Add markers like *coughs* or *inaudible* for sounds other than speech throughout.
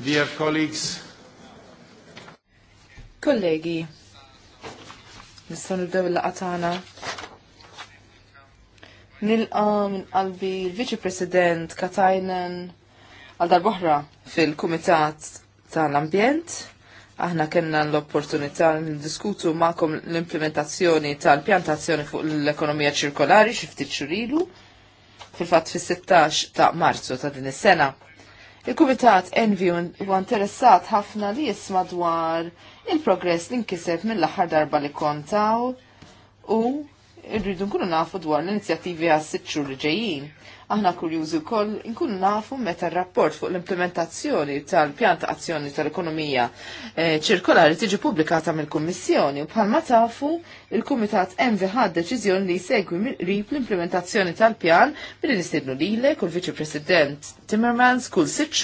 Dear colleagues. Kollegi, nistgħu nibdew il-laqgħa tagħna. Nilqa minn qalbi l-Viċi President Katajnen għal darbohra fil-Kumitat tal-Ambjent. Aħna kellna l-opportunità diskutu ma'kom l-implementazzjoni tal-pjantazzjoni fuq l-ekonomija ċirkolari xi ftit xurilu fil-fatt fis-16 ta' Marzu ta' din is-sena. Il-Kumitat Envy u interessat ħafna li jisma dwar il-progress li nkiseb mill-aħħar darba li kontaw u irridu nkunu nafu dwar l-inizjattivi għas sitxur li ġejjin. Aħna kurjużi wkoll nkunu nafu meta r-rapport fuq l-implementazzjoni tal-pjan ta' azzjoni tal-ekonomija eh, ċirkolari tiġi pubblikata mill-Kummissjoni u bħalma tafu il-Kumitat MVH ħad deċiżjoni li jsegwi mill-qrib l-implementazzjoni tal-pjan billi nistednu lilek u l-Viċi President Timmermans kull sitt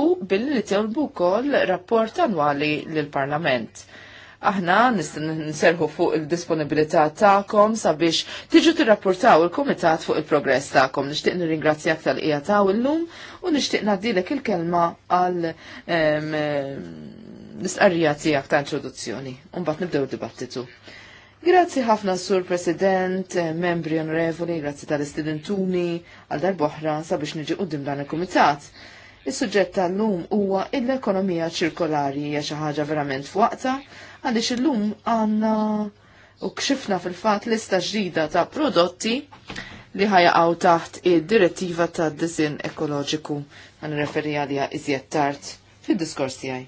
u billi li tewlbu wkoll rapport annwali lill-Parlament aħna nserħu fuq il-disponibilità ta'kom sabiex tiġu tirrapportaw il-komitat fuq il-progress ta'kom. Nishtiq nir-ingrazzja tal ta'w ta' illum u nishtiq naddilek il-kelma għal l-istqarrija tiegħek ta' introduzzjoni. Unbat nibdew dibattitu Grazzi ħafna Sur President, membri onorevoli, grazzi tal-istudentuni, għal dar boħra, sabiex niġi qudiem dan il-Kumitat. Is-suġġett tal-lum huwa l-ekonomija ċirkolari hija xi ħaġa verament fuqta, għaliex illum għandna u kxifna fil-fatt lista ġdida ta' prodotti li ħajaqgħu taħt id-direttiva ta' disin ekoloġiku għan referi għalija iżjed tard fid-diskors tiegħi.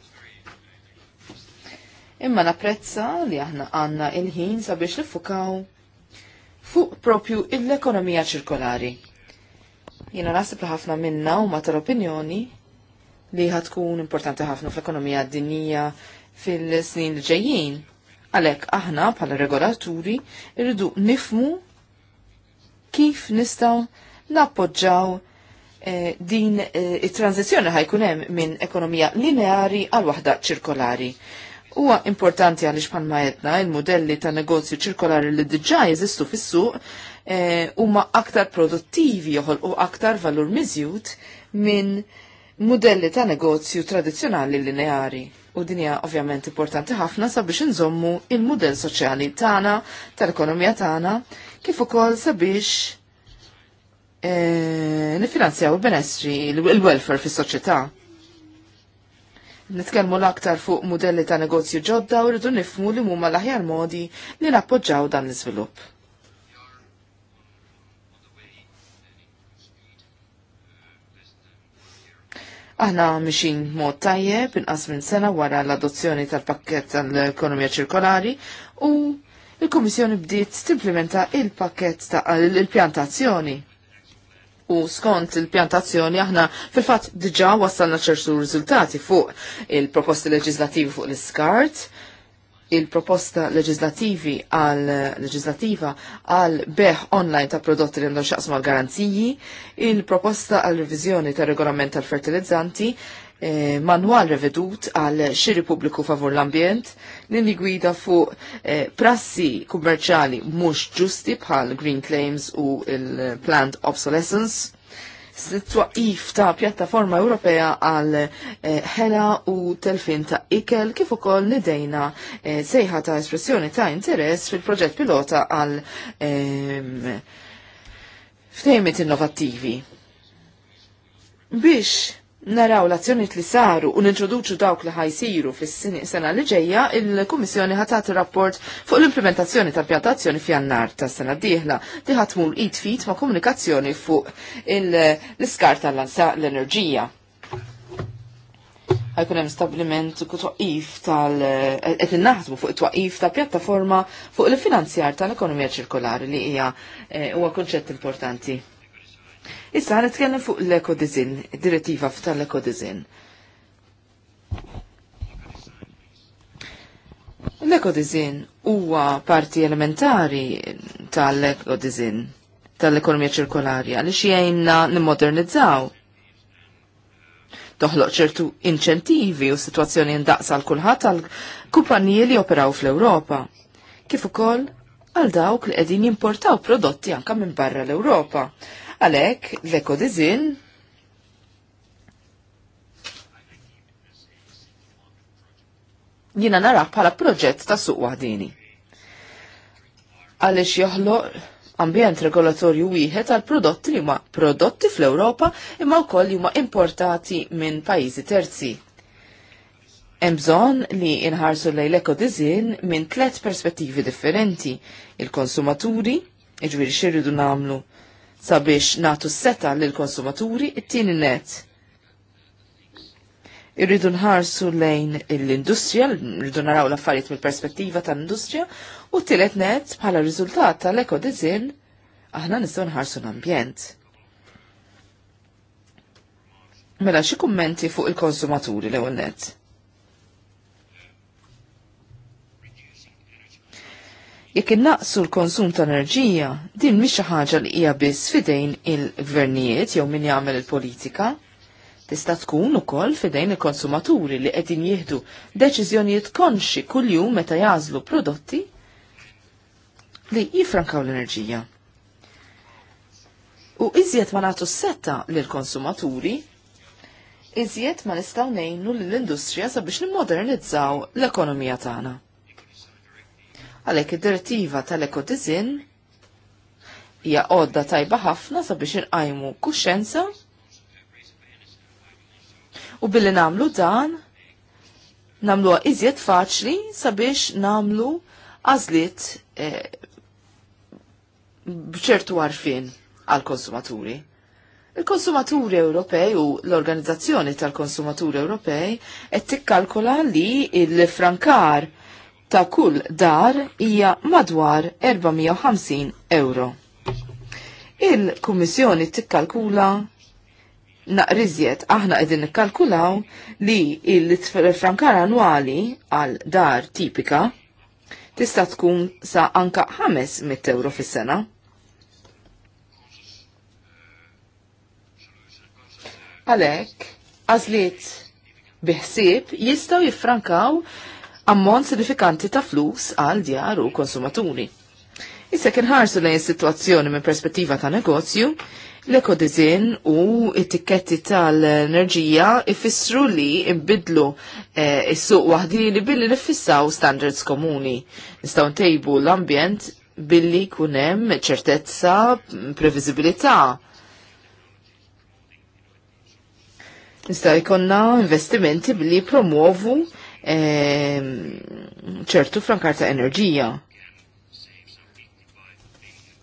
Imma napprezza li aħna għandna il-ħin sabiex nifukaw fuq propju l-ekonomija ċirkolari. Jena nasib li ħafna minna u ma tal-opinjoni li ħatkun importanti ħafna fl-ekonomija dinija fil-snin li ġejjin. Għalek aħna bħala regolaturi irridu nifmu kif nistaw nappoġġaw eh, din il eh, it-tranzizjoni ħajkun hemm minn ekonomija lineari għal waħda ċirkolari. Huwa importanti għaliex bħalma qedna il-modelli ta' negozju ċirkolari li diġà jeżistu fis-suq eh, huma aktar produttivi joħolqu aktar valur miżjud minn modelli ta' negozju tradizzjonali lineari u dinja ovvjament importanti ħafna sabiex nżommu il-mudell soċjali tagħna, tal-ekonomija tagħna, kif ukoll sabiex e, nifinanzjaw il-benessri, il-welfare fis-soċjetà. Nitkellmu l-aktar fuq modelli ta' negozju ġodda u rridu nifmu li huma l-aħjar modi li nappoġġaw dan l-iżvilupp. Aħna mixin mod tajjeb inqas minn sena wara l-adozzjoni tal-pakket tal-ekonomija ċirkolari u il-Komissjoni bdiet timplementa il-pakket ta' il-pjantazzjoni. U skont il-pjantazzjoni aħna fil-fatt diġa wassalna ċertu riżultati fuq il-proposti leġislativi fuq l-iskart, il-proposta leġislativi għal leġislativa għal beħ online ta' prodotti li għandhom xaqsmu għal garanziji, il-proposta għal revizjoni ta' regolament tal fertilizzanti eh, manual revedut għal xiri pubbliku favur l-ambjent, li gwida fuq eh, prassi kummerċali mhux ġusti bħal green claims u il-planned obsolescence, twaqif ta' pjattaforma Ewropea għal eh, ħela u telfin ta' ikel kif ukoll nidejna eh, sejħa ta' espressjoni ta' interess fil-proġett pilota għal ehm, ftejmit innovattivi. Biex naraw l-azzjoniet li saru u nintroduċu dawk li ħajsiru fis-sena li ġejja, il-Kummissjoni ħatat rapport fuq l-implementazzjoni tal-pjantazzjoni fjannar ta' sena d-dieħla li ħatmur it fit ma' komunikazzjoni fuq l-iskar tal-enerġija. Għajkun hemm stabliment twaqif tal qed naħdmu fuq twaqif ta' pjattaforma fuq il-finanzjar tal-ekonomija ċirkolari li hija eh, huwa konċett importanti. Issa għan itkellem fuq l-ekodizin, direttiva tal-ekodizin. L-ekodizin huwa parti elementari tal-ekodizin tal-ekonomija ċirkolari għal xiejna nimmodernizzaw. Toħloq ċertu inċentivi u situazzjoni ndaqsa għal kulħadd għal kumpaniji li operaw fl-Ewropa. Kif ukoll għal dawk li qegħdin jimportaw prodotti anke minn barra l-Ewropa. Għalek, l dizin, jina nara bħala proġett ta' suq wahdini. Għalix joħloq ambjent regolatorju wieħed għal prodotti li huma prodotti fl-Ewropa imma wkoll li huma importati minn pajjiżi terzi. Hemm bżonn li inħarsu lejn l dizin minn tliet perspettivi differenti: il-konsumaturi, iġviri xirridu nagħmlu sabiex natu s-seta l-konsumaturi it-tieni net. Irridu nħarsu lejn l-industrija, irridu naraw l-affarijiet mill-perspettiva tal-industrija, u t-tielet net bħala riżultat tal ekodizin aħna nistgħu nħarsu l-ambjent. Mela xi kummenti fuq il-konsumaturi l-ewwel net. Jekk innaqsu l-konsum ta' enerġija, din mhix xi ħaġa li hija biss fidejn il-gvernijiet jew min jagħmel il-politika, tista' tkun ukoll fidejn il-konsumaturi li qegħdin jieħdu deċiżjonijiet konxi kuljum meta jażlu prodotti li jifrankaw l-enerġija. U iżjed ma nagħtu setta lill-konsumaturi, iżjed ma nistgħu ngħinu lill-industrija sabiex nimmodernizzaw l-ekonomija tagħna. Għalhekk id-direttiva tal ekotizin hija għodda tajba ħafna sabiex inqajmu kuxenza u billi namlu dan namlu iżjed faċli sabiex namlu għażliet eh, bċertu għarfien għal-konsumaturi. Il-konsumaturi Ewropej u l-Organizzazzjoni tal-Konsumaturi Ewropej qed tikkalkula li il-frankar ta' kull dar hija madwar 450 euro. Il-Kummissjoni tikkalkula naqrizjet aħna qegħdin nikkalkulaw li il-frankar annwali għal dar tipika tista' tkun sa anka 500 euro fis-sena. Għalhekk għażliet biħsieb jistgħu jiffrankaw ammont sinifikanti ta' flus għal djar u konsumaturi. Issa kien ħarsu lejn is-sitwazzjoni minn perspettiva ta' negozju, l-ekodizin u it tiketti tal-enerġija ifissru li imbidlu eh, is-suq waħdini billi nifissaw standards komuni. Nistgħu ntejbu l-ambjent billi kunem ċertezza, previsibilità. Nista' jkollna investimenti billi promuovu Ehm, ċertu frankar ta' enerġija.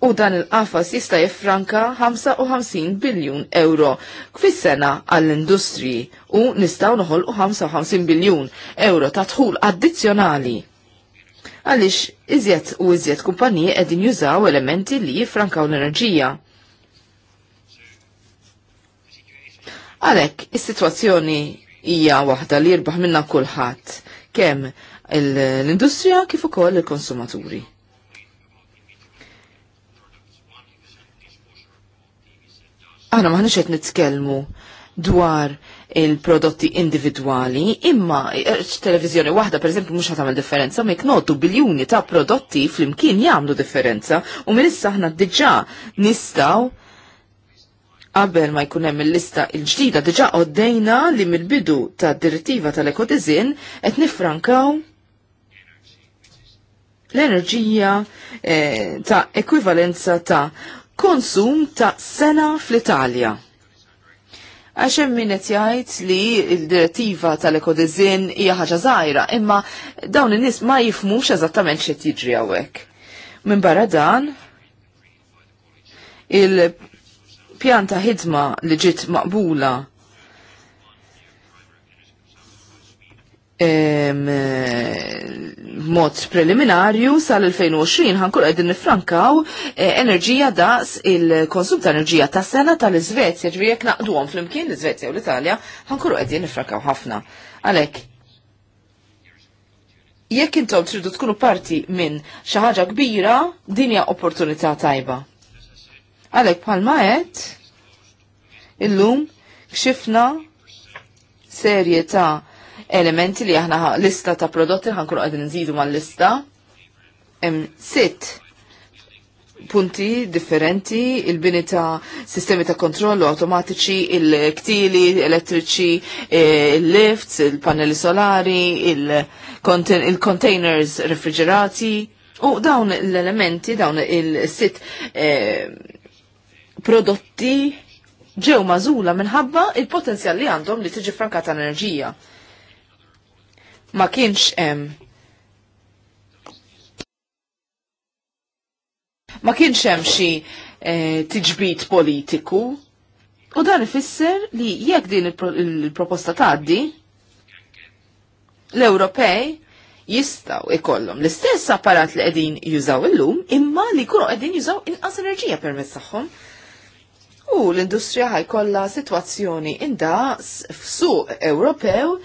U dan il-qafas jista' jiffranka 55 biljun euro kfis sena għall-industri u nistgħu noħolqu 55 biljun euro ta' dħul addizzjonali. Għaliex iżjed u iżjed kumpaniji qegħdin jużaw elementi li jiffrankaw l-enerġija. Għalhekk is-sitwazzjoni hija waħda li jirbaħ minna kulħadd kemm l-industrija kif ukoll il-konsumaturi. Aħna maħniex qed nitkellmu dwar il-prodotti individwali, imma eh, televizjoni waħda per eżempju mhux ħatamel differenza, ma jknotu biljuni ta' prodotti flimkien jagħmlu differenza u minn issa aħna diġà nistgħu Qabel ma jkun hemm il-lista l-ġdida diġà għoddejna li mill-bidu tad direttiva tal-ekodizin qed nifrankaw l-enerġija eh, ta' ekwivalenza ta' konsum ta' sena fl-Italja. Għaxem minnet jgħid li il-direttiva tal-ekodizin hija ħaġa zaħira, imma dawn in-nies ma jifmux eżattament x'qed jiġri hawnhekk. Minn barra dan, il pjanta ħidma li ġiet maqbula mod preliminarju sal-2020 ħankun qegħdin nifrankaw eh, enerġija daqs il-konsum ta' enerġija ta' sena tal-Iżvezja, ġifieri jekk naqduhom flimkien l izvezja u l-Italja, ħankun qegħdin nifrankaw ħafna. Għalhekk jekk intom tridu tkunu parti minn xi ħaġa kbira, din hija opportunità tajba. Għalek palma għet, illum kxifna serje ta' elementi li aħna lista ta' prodotti ħankru għadin nżidu ma' lista. Em, sitt punti differenti, il-bini ta' sistemi ta' kontrollu automatiċi, il-ktili, elettriċi, eh, il-lifts, il panelli solari, il-containers il refrigerati. U dawn l-elementi, dawn il-sit eh, prodotti ġew mażula minħabba il-potenzjal li għandhom li tiġi ta' enerġija. Ma kienx hemm ma kienx hemm xi eh, tiġbit politiku u dan ifisser li jekk din il-proposta tgħaddi l-Ewropej jistaw ikollhom l-istess apparat li qegħdin jużaw illum imma li jkunu qegħdin jużaw inqas enerġija permezz tagħhom u l-industrija ħajkollha sitwazzjoni indaqs f'suq Ewropew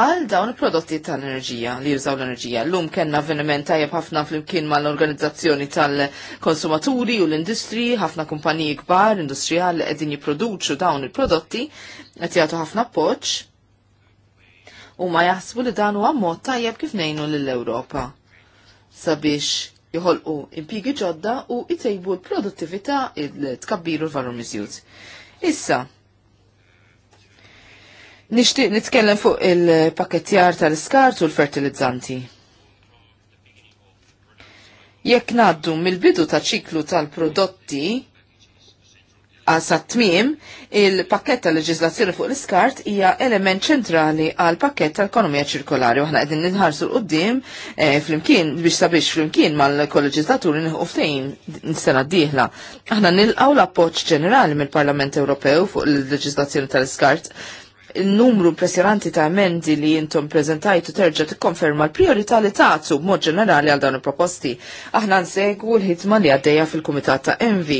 għal dawn il-prodotti tal-enerġija li jużaw l-enerġija. Llum kellna avveniment tajjeb ħafna flimkien mal-organizzazzjoni tal-konsumaturi u l-industri, ħafna kumpaniji kbar industrijali qegħdin jipproduċu dawn il-prodotti qed jagħtu ħafna poċ. u ma jaħsbu li dan huwa mod tajjeb kif ngħinu lill-Ewropa sabiex joħolqu impigi ġodda u jtejbu l-produttività il-tkabbiru l-valur mizjut. Issa, nixtieq nitkellem fuq il-pakettjar tal skart u l-fertilizzanti. Jekk ngħaddu mill-bidu ta' ċiklu tal-prodotti sa tmiem, il-pakket tal-leġizlazzjoni fuq l-iskart hija element ċentrali għal pakket tal-ekonomija ċirkolari. Waħna qegħdin ninħarsu l-qudiem eh, flimkien biex sabiex flimkien mal-kolleġizlaturi nieħu ftehim sena d-dieħla. Aħna nilqgħu l-appoġġ ġenerali mill-Parlament Ewropew fuq il-leġizlazzjoni tal-iskart il-numru impressionanti ta' emendi li jintom prezentajtu terġa tikkonferma l-priorità li tagħtu b'mod ġenerali għal dawn il-proposti. Aħna nsegwu l-ħidma li għaddejja fil-Kumitat ta' Envi.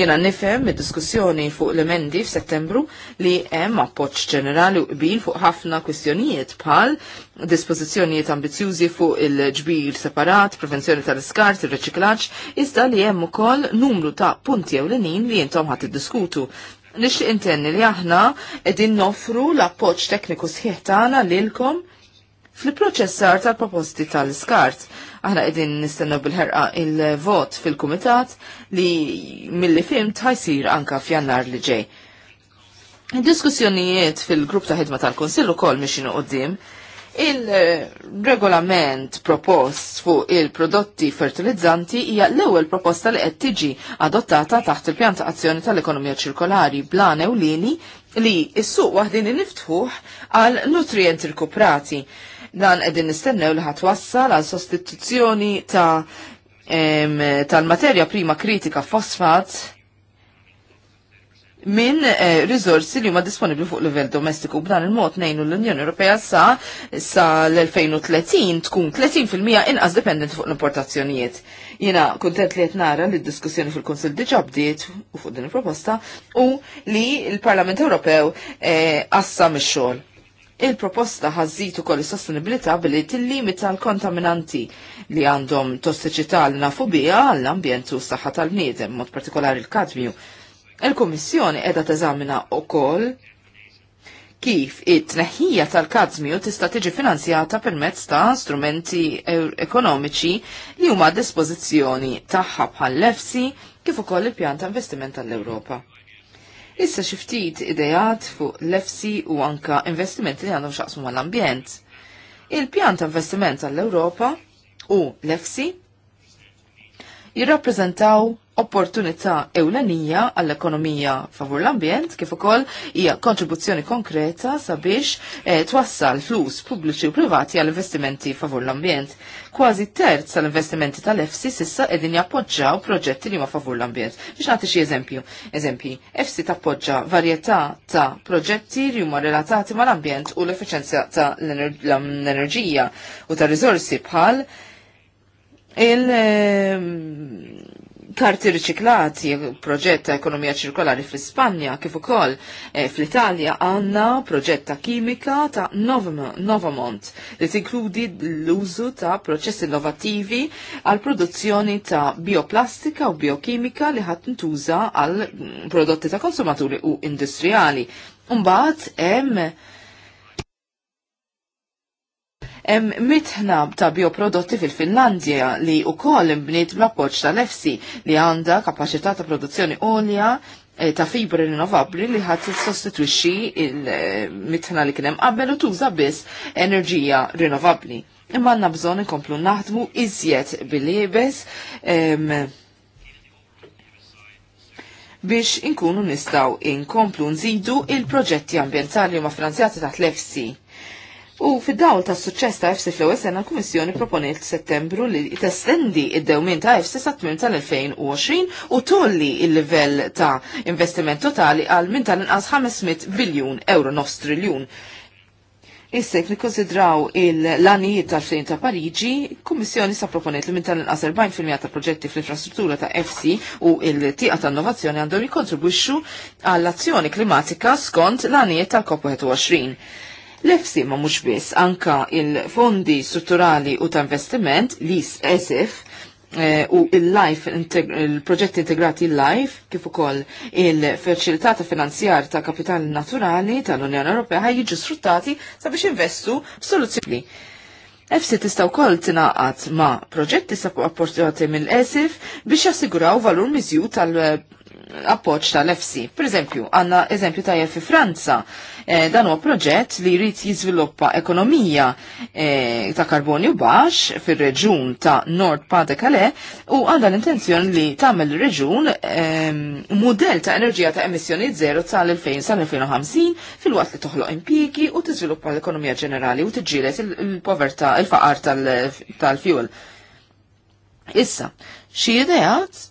Jena nifem id-diskussjoni fuq l-emendi f'Settembru li hemm appoġġ ġenerali u qbil fuq ħafna kwistjonijiet bħal dispożizzjonijiet ambizjużi fuq il-ġbir separat, prevenzjoni tal-iskart, ir-reċiklaġġ, iżda li hemm ukoll numru ta' punti ewlenin li jintom ħadd diskutu nixtieq intenni li aħna qegħdin nofru l-appoġġ tekniku sħiħ tagħna lilkom fil-proċessar tal-proposti tal-skart. Aħna qegħdin nistennew bil-ħerqa il-vot fil-kumitat li milli fimt ħajsir anka f'jannar li ġej. Diskussjonijiet fil-grupp ta' ħidma tal-Konsillu kol mixinu qoddim Il-regolament propost fuq il-prodotti fertilizzanti hija l-ewwel proposta li qed tiġi adottata taħt il-pjanta azzjoni tal-ekonomija ċirkolari blan ewlieni li s-suq waħdin niftħuh għal nutrienti rkuprati. Dan qegħdin nistennew li ħatwassal għal sostituzzjoni ta' tal-materja prima kritika fosfat minn eh, rizorsi li huma disponibbli fuq livell domestiku b'dan il-mod nejnu l-Unjoni Ewropea sa sa l-2030 tkun 30% inqas dependent fuq l-importazzjonijiet. Jiena kuntent li qed nara li d-diskussjoni fil-Kunsill diġà bdiet u fuq din il-proposta u li l-Parlament Ewropew qassa eh, mix-xogħol. Il-proposta ħażitu ukoll is-sostenibilità billi tillimit l-kontaminanti li għandhom tossiċità għal nafu bija għall-ambjent u s-saħħa tal-bniedem, mod partikolari l-kadmju Il-Kummissjoni qiegħda teżamina wkoll kif it-tneħħija tal-kazmiju tista' tiġi finanzjata permezz ta' strumenti e- ekonomiċi li huma dispożizzjoni tagħha bħal-lefsi kif ukoll il-pjan ta' investiment tal-Ewropa. Issa xi ftit idejat fuq l-efsi u anka investimenti li għandhom xaqsmu mal-ambjent. Il-pjan ta' investiment tal-Ewropa u l-efsi jirrappreżentaw opportunità ewlenija għall-ekonomija favur l-ambjent kif ukoll hija kontribuzzjoni konkreta sabiex eh, twassal flus pubbliċi u privati għall-investimenti favur l-ambjent. Kważi terz tal-investimenti tal-EFSI sissa qegħdin jappoġġaw proġetti li huma favur l-ambjent. Biex nagħti xi eżempju. Eżempji, EFSI tappoġġa varjetà ta' proġetti li huma relatati mal-ambjent u l efficienza ta' l-enerġija u ta' riżorsi bħal il ehm, karti riċiklati, proġett ta' ekonomija ċirkolari fl-Ispanja, kif ukoll eh, fl-Italja għandna proġett ta' kimika ta' Novamont li tinkludi l-użu ta' proċess innovativi għal produzzjoni ta' bioplastika u biokimika li ħadd ntuża għal prodotti ta' konsumaturi u industrijali. Mbagħad hemm Hemm mitħna ta' bioprodotti fil-Finlandja li wkoll imbniet imbnit appoġġ ta' nefsi li għandha kapaċità ta' produzzjoni olja eh, ta' fibri rinnovabli li ħadd sostituixxi il-mitħna li kien hemm qabel u tuża biss enerġija rinnovabbli. Imma għandna bżonn inkomplu naħdmu iżjed bil-liebes biex inkunu nistaw inkomplu nżidu il-proġetti ambientali ma finanzjati taħt l U fid-dawl ta' suċċess ta' FC fl-ewwel sena l-Kummissjoni proponiet f'Settembru li testendi id-dewmin ta' FC sa' tmiem tal-2020 u tolli il-livell ta' investiment totali għal minn tal-inqas 500 biljun euro nofs triljun. Issek nikkonsidraw il-lanijiet tal-fejn ta' Pariġi, kummissjoni sa' proponiet li minn tal-inqas 40% ta' proġetti fl-infrastruttura ta' FC u il-tiqa ta' innovazzjoni għandhom jikontribwixxu għall-azzjoni klimatika skont l-lanijiet tal-COP21 L-EFSI ma mhux biss anka il-fondi strutturali u ta' investiment li esif eh, u il-life, il-proġett integrati il-life, kif ukoll il-ferċilità ta' finanzjar ta' kapitali naturali tal-Unjoni Ewropea ħaj jiġu sfruttati sabiex investu f'soluzzjoni. EFSI tista' wkoll tingħaqad ma' proġetti sa apportati mill-ESIF biex jassiguraw valur miżju tal- appoġġ tal nefsi. Per eżempju, għanna eżempju ta' fi Franza, eh, dan huwa proġett li jrid jiżviluppa ekonomija eh, ta' karbonju baxx fir-reġun ta' Nord Pas-de-Calais u għandha l-intenzjoni li tagħmel reġun e, ehm, mudell ta' enerġija ta' emissjoni zero tal-2000 sal-2050 fil-waqt li toħloq impjiegi u tiżviluppa l-ekonomija ġenerali u tiġġieles il-povertà il-faqar tal-fuel. Issa, xi ideat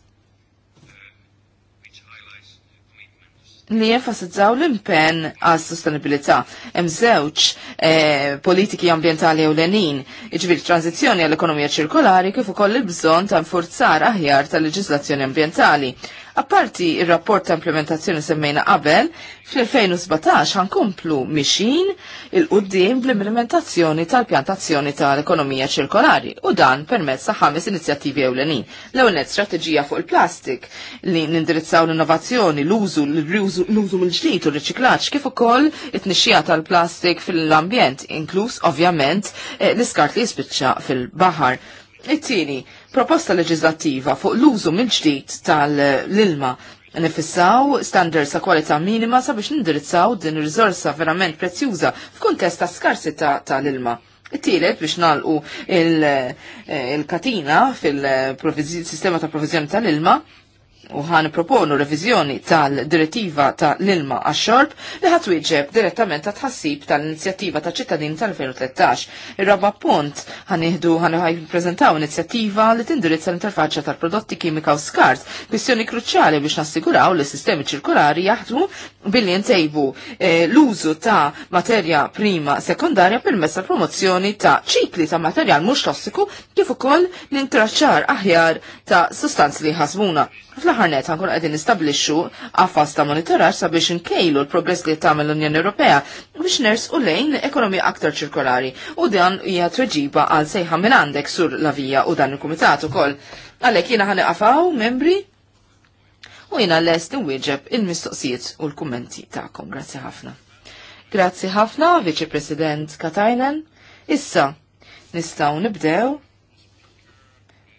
li jenfasizzaw l-impen għal sostenibilità hemm żewġ eh, politiki ambientali ewlenin, iġbir tranzizjoni għall-ekonomija ċirkolari kif ukoll il-bżonn ta' forzar aħjar tal-leġislazzjoni ambientali. Apparti il-rapport ta' implementazzjoni semmejna qabel, fl-2017 ħankomplu mixin il-qoddim bl-implementazzjoni tal-pjantazzjoni tal-ekonomija ċirkolari u dan permezz ta' ħames inizjattivi ewlenin. L-ewwel strateġija fuq il-plastik li nindirizzaw l-innovazzjoni, l-użu, l-użu mill-ġdid u l-riċiklaġġ kif ukoll it-tnixxija tal-plastik fil-ambjent, inkluż ovvjament eh, l-iskart li jispiċċa fil-baħar. It-tieni, proposta leġislattiva fuq l-użu mill-ġdid tal-ilma Nifissaw standards ta' kwalità minima sabiex nindirizzaw din ir-riżorsa verament prezzjuża f'kuntest ta' skarsità tal-ilma. tielet biex nalqu eh, il-katina fil-sistema ta' provizjoni tal-ilma u ħan proponu revizjoni tal-direttiva tal-ilma għax-xorb li ħat wieġeb direttament ta' tħassib tal-inizjattiva ta' ċittadin tal-2013. Ir-raba punt ħan iħdu ħan prezentaw inizjattiva li tindirizza l interfaċċa tal-prodotti kimika u skart, kwistjoni kruċjali biex nassiguraw li sistemi ċirkolari jaħdmu billi ntejbu eh, l-użu ta' materja prima sekundarja permezz tal-promozzjoni ta' ċikli ta' materjal mhux tossiku kif ukoll l-intraċċar aħjar ta' sustanzi li ħasbuna. Fl-ħarnet għankun għedin nistablixxu għafas ta' monitoraġġ sabiex inkejlu l-progress li tagħmel l-Unjoni Ewropea biex ners u lejn ekonomija aktar ċirkolari u dan hija tweġiba għal sejħa minn għandek sur la vija u dan il-kumitat ukoll. Għalhekk jiena ħani qafaw membri u jiena lest inwieġeb il-mistoqsijiet u l-kummenti tagħkom. Grazzi ħafna. Grazzi ħafna, Viċi President Katajnen. Issa, nistgħu nibdew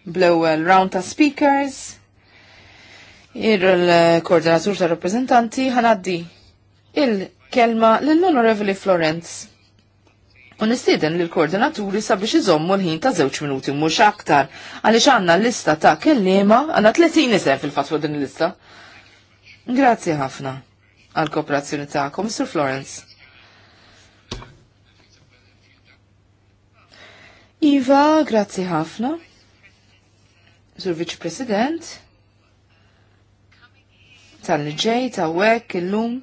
bl-ewwel round ta' speakers Il-koordinatur ta' rappresentanti ħanaddi il-kelma l-Onorevoli Florence. U nistieden l-koordinaturi sabiex iżommu l-ħin ta' żewġ minuti mhux aktar għaliex għandna lista ta' kellima għandna 30 nisef fil-fatwa din il-lista. Grazzi ħafna għal kooperazzjoni tagħkom, Mr. Florence. Iva, grazzi ħafna. Sur Vice President tal-ġej ta' wek illum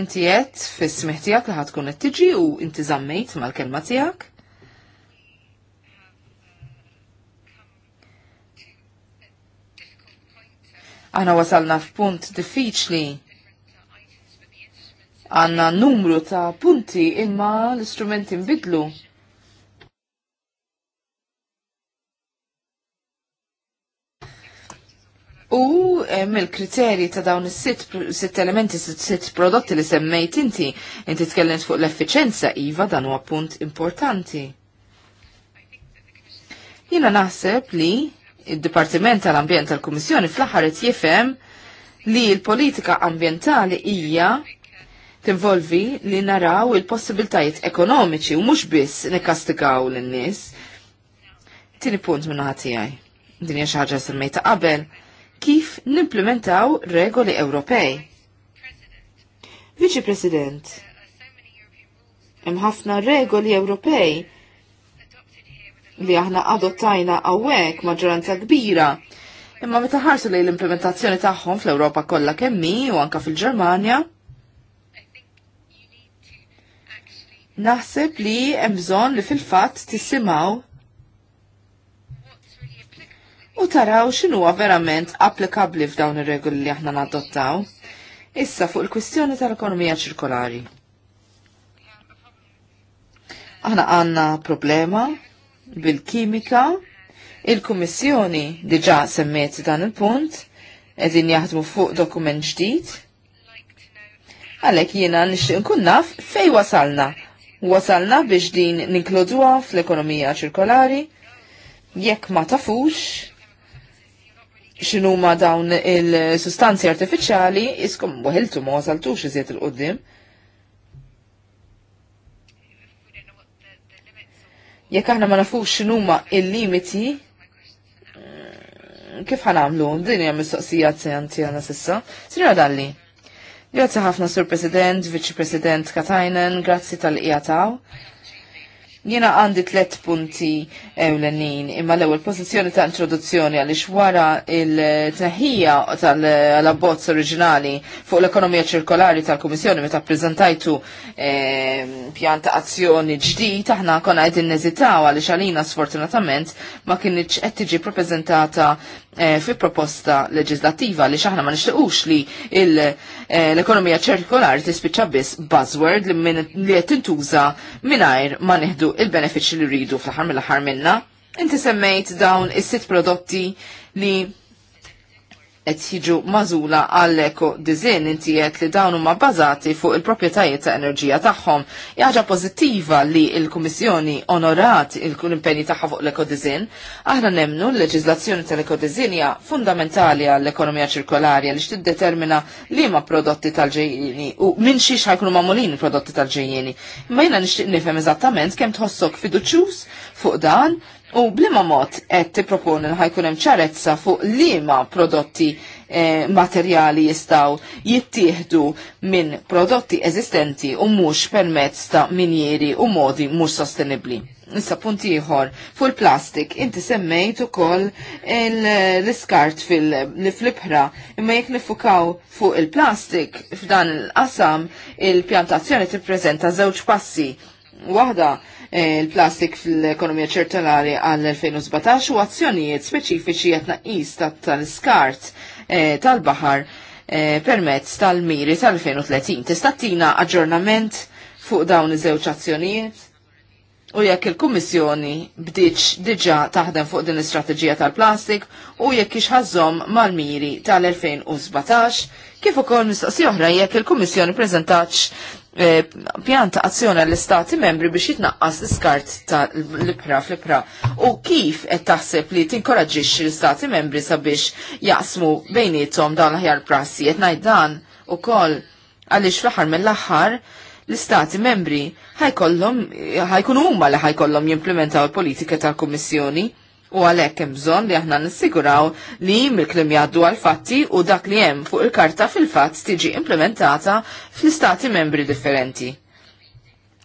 inti jett fis-smih tiegħek li ħadkun qed tiġi u inti żammejt mal-kelma tiegħek. Aħna wasalna f'punt diffiċli għanna numru ta' punti imma l-istrumenti nbidlu. U eh, mill-kriterji ta' dawn is-sitt elementi, sitt prodotti li semmejt inti, inti tkellem fuq l-effiċenza, iva dan huwa punt importanti. Jiena naħseb li il dipartiment tal-Ambjent tal-Kummissjoni fl-aħħar qed jifhem li l-politika ambjentali hija tinvolvi li naraw il-possibiltajiet ekonomiċi u mhux biss nikkastigaw lin-nies. Tieni punt minn ħati Din hija xi ħaġa semmejta qabel kif nimplementaw regoli Ewropej. Viċi President, hemm ħafna regoli Ewropej li aħna adottajna għawek maġoranza kbira. Imma meta ħarsu li l-implementazzjoni tagħhom fl-Ewropa kollha kemmi u anka fil-Ġermanja, naħseb li hemm bżonn li fil-fatt tisimgħu u taraw x'inhuwa verament applikabbli f'dawn ir-regoli li aħna nadottaw. Issa fuq il-kwistjoni tal-ekonomija ċirkolari. Aħna għandna problema bil-kimika, il-Kummissjoni diġà semmiet dan il-punt, qegħdin jaħdmu fuq dokument ġdid. Għalhekk jiena nixtieq nkun naf fejn wasalna. Wasalna biex din ninkluduha fl-ekonomija ċirkolari, jekk ma tafux, x'inhuma dawn il-sustanzi artifiċjali iskom waħiltu ma wasaltux iżjed il-qoddim. Jekk aħna ma nafux x'inhuma il-limiti, eh, kif ħanamlu? Din hija mistoqsija tiegħi għana s'issa. Sinjora Dalli. Grazzi ħafna Sur President, Viċi President Katajnen, grazzi tal ijataw Jiena għandi tlet punti ewlenin imma l-ewwel pożizzjoni ta' introduzzjoni għaliex wara il tnaħija tal-abbozz oriġinali fuq l-ekonomija ċirkolari tal-Kummissjoni meta ppreżentajtu ehm, pjan ta' azzjoni ġdid aħna konna għedin nezitaw għaliex għalina sfortunatament ma kienx qed tiġi Eh, fi proposta leġislativa li xaħna ma nishtiqux li eh, l-ekonomija ċirkolari tispiċċa biss buzzword li qed tintuża mingħajr ma neħdu il-benefiċċji li rridu fl-aħħar mill-aħħar minna. Inti semmejt dawn is-sitt prodotti li qed jiġu mażula għall-eko dizin inti qed li dawn huma bbażati fuq il-proprjetajiet ta' enerġija tagħhom. Jaġa pożittiva li l-Kummissjoni onorat l-impenji tagħha fuq l-eko dizin. Aħna nemnu l-leġiżlazzjoni tal-eko dizin hija fundamentali għall-ekonomija ċirkolarja li tiddetermina liema prodotti tal-ġejjieni u minn xiex ħajkunu magħmulin il-prodotti tal-ġejjieni. Imma jiena nixtieq nifhem eżattament kemm tħossok fiduċjuż fuq dan U blima mod qed tipproponi li ħajkun hemm ċarezza fuq liema prodotti eh, materjali jistgħu jittieħdu minn prodotti eżistenti u mhux permezz ta' minjeri u modi mhux sostenibbli. Issa punt ieħor fuq il-plastik inti semmejt ukoll l-iskart fil flipra imma jekk nifukaw fuq il-plastik f'dan il-qasam il-pjantazzjoni tippreżenta żewġ passi waħda il-plastik fl-ekonomija ċirkolari għall-2017 u azzjonijiet speċifiċi għat naqis tal-iskart eh, tal-bahar eh, permezz tal-miri tal-2030. Tista' aġġornament fuq dawn iż-żewġ azzjonijiet? u jekk il-Kummissjoni bdiċ diġa taħdem fuq din l-istrateġija tal-plastik u jekk ixħazzom mal-miri tal-2017, kif ukoll mistoqsi oħra jekk il-Kummissjoni preżentax Eh, pjanta azzjoni għall-istati membri biex jitnaqqas l-iskart ta' l-ipra fl-ipra u kif qed taħseb li tinkoraġġix l-istati membri sabiex jaqsmu bejnietom dawn l-aħjar prassi qed ngħid dan ukoll għaliex fl-aħħar mill-aħħar l-istati membri ħajkollhom ħajkunu huma li ħajkollhom jimplementaw il-politika tal-Kummissjoni. U għalhekk hemm bżonn li aħna nissiguraw li mill-klim jgħaddu għal fatti u dak li hemm fuq il-karta fil-fatt tiġi implementata fl-istati membri differenti.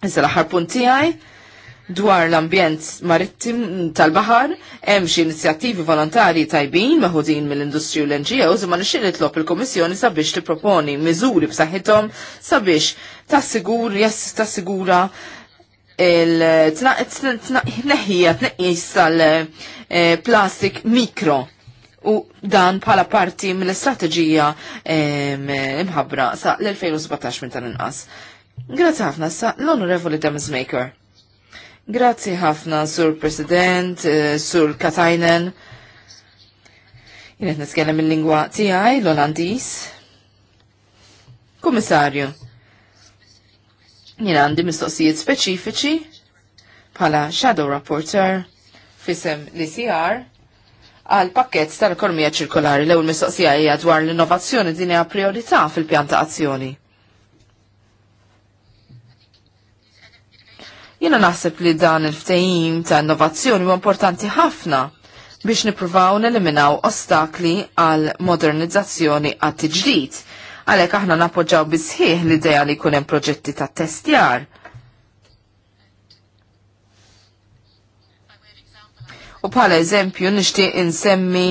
Issa l-aħħar punt tiegħi dwar l-ambjent marittim tal-bahar, hemm xi inizjattivi volontari tajbin meħudin mill-industri u l-NGOs ma nixtieq nitlob il-Kummissjoni sabiex tipproponi miżuri b'saħħithom sabiex tassigura il-tnaħija tnaqis tal-plastik mikro u dan pala parti mill-istrateġija imħabbra sa l-2017 minn tal-inqas. Grazzi ħafna sa l-Onorevoli Demis Maker. Grazzi ħafna Sur President, eh, Sur Katajnen. Jienet niskellem il-lingwa tiegħi l-Olandis. Kummissarju, Jien għandi mistoqsijiet speċifiċi bħala Shadow Rapporteur fisem l-ICR għal pakket tal-ekonomija ċirkolari l ewwel mistoqsija hija dwar l-innovazzjoni din hija priorità fil-pjanta azzjoni. Jiena naħseb li dan il-ftehim ta' innovazzjoni huwa importanti ħafna biex nippruvaw neliminaw ostakli għal modernizzazzjoni għat tiġdid Għalek aħna napoġġaw bisħieħ l-ideja li kunem proġetti ta' testjar. U bħala eżempju nixtieq insemmi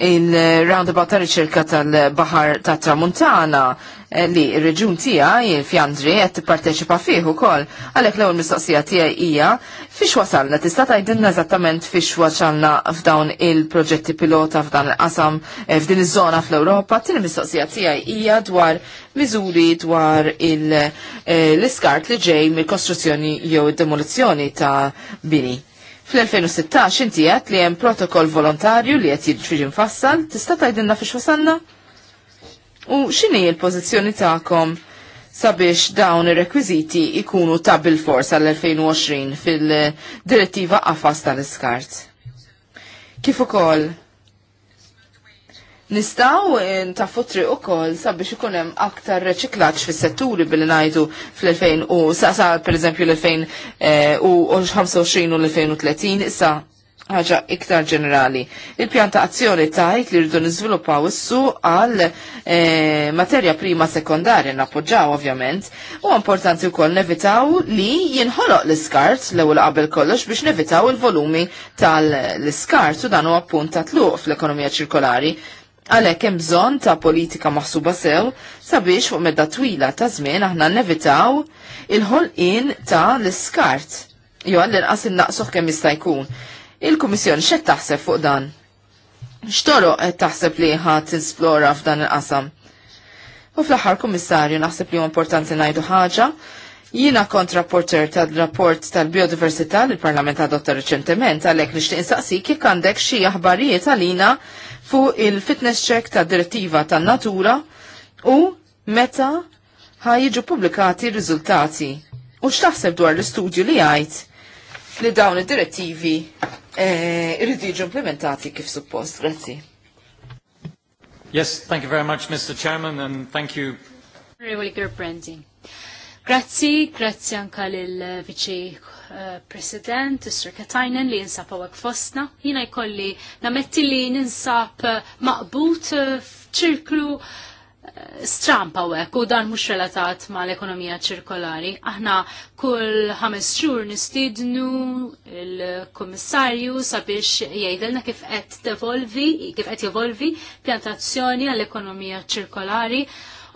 il-roundabout ta' riċerka tal-Bahar ta' Tramuntana eh, li r-reġun tiegħi il-Fjandri qed tipparteċipa fih ukoll. għalek l-ewwel mistoqsija tiegħi ija, fiex wasalna tista' tgħidilna eżattament fiex wasalna f'dawn il-proġetti pilota f'dan il-qasam eh, f'din iż-żona fl-Ewropa. Tieni mistoqsija tiegħi hija dwar miżuri dwar eh, l-iskart li ġej mill-kostruzzjoni jew id-demolizzjoni ta' bini. Fl-2016 inti għat li jem protokoll volontarju li għat jirġiġi mfassal, tista tajdinna fiex wasanna? U xini il-pozizjoni ta'kom sabiex dawn ir-rekwiziti ikunu ta' bil-fors għal-2020 fil-direttiva għafas tal-iskart? Kif ukoll Nistaw eh, futri triq ukoll sabiex ikun hemm aktar reċiklaġġ fis-setturi billi ngħidu fl-2000 u sa sa pereżempju l-2025 eh, u l-2030 sa ħaġa iktar ġenerali. Il-pjan ta' azzjoni tajt li rridu niżviluppaw is su għal eh, materja prima sekondarja nappoġġaw ovvjament u importanti wkoll nevitaw li jinħoloq l-iskart l-ewwel qabel kollox biex nevitaw il-volumi tal-iskart u dan huwa punt ta' tluq fl-ekonomija ċirkolari Għalhekk hemm bżonn ta' politika maħsuba sew sabiex fuq medda twila ta' żmien aħna nevitaw il-ħolqien ta' l-iskart. Jo għall-inqas innaqsuħ kemm jista' jkun. Il-Kummissjoni x'qed taħseb fuq dan? X'toro qed taħseb li ħadd tisplora f'dan il-qasam? U fl-aħħar kummissarju naħseb li huwa importanti ngħidu ħaġa Jina kontraporter tal-rapport tal-biodiversità li l-Parlament adotta reċentement għalek nishtiq insaqsi kik għandek xi aħbarijiet għalina fuq il-fitness check ta' direttiva ta' natura u meta ħajġu publikati r-riżultati. U x'taħseb dwar l-istudju li għajt li dawn id-direttivi eh, irridu jiġu implementati kif suppost. Grazzi. Yes, thank you very much, Mr. Chairman, and thank you. Grazzi, grazie anka l-Viċi Eh, President, Sir Katajnen li jinsab għawek fostna. Jina jkolli nametti li ninsab eh, maqbut eh, f'ċirklu stramp għawek u dan mux relatat ma l-ekonomija ċirkolari. Aħna kull ħames xhur nistidnu il-komissarju sabiex jgħidilna kif qed devolvi, kif qed jevolvi pjantazzjoni għall-ekonomija ċirkolari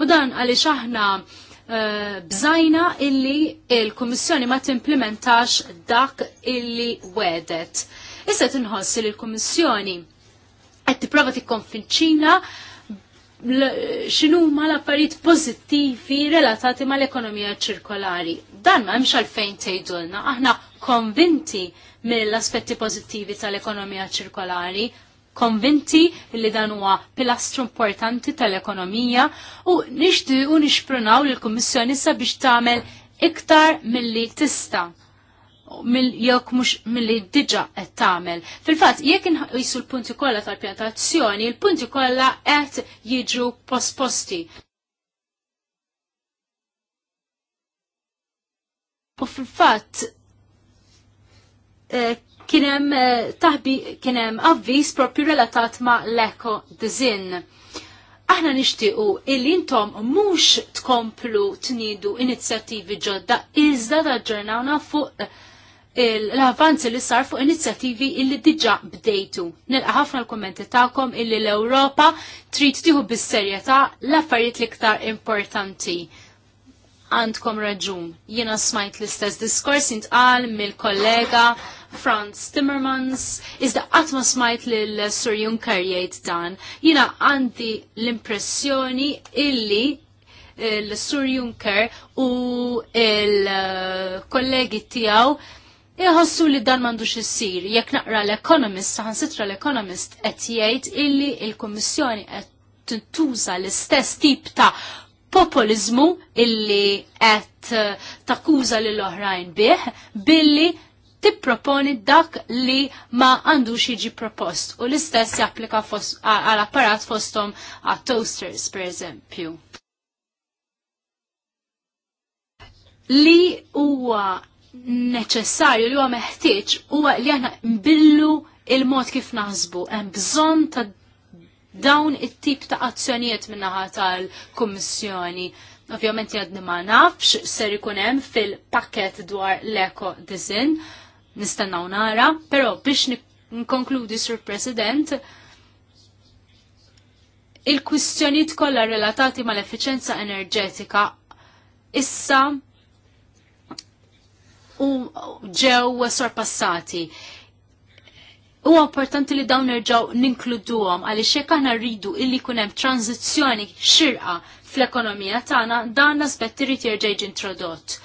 u dan għaliex aħna Eh, bżajna illi il-Kummissjoni ma timplementax dak illi wedet. Issa tinħossi li l-Kummissjoni qed tipprova tikkonfinċina x'inhuma l-affarijiet pożittivi relatati mal-ekonomija ċirkolari. Dan ma hemmx għalfejn tgħidulna, aħna konvinti mill-aspetti pozittivi tal-ekonomija ċirkolari, konvinti li dan huwa pilastru importanti tal-ekonomija u nixdi u nixprunaw l-Kummissjoni sabiex tagħmel iktar milli tista' jekk mhux milli diġà qed tagħmel. Fil-fatt jekk inqisu l-punti kollha tal-pjantazzjoni, l punti kollha qed jiġu posposti. U fil-fatt eh, kienem eh, taħbi kienem avvis propju relatat ma l-eko dizin. Aħna nishtiqu il intom mux tkomplu tnidu inizjattivi ġodda iżda daġġernawna fuq eh, l-avanzi li sar fuq inizjattivi illi diġa bdejtu. Nilqa ħafna l-kommenti ta'kom illi l-Europa trid tieħu bis-serjetà l-affarijiet l-iktar importanti. Għandkom raġun. Jiena smajt l-istess diskors intqal mill-kollega Franz Timmermans, iżda qatt ma smajt lil Sur Juncker jgħid dan. Jiena għandi l-impressjoni illi l-Sur Juncker u l-kollegi eh, tiegħu jħossu li dan mandu issir, jekk naqra l-Economist, saħansitra l-Economist qed jgħid illi l komissjoni qed tintuża l-istess tip ta' populizmu illi qed eh, takkuża l oħrajn bih billi tipproponi dak li ma għandux jiġi propost u l-istess japplika għal apparat fostom għal toasters per eżempju. Li huwa neċessarju li huwa meħtieġ huwa li aħna nbillu il-mod kif naħsbu hemm bżonn ta' dawn it-tip ta' azzjonijiet minnaħa tal-Kummissjoni. Ovvjament jadni ma nafx ser ikun hemm fil-pakket dwar l-eko design, nistennaw nara, pero biex nkonkludi, Sur President, il-kwistjoniet kollha relatati mal efficienza enerġetika issa u ġew sorpassati. U importanti li dawn nerġaw ninkluduhom għaliex jekk aħna rridu illi jkun hemm tranzizzjoni xirqa fl-ekonomija tagħna dan l-aspett irid jerġa' introdott.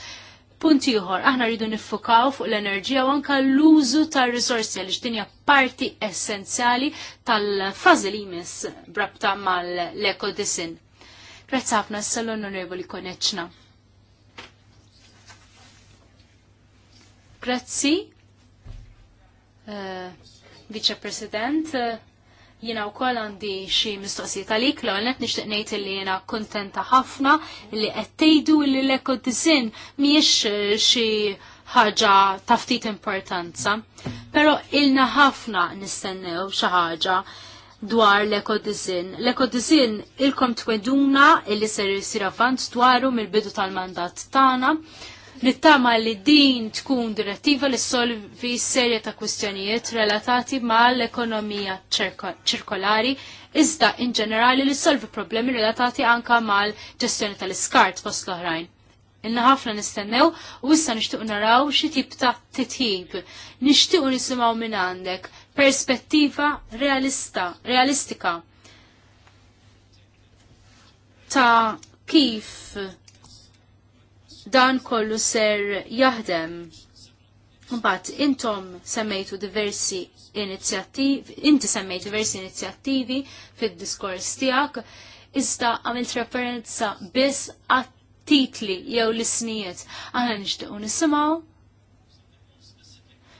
Punti ieħor, aħna rridu niffukaw fuq l-enerġija u anka l-użu tar-risorsi għal x'tinja parti essenzjali tal-fażi li jmiss brabta mal-Leko Disin. Grazzi ħafna s-sal-Onorevoli Koneċna. Grazzi, uh, eh, Vice President, uh, eh, Jina u koll għandi xie mistoqsijiet għalik l għonet nishtiq nejt li jina kontenta ħafna li għettejdu li l-eco design miex eh, xie ħaġa taftit importanza. Pero ilna ħafna nistennew xi ħaġa dwar l-ekodizin. l t ilkom tweduna li ser jisir avant dwaru mill-bidu tal-mandat tagħna Nittama li din tkun direttiva li solvi serje ta' kwistjonijiet relatati mal-ekonomija ċirkolari, iżda in ġenerali li solvi problemi relatati anka mal-ġestjoni tal-iskart fost l-oħrajn. Inna ħafna nistennew u issa nishtiq naraw xi tip ta' titjib. Nishtiq nisimgħu minn għandek perspettiva realista, realistika ta' kif dan kollu ser jaħdem. Mbagħad intom semmejtu diversi inizjattivi, inti semmejt diversi inizjattivi fid-diskors tiegħek, iżda għamilt referenza biss għat-titli jew l-isnijiet. Aħna nixtiequ nisimgħu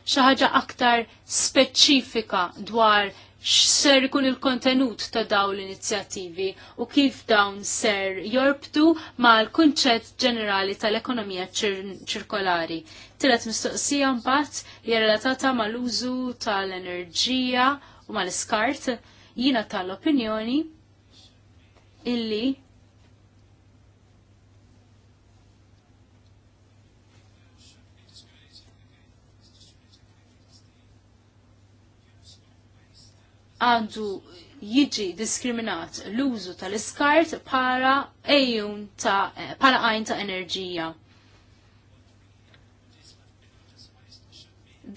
xi ħaġa aktar speċifika dwar x'ser ikun il-kontenut ta' dawn l-inizjattivi u kif dawn ser jorbtu mal-kunċett ġenerali tal-ekonomija ċirkolari. Tilet mistoqsija mbagħad hija relatata mal-użu tal-enerġija u mal-iskart jiena tal-opinjoni illi għandu jiġi diskriminat l-użu tal-iskart para ejjun ta' para għajn ta' enerġija.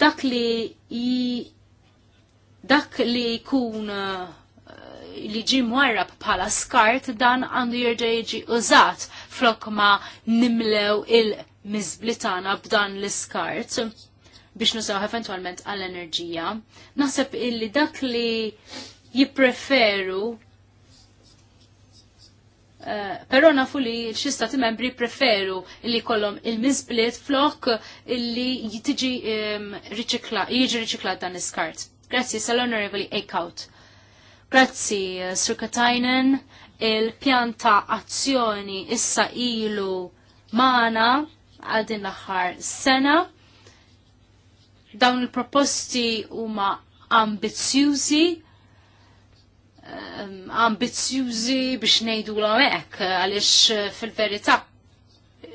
Dak li dak li kun eh, li ġi mwarrab bħala skart dan għandu jirġa' jiġi użat flok ma nimlew il-mizblitana b'dan l-iskart biex nusaw eventualment għall-enerġija. Naħseb illi dak li jippreferu Uh, eh, pero nafu li xi membri preferu li kollom il-misblit flok illi jitġi um, ehm, riċikla, jiġi riċiklat dan iskart. Grazzi, sal-Honorable Eckhout. Grazzi, uh, Sir Katainen, il-pjanta azzjoni issa ilu mana għadin l-aħħar sena Dawn il-proposti huma ambizzjużi ehm, ambizzjużi biex nejdu l hekk għaliex eh, fil-verità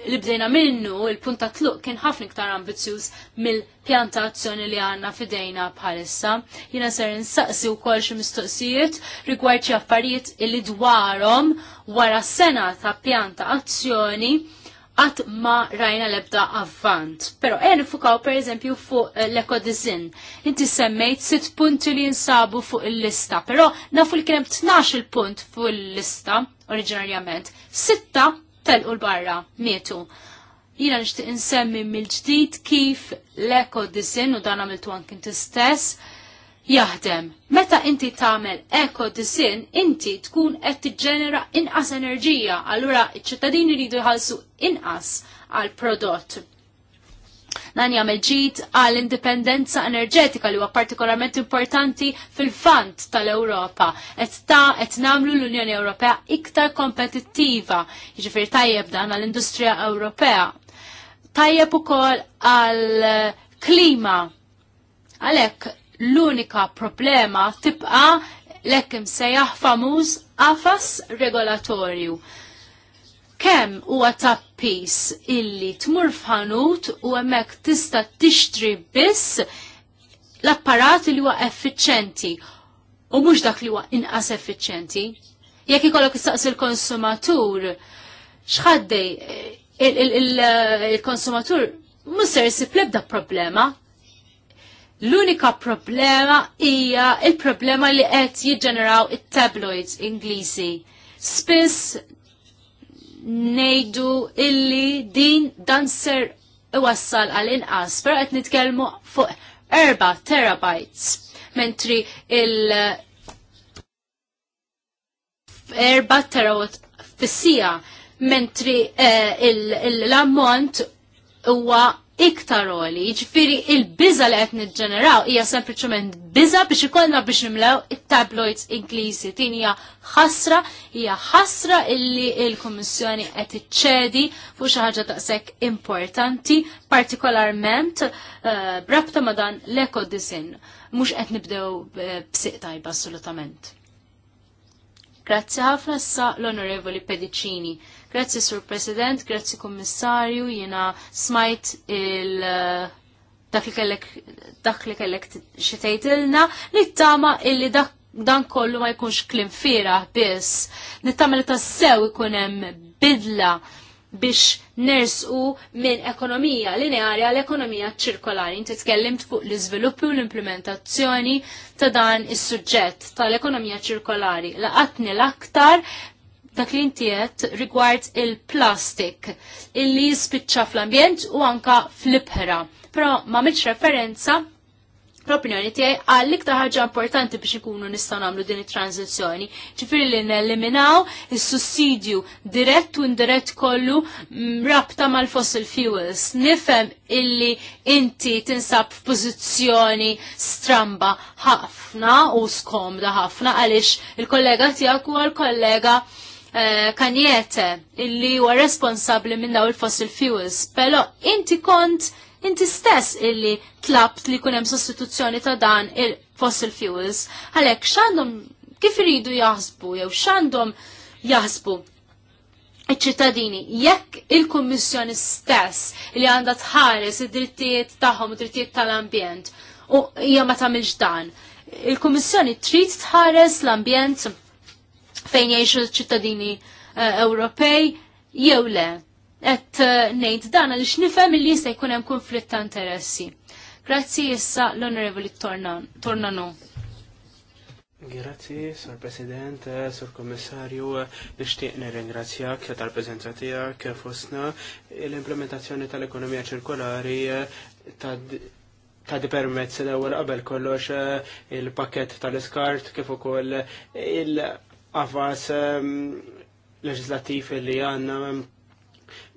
li bdejna minnu il-punt ta' tluq kien ħafna iktar ambizzjuż mill-pjanta azzjoni li għanna fidejna bħalissa. Jina ser insaqsi wkoll xi mistoqsijiet rigward xi affarijiet li dwarhom wara sena ta' pjanta azzjoni għat ma rajna lebda avvant. Pero għen fukaw per eżempju fuq eh, l-ekodizin. Inti semmejt sit punti li jinsabu fuq il-lista, pero nafu li kienem 12 punt fuq il-lista oriġinarjament. Sitta telqu l-barra, mietu. Jina nishtiq insemmi mill-ġdid kif l-ekodizin u dan għamiltu għankin stess jaħdem. Meta inti tagħmel eko disin, inti tkun qed tiġġenera inqas enerġija, allura iċ-ċittadini jridu jħallsu inqas għal prodott. Dan jagħmel ġid għal indipendenza enerġetika li huwa partikolarment importanti fil-fant tal-Ewropa. Qed ta' qed nagħmlu l-Unjoni Ewropea iktar kompetittiva, jiġifieri tajjeb dan għall-industrija Ewropea. Tajjeb ukoll għal klima. Għalhekk l-unika problema tibqa l-ekkim sejaħ famuż għafas regolatorju. Kem u għatappis illi tmur f'ħanut u għemmek tista tixtri biss l-apparat li huwa effiċenti u mhux dak li huwa inqas effiċenti. Jekk ikollok istaqs l-konsumatur, x'ħaddej il-konsumatur il, il, il, il konsumatur problema L-unika problema hija il-problema li qed jiġġeneraw it-tabloids Ingliżi. Spiss ngħidu illi din dan ser iwassal għal inqas, però qed nitkellmu fuq 4 terabytes, mentri il 4 terawatt fis-sija mentri eh, l-ammont huwa iktar oli, ġifiri il-biza li qed niġġeneraw hija sempliċement biza biex ikollna biex nimlew it-tabloids Ingliżi. Din hija ħasra, hija ħasra illi il-Kummissjoni qed iċċedi fuq xi ħaġa taqsek importanti, partikolarment eh, brabta ma dan l ekodisin Mhux qed nibdew eh, b'siq tajba assolutament. Grazzi ħafna sa l-Onorevoli Pedicini. Grazzi Sur President, grazzi Kommissarju, jina smajt il- eh, dak li kellek xitejtilna li tama illi dan kollu ma jkunx klimfira bis. biss. Nittama li tassew ikunem bidla biex nersqu minn ekonomija lineari għal ekonomija ċirkolari. Inti tkellimt fuq l-iżvilupp u l-implementazzjoni ta' dan is-suġġett tal-ekonomija ċirkolari. Laqatni l-aktar dak li inti qed rigward il-plastik illi jispiċċa fl-ambjent u anka fl-ibħra. Però ma mitx referenza l-opinjoni tiegħi għal iktar ħaġa importanti biex ikunu nistgħu nagħmlu din it-tranzizzjoni. Ġifieri li neliminaw is-sussidju dirett u indirett kollu rabta mal-fossil fuels. Nifhem illi inti tinsab f'pożizzjoni stramba ħafna u skomda ħafna għaliex il-kollega tiegħek u l-kollega eh, kanjete illi huwa responsabbli minn daw il-fossil fuels. Però inti kont inti stess illi tlabt li kunem sostituzzjoni ta' dan il-fossil fuels. Għalek, xandom kif iridu jaħsbu, jew xandom jaħsbu iċ-ċittadini, jekk il-Kommissjoni stess li għandha tħares id-drittijiet tagħhom, u drittijiet tal-ambjent, u hija ma tagħmilx dan. Il-Kommissjoni trid tħares l-ambjent fejn jgħixu ċittadini eh, Ewropej jew le qed eh, ngħid dan għaliex nifhem li jista' jkun hemm konflitt ta' interessi. Grazzi issa l-Onorevoli Tornano. Grazzi, Sor President, eh, Sor Kommissarju, eh, nishtiq nirringrazzjak tal-prezenza tijak fosna l-implementazzjoni tal-ekonomija ċirkolari ta' di permezz l-ewwel qabel kollox il-pakket tal-iskart kif ukoll il-qafas ehm, leġislattiv li għandna ehm,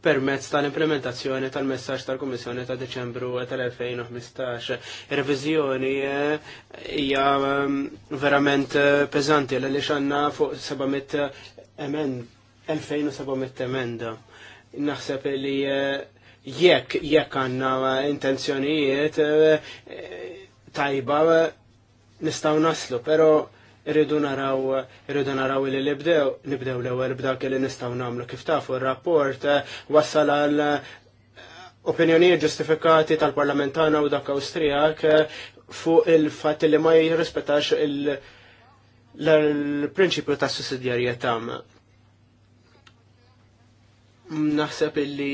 permezz tal-implementazzjoni tal-messaġġ tal-Kummissjoni ta' Deċembru tal-2015. Ir-reviżjoni eh, hija mm, verament eh, peżanti l li għandna fuq 700 2700 eh, emenda. Naħseb li jekk jekk għandna intenzjonijiet tajba nistgħu naslu, pero irridu naraw irridu naraw li nibdew nibdew l-ewwel b'dak kelli nistgħu nagħmlu kif tafu r-rapport eh, wassal għal eh, opinjonijiet ġustifikati tal-parlamentana u dak Awstrijak eh, fuq il-fatt li ma jirrispettax il prinċipju ta' sussidjarjetà. Naħseb illi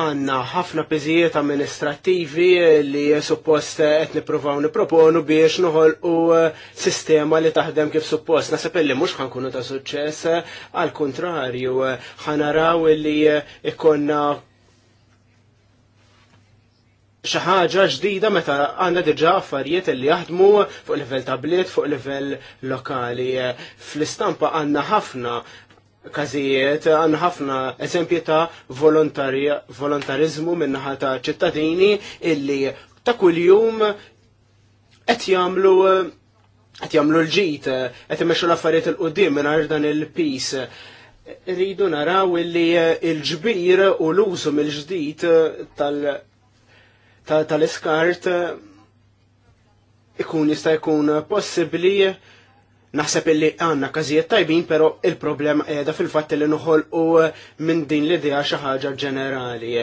għanna ħafna piżijiet amministrativi li suppost qed nippruvaw nipproponu biex noħolqu eh, sistema li taħdem kif suppost. Nasab illi mhux ħankunu ta' suċċess, għal kontrarju eh, ħanaraw li eh, ikonna xi ħaġa ġdida meta għandna diġà affarijiet li jaħdmu fuq livell tabliet, fuq livell lokali. Fl-istampa għandna ħafna kazijiet għan ħafna eżempji ta' volontarizmu minnaħa ta' ċittadini illi ta' kuljum qed jagħmlu qed jagħmlu l-ġid, qed imexxu l-affarijiet il qudiem mingħajr dan il-pis. Rridu naraw illi l-ġbir u l-użu mill-ġdid tal-iskart ikun jista' jkun possibbli Naħseb illi għanna każijiet tajbin, pero il-problema qiegħda eh, fil fat li noħol u eh, minn din l-idea xi ħaġa ġenerali.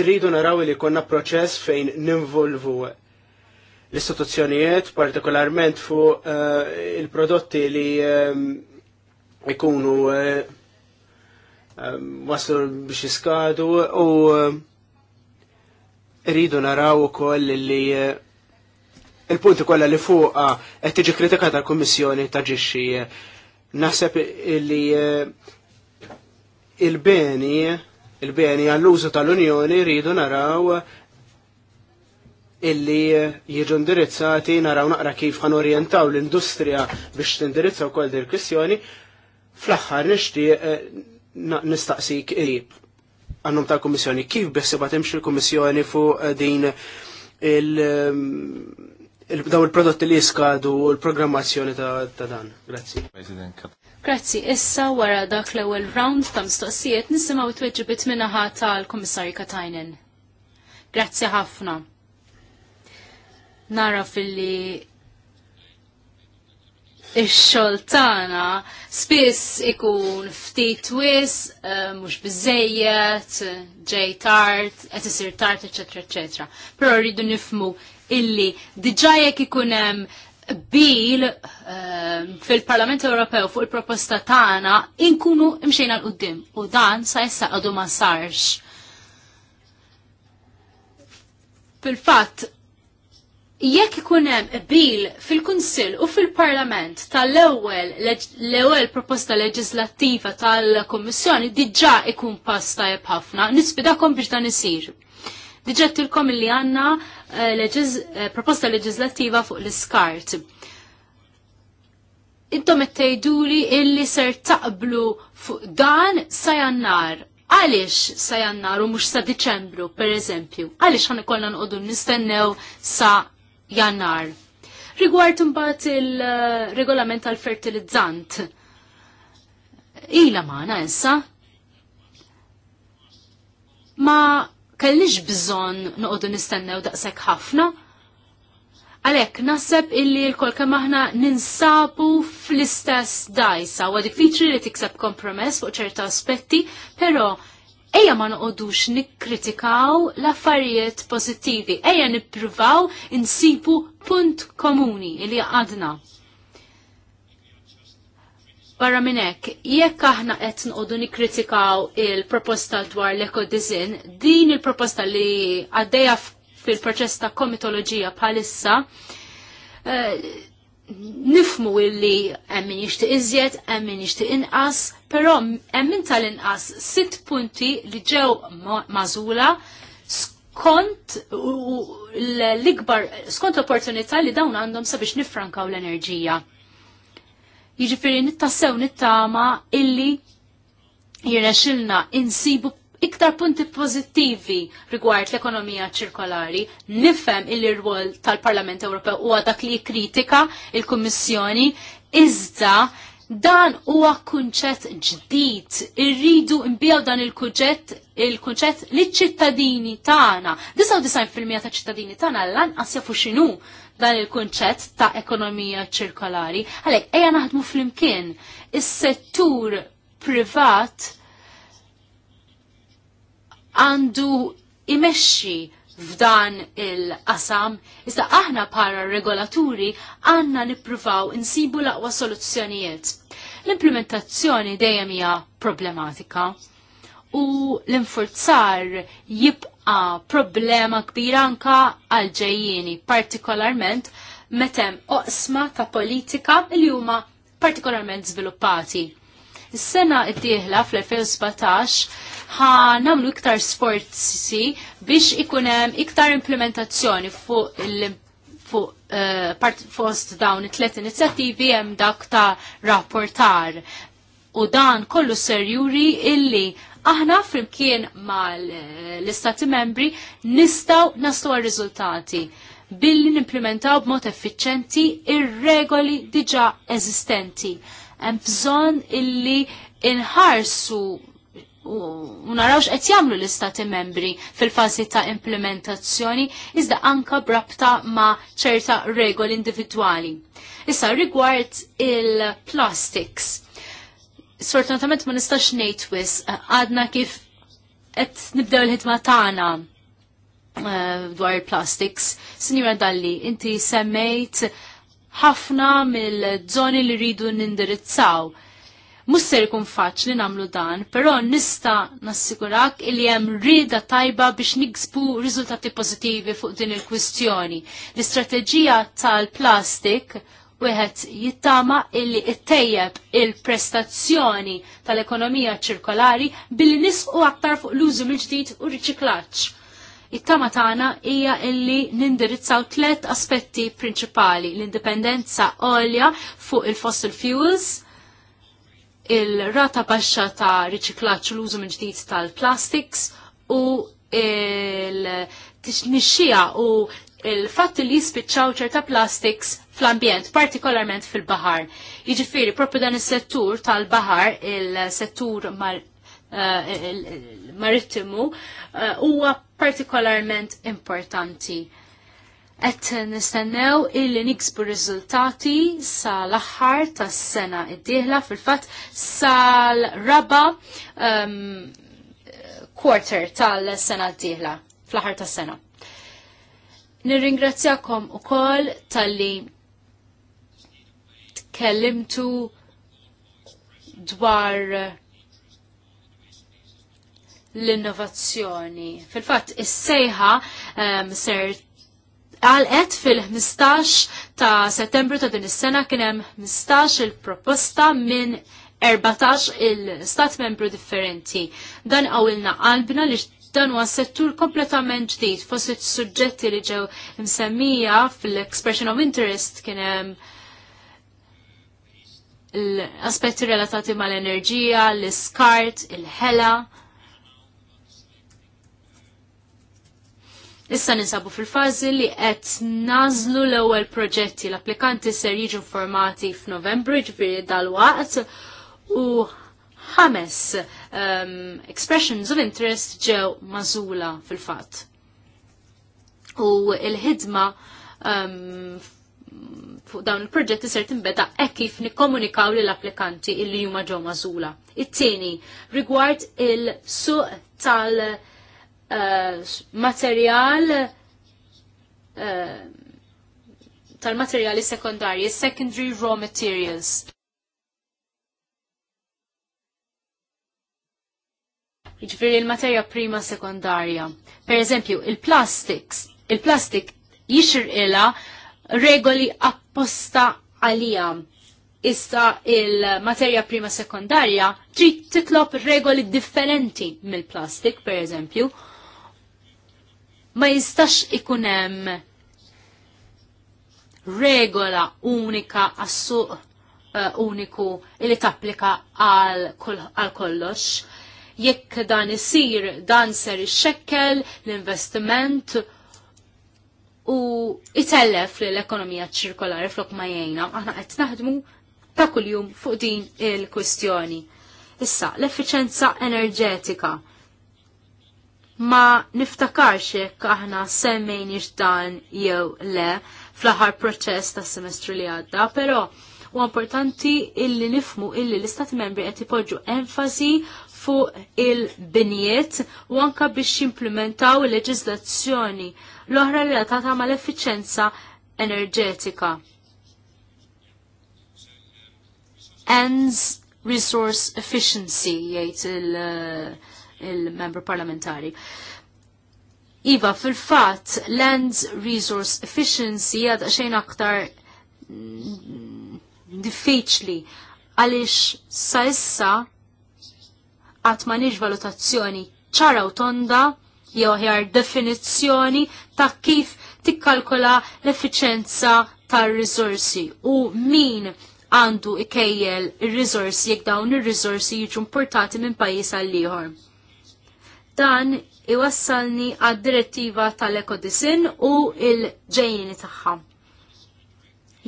Irridu naraw li konna proċess fejn ninvolvu l-istituzzjonijiet, partikolarment fuq uh, eh, il-prodotti li ikunu uh, waslu biex jiskadu u rridu naraw ukoll li il-punti kolla li fuqa qed tiġi kritika tal-Kummissjoni ta' ġixxi naħseb li eh, il-beni il-beni għall-użu tal-Unjoni rridu naraw illi jiġu indirizzati naraw naqra kif għan orientaw l-industrija biex tindirizzaw kol dir kwistjoni fl-aħħar nixtieq eh, nistaqsik qrib għannum tal-Kummissjoni kif bissiba timx il-Kummissjoni fuq eh, din il- daw il-prodotti li jiskadu u l-programmazzjoni ta' dan. Grazzi. Grazzi, issa wara dak l ewwel round ta' mistoqsijiet nisimaw it-tweġibit minnaħa tal-Komissarju Katajnen. Grazzi ħafna. Nara fil-li ix-xoltana spiss ikun ftit wis, eh, mhux biżejjed, ġej tard, qed isir tard, eċetera, eċetera. Però rridu nifmu illi diġa jekk ikun hemm bil ehm, fil-Parlament Ewropew fuq il-proposta tagħna inkunu imxejna l-qudiem u dan sa issa għadu ma sarx. Fil-fatt, jekk ikun hemm bil fil-Kunsill u fil-Parlament tal-ewwel l-ewwel proposta leġislattiva tal-Kummissjoni diġà ikun pass tajjeb ħafna, nisfidakom biex dan isir. Diġettilkom li għanna eh, leġiz, eh, proposta leġislattiva fuq l skart Intom ettejduli illi ser taqblu fuq dan sajannar. Għalix sajannar u mux sa Diċembru, per eżempju? Għalix għan ikollan nqodu nistennew sa jannar? Rigward imbagħad il-regolament tal-fertilizzant. Ila maħna issa. Ma kellix bżonn noqogħdu nistennew daqshekk ħafna. Għalhekk naħseb illi l-kol kemm aħna ninsabu fl-istess dajsa u dik fiċri li tikseb kompromess fuq ċerta aspetti, però ejja ma noqodux nikkritikaw l-affarijiet pozittivi, ejja nippruvaw insibu punt komuni li għadna Barra minn hekk, jekk aħna qed nqogħdu nikkritikaw il-proposta dwar l-ekodizin, din il-proposta li għaddejja fil-proċess ta' komitoloġija bħalissa, eh, nifmu illi hemm min jixtieq iżjed, hemm min jixtieq inqas, però hemm min tal-inqas sitt punti li ġew mażula skont l-ikbar skont opportunità li dawn għandhom sabiex nifrankaw l-enerġija Jiġifieri nittassew nittama illi jirnexilna insibu iktar punti pozittivi rigward l-ekonomija ċirkolari, nifhem il-rwol tal-Parlament Ewropew huwa dak li kritika il-Kummissjoni, iżda dan huwa kunċett ġdid. Irridu nbijaw dan il-kunċett il-kunċett liċ-ċittadini tagħna. 99% ta' ċittadini tagħna lanqas jafu x'inhu dan il-kunċett ta' ekonomija ċirkolari. Għalek, eja naħdmu fl-imkien, is-settur privat għandu imexxi f'dan il-qasam, iżda aħna para regolaturi għanna nippruvaw insibu laqwa soluzzjonijiet. L-implementazzjoni dejjem hija problematika u l-infurzar jibqa' problema kbira anka għal-ġejjini, partikolarment metem oqsma ta' politika li huma partikolarment żviluppati. Is-sena d-dieħla fl-2017 ħa namlu iktar sforzi biex ikunem iktar implementazzjoni fuq il fuq uh, part fost dawn it-tlet inizjattivi hemm dak ta' rapportar. U dan kollu serjuri illi aħna flimkien mal-istati eh, membri nistaw naslu għal-rizultati billi nimplementaw b'mod effiċenti il regoli diġa eżistenti. Hemm bżonn illi inħarsu u narawx qed jagħmlu l-istati membri fil-fażi ta' implementazzjoni iżda anka brabta ma' ċerta regoli individwali. Issa rigward il-plastics sfortunatament ma nistax ngħid wis għadna kif qed nibdew il-ħidma tagħna eh, dwar il-plastics. Sinjura Dalli, inti semmejt ħafna mill-żoni li rridu nindirizzaw. Musser ikun faċli namlu dan, però nista nassigurak li hemm rida tajba biex niksbu riżultati pożittivi fuq din il-kwistjoni. L-istrateġija tal-plastik wieħed jittama illi ittejjeb il-prestazzjoni tal-ekonomija ċirkolari billi nisqu aktar fuq l-użu mill-ġdid u riċiklaġġ. It-tama tagħna hija illi nindirizzaw tliet aspetti prinċipali: l-indipendenza għolja fuq il-fossil fuels, il-rata baxxa ta' riċiklaġġ u l-użu mill-ġdid tal-plastics u il-tixnixxija u il-fatt li jispiċċaw ċerta plastics fl-ambjent, partikolarment fil-bahar. Jiġifieri propju dan is-settur tal-bahar, il-settur mar eh, marittimu eh, huwa partikolarment importanti. Qed nistennew illi niksbu riżultati sal-aħħar tas-sena id-dieħla fil-fatt sal-raba ehm, quarter tal-sena d-dieħla fl-aħħar tas-sena. Nirringrazzjakom ukoll tal-li kellimtu dwar l-innovazzjoni. Fil-fatt, is-sejħa um, ser għalqet fil-15 ta' settembru ta' din is-sena kien hemm 15 il-proposta minn 14 il-stat membru differenti. Dan għawilna qalbna li dan huwa settur kompletament ġdid fost suġġetti li ġew msemmija fil-expression of interest kien hemm l-aspetti relatati mal-enerġija, l-iskart, il-ħela. Issa ninsabu fil-fazi li qed nażlu l-ewwel proġetti l-applikanti ser jiġu formati f'Novembru ġifieri dal-waqt u ħames um, expressions of interest ġew mażula fil-fatt. U l-ħidma um, fuq dawn il-proġetti ser timbeda hekk kif nikkomunikaw lill applikanti illi huma ġew mażula. It-tieni rigward il-suq tal-materjal eh, eh, tal-materjali sekundarji secondary raw materials. Jiġifieri il-materja prima sekondarja. Per eżempju, il-plastics, il-plastik jixir ila regoli apposta għalija. Issa il-materja prima sekundarja trid titlob regoli differenti mill-plastik, per eżempju, ma jistax ikunem regola unika għas uh, eh, uniku li tapplika għal kollox. Jekk dan isir dan ser ixekkel l-investiment u itellef li l-ekonomija ċirkolari flok ma jgħina, aħna qed naħdmu ta' kuljum fuq din il-kwistjoni. Issa, l-effiċenza enerġetika. Ma niftakarx jekk aħna semmejniex dan jew le fl-aħħar proċess tas semestru li għadda, però u importanti illi nifmu illi l-Istati membri qed ipoġġu enfasi fuq il-binjiet u anka biex jimplementaw il-leġizlazzjoni l-oħra relatata mal effiċenza enerġetika. Ends Resource Efficiency jgħid il-member il parlamentari. Iva, fil-fat, Lands Resource Efficiency għad xejn aktar diffiċli għalix sa issa qatt m'għandix valutazzjoni ċara u tonda jew ħjar definizzjoni ta' kif tikkalkola l-effiċenza tar rizorsi u min għandu ikejjel ir rizorsi jekk dawn ir rizorsi jiġu importati minn pajjiż għal ieħor. Dan iwassalni għad-direttiva tal-ekodisin u il-ġejjini tagħha.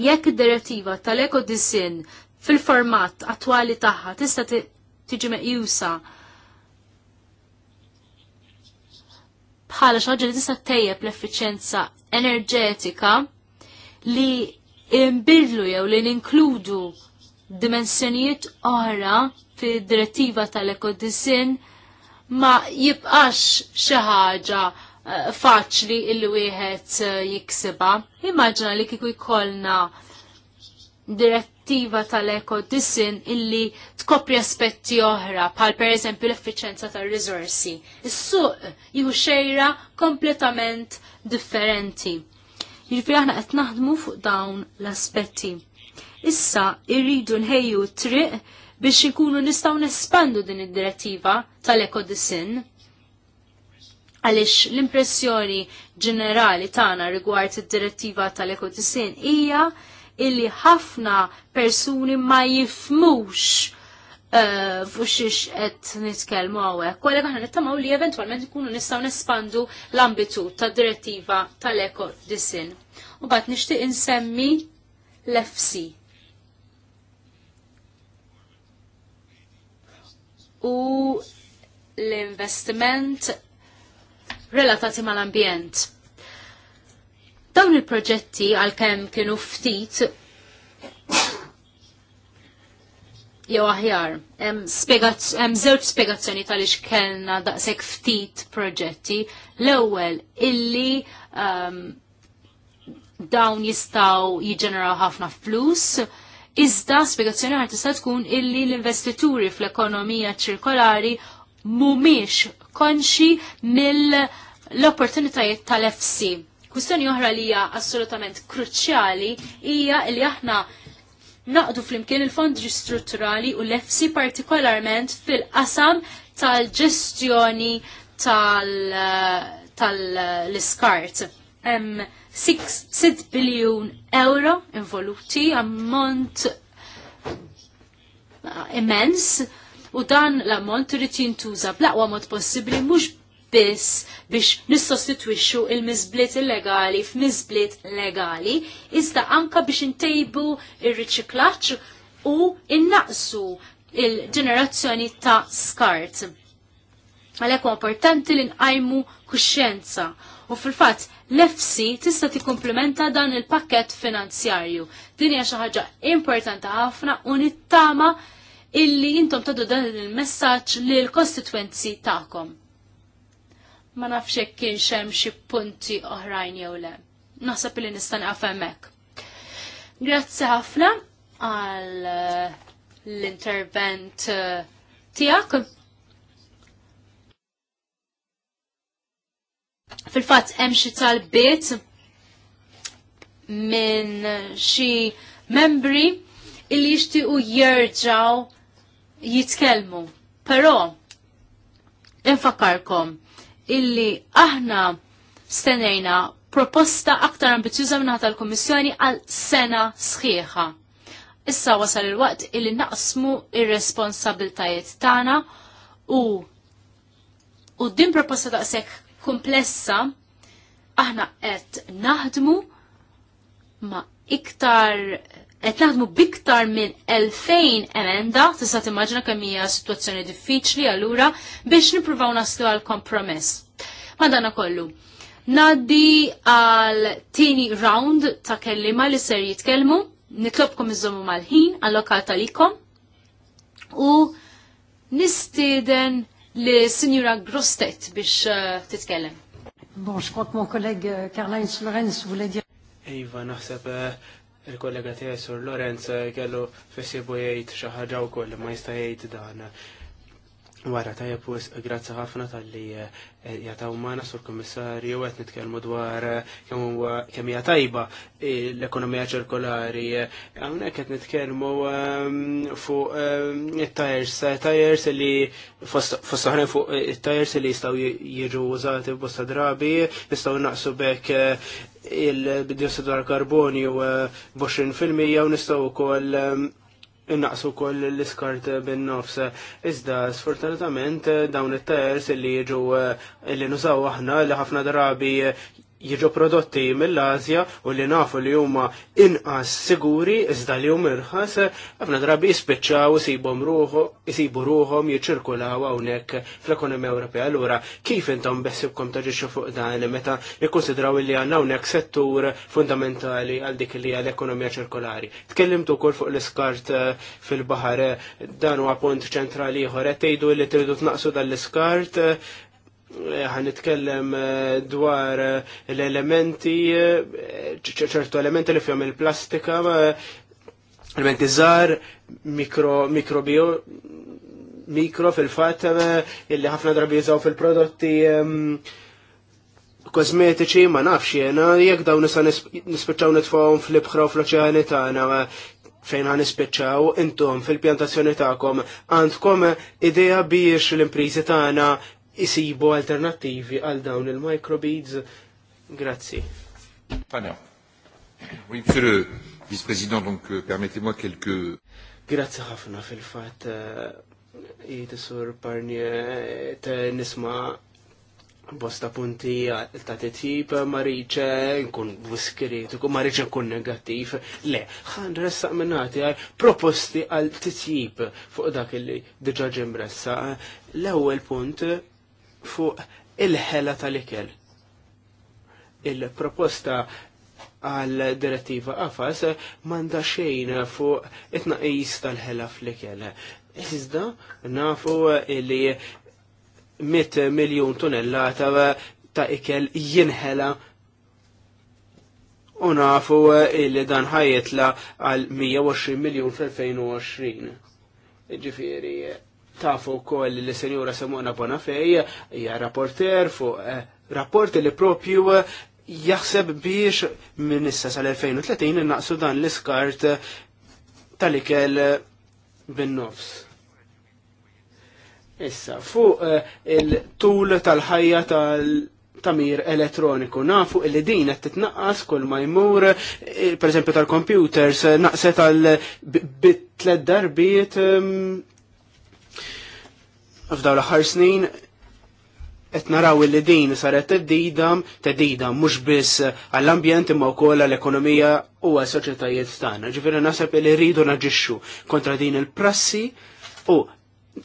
Jekk id-direttiva tal-ekodisin fil-format attwali tagħha tista' tiġi meqjusa bħala xaġġa li tista' tejjeb l-effiċenza enerġetika li imbidlu jew li ninkludu dimensjonijiet oħra fid-direttiva tal-ekodisin ma jibqax xi ħaġa eh, faċli illi wieħed eh, jiksibha. Immaġina li kieku jkollna dirett perspettiva tal-eko disin illi tkopri aspetti oħra, pal per eżempju l-effiċenza tal-rizorsi. Is-suq jihu xejra kompletament differenti. Jirfi jiġifieri aħna qed naħdmu fuq dawn l-aspetti. Issa irridu nħejju triq biex ikunu nistaw nespandu din id-direttiva tal-eko disin għalix l-impressjoni ġenerali tagħna rigward id-direttiva tal-ekotisin hija illi ħafna persuni ma jifmux uh, fux ix qed nitkellmu għawek. Kollek għana nittamaw li eventwalment ikunu nistgħu nespandu l-ambitu tad direttiva tal-eko disin. U bat nixtieq insemmi l-FC. U l-investiment relatati mal-ambjent Dawn il-proġetti għal-kem kienu ftit jew aħjar. Hemm żewġ spjegazzjoni għaliex kellna daqshekk ftit proġetti. L-ewwel illi um, dawn jistgħu jiġġeneraw ħafna flus, iżda spjegazzjoni ħar tista' tkun illi l-investituri fl-ekonomija ċirkolari mhumiex konxi mill opportunitajiet tal fc Kwistjoni oħra li hija assolutament kruċjali hija li aħna naqdu flimkien il-fondi strutturali u l-efsi partikolarment fil-qasam tal-ġestjoni tal-iskart. Tal 6 biljun euro involuti, ammont immens, u dan l-ammont rritin jintuża bl-aqwa mod possibbli mhux biss biex nissostitwixxu il-miżbliet illegali f'miżbliet legali, iżda anka biex intejbu ir-riċiklaġġ u innaqsu il-ġenerazzjoni ta' skart. Għalhekk importanti li nqajmu kuxjenza u fil-fatt l-FC tista' tikkumplementa dan il-pakkett finanzjarju. Din hija xi ħaġa importanti ħafna u nittama illi intom tadu dan il-messaġġ lil kostitwenzi tagħkom ma nafx jekk kienx hemm xi punti oħrajn jew le. Naħseb li nista' naqaf hemmhekk. Grazzi ħafna għal eh, l-intervent eh, tiegħek. fil-fatt hemm xi talbiet minn xi membri illi jixtiequ jerġgħu jitkellmu. Però infakkarkom illi aħna stenejna proposta aktar ambizjuża minnaħat tal-Kommissjoni għal sena sħiħa. Issa wasal il-waqt illi naqsmu ir-responsabiltajiet tagħna u u din proposta daqshekk komplessa aħna qed naħdmu ma' iktar qed naħdmu biktar minn 2000 emenda, tista' timmaġina kemm hija sitwazzjoni diffiċli allura biex nippruvaw naslu għal kompromess. Madana kollu. Naddi għal tieni round ta' kellima li ser jitkellmu, nitlobkom iżommu mal-ħin għall-lokal talikom u nistieden li Sinjura Grostet biex uh, titkellem. Bon, je crois que mon collègue Karl-Heinz eh, voulait dire. Iva, naħseb eh, il-kollega tiegħi Sur Lorenz kellu fissibu jgħid xi ħaġa wkoll ma jista' jgħid dan. Wara tajab u grazzi ħafna tal-li eh, jataw maħna sur kommissarju għet nitkelmu dwar eh, kemm hija tajba eh, l-ekonomija ċirkolari. Għamnek għet nitkelmu fuq il-tajers, tajers li fost fuq il-tajers li jistaw jiġu użati bosta drabi, jistaw naqsu bekk il-bidjossidu għal-karbonju uh, b-20% u nistaw kol um, innaqsu koll l-iskart bin-nofs. Iżda, sfortunatament, dawn it-ters li jiġu uh, li nużaw aħna li ħafna drabi jiġu prodotti mill-Azja u li nafu li huma inqas siguri iżda li hum irħas, ħafna drabi jispiċċaw isibhom ruħhom isibu ruħhom jiċirkulaw hawnhekk fl-ekonomija Ewropea. Allura kif intom beħsibkom taġixxu fuq dan meta jikkonsidraw li għandna hawnhekk settur fundamentali għal dik li għal ekonomija ċirkolari. Tkellimtu wkoll fuq l-iskart eh, fil-baħar dan huwa punt ċentrali ieħor qed tgħidu li tridu tnaqsu dal-iskart Eh, ħan nitkellem eh, dwar eh, l-elementi, ċertu elementi li fjom il-plastika, elementi zar, mikro, mikrobio, mikro fil-fat, illi ħafna drabi jizaw fil-prodotti kosmetiċi, ma nafx jena, jek daw nisa nispiċaw nitfawm fl-ibħra u fl-oċeani tagħna fejn għan nispiċaw, intom fil-pjantazzjoni ta'kom, għandkom idea biex l-imprizi tagħna jisibu alternativi għal dawn il-microbeads. Grazzi. Tanja. Oui, monsieur le vice-président, donc euh, permettez-moi quelques... Grazzi ħafna fil-fat eh, jitisur parnie te nisma bosta punti ta' titjib marriċe nkun wiskiritu, marriċe nkun negattiv. Le, xan ressa minnati għaj proposti għal titjib fuq dak li diġa ġimressa. L-ewel punt fuq il-ħela tal-ikel. Il-proposta għal direttiva għafas manda xejn fuq it-naqis tal-ħela fl-ikel. Iżda nafu li 100 miljon tonnellata ta' ikel jinħela u nafu li dan ħajetla għal 120 miljon fl-2020. Ġifiri, tafu wkoll li senjura Simona Bonafej hija rapporter fuq eh, rapporti li propju eh, jaħseb biex minn issa sal-2030 naqsu dan l-iskart eh, tal-ikel bin-nofs. Issa, fuq il-tul tal-ħajja tal-tamir elettroniku, nafu li din qed titnaqqas kull ma jmur, per tal-computers, naqset tal bit tlet darbiet ehm, f'daw l-aħħar snin qed naraw li din saret teddida teddida mhux biss għall-ambjent imma wkoll għall-ekonomija u għas-soċjetajiet tagħna. Ġifieri naħseb li rridu naġixxu kontra din il-prassi u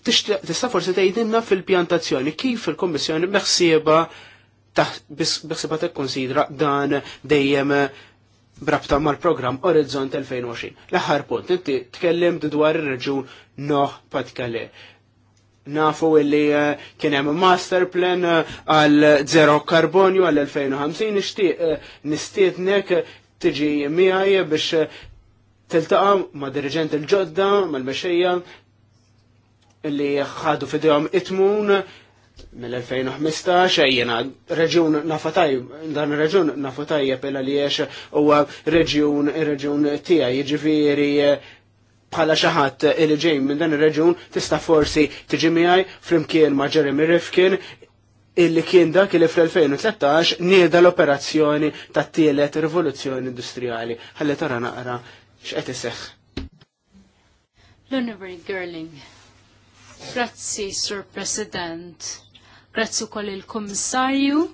tista' forsi tgħidilna fil-pjantazzjoni kif il-Kommissjoni meħsieba biħsiba konsidra dan dejjem brabta mal-programm Horizon 2020. L-aħħar punt, inti tkellimt dwar ir-reġun pat Patkale nafu illi eh, kien hemm master plan eh, għal zero karbonju għal 2050 nixtieq eh, nistiednek tiġi miegħi biex tiltaqa' ma' dirigent il-ġodda mal-mexejja illi ħadu fidejhom itmun mill-2015 jena reġjun nafataj, dan reġjun nafataj jepela li jiex u reġjun, reġjun tija, jġifiri bħala xaħat il-ġej minn dan ir-reġun tista' forsi tiġi miegħi flimkien ma' Jeremy Rifkin illi kien dak li fl-2013 nieda l-operazzjoni ta' tielet rivoluzzjoni industrijali. Ħalli tara naqra x'qed iseħħ. L-Honorary Girling, grazzi Sur President, grazzi wkoll il-Kummissarju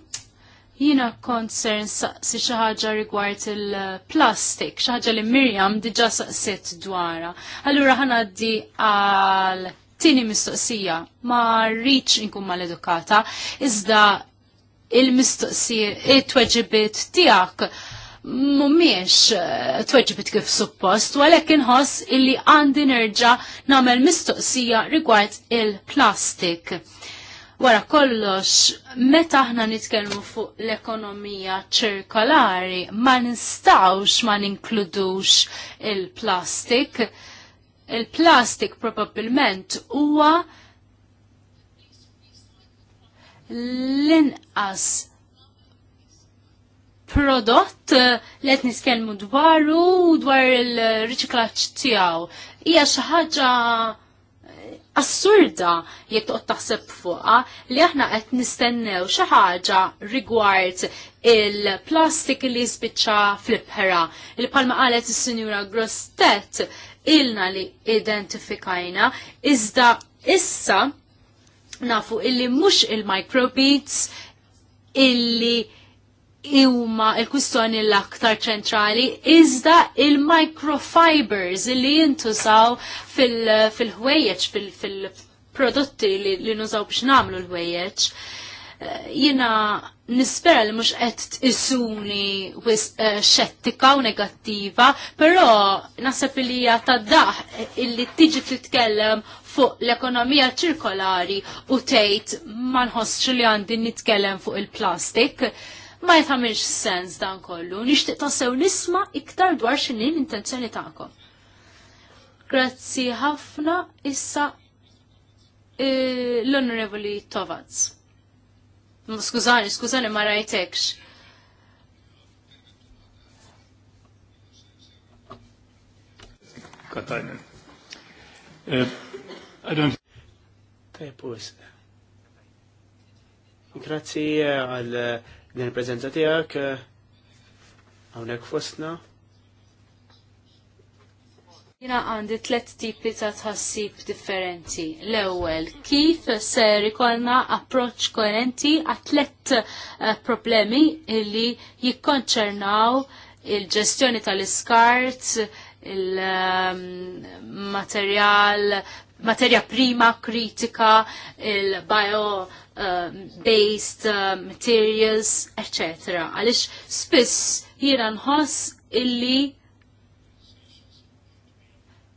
Jiena concern saqsi xaħġa xi ħaġa rigward il-plastik, xi ħaġa li Mirjam diġà saqsit dwara. Allura ħanaddi għal tini mistoqsija ma rridx inkun mal-edukata, iżda il-mistoqsija, it-tweġibiet tiegħek mumiex eh, tweġibit kif suppost, u għalek inħoss illi għandi nerġa namel mistoqsija rigward il-plastik. Wara kollox, meta aħna nitkellmu fuq l-ekonomija ċirkolari, ma nistawx ma ninkludux il-plastik. Il-plastik probabbilment huwa l-inqas prodott li qed nitkellmu dwaru dwar il-riċiklaġġ tiegħu. Hija xi ħaġa assurda jek toqgħod taħseb fuqha li aħna qed nistennew xi ħaġa rigward il-plastik li jispiċċa fl-ibħra. Il palma qalet is-Sinjura Grostet ilna li identifikajna iżda issa nafu illi mhux il-microbeats illi huma l-kwistjoni l-aktar ċentrali iżda il-microfibers li jintużaw fil-ħwejjeġ, fil fil-prodotti fil li, nużaw biex namlu l-ħwejjeġ. Eh, jina nispera li mux qed isuni eh, xettika u negattiva, però nasab li ta' daħ illi tiġi titkellem fuq l-ekonomija ċirkolari u tgħid ma nħossx li għandi nitkellem fuq il-plastik ma jtamilx sens dan kollu, nixtieq tassew nisma iktar dwar x'inhi l-intenzjoni tagħkom. Grazzi ħafna issa e, l-Onorevoli Tovaz. Skużani, skużani ma rajtekx. Katajnen. E, Tajpus. Grazzi għal din il-prezenza tijak eh, għawnek fostna. Jina għandi tlet tipi ta' tħassib differenti. L-ewel, kif ser rikolna approċ koerenti għat-tlet eh, problemi illi jikkonċernaw il-ġestjoni tal-iskart, il-materjal, ehm, materja prima kritika, il-bio Um, based uh, materials, etc. Għalix spiss jiena nħoss illi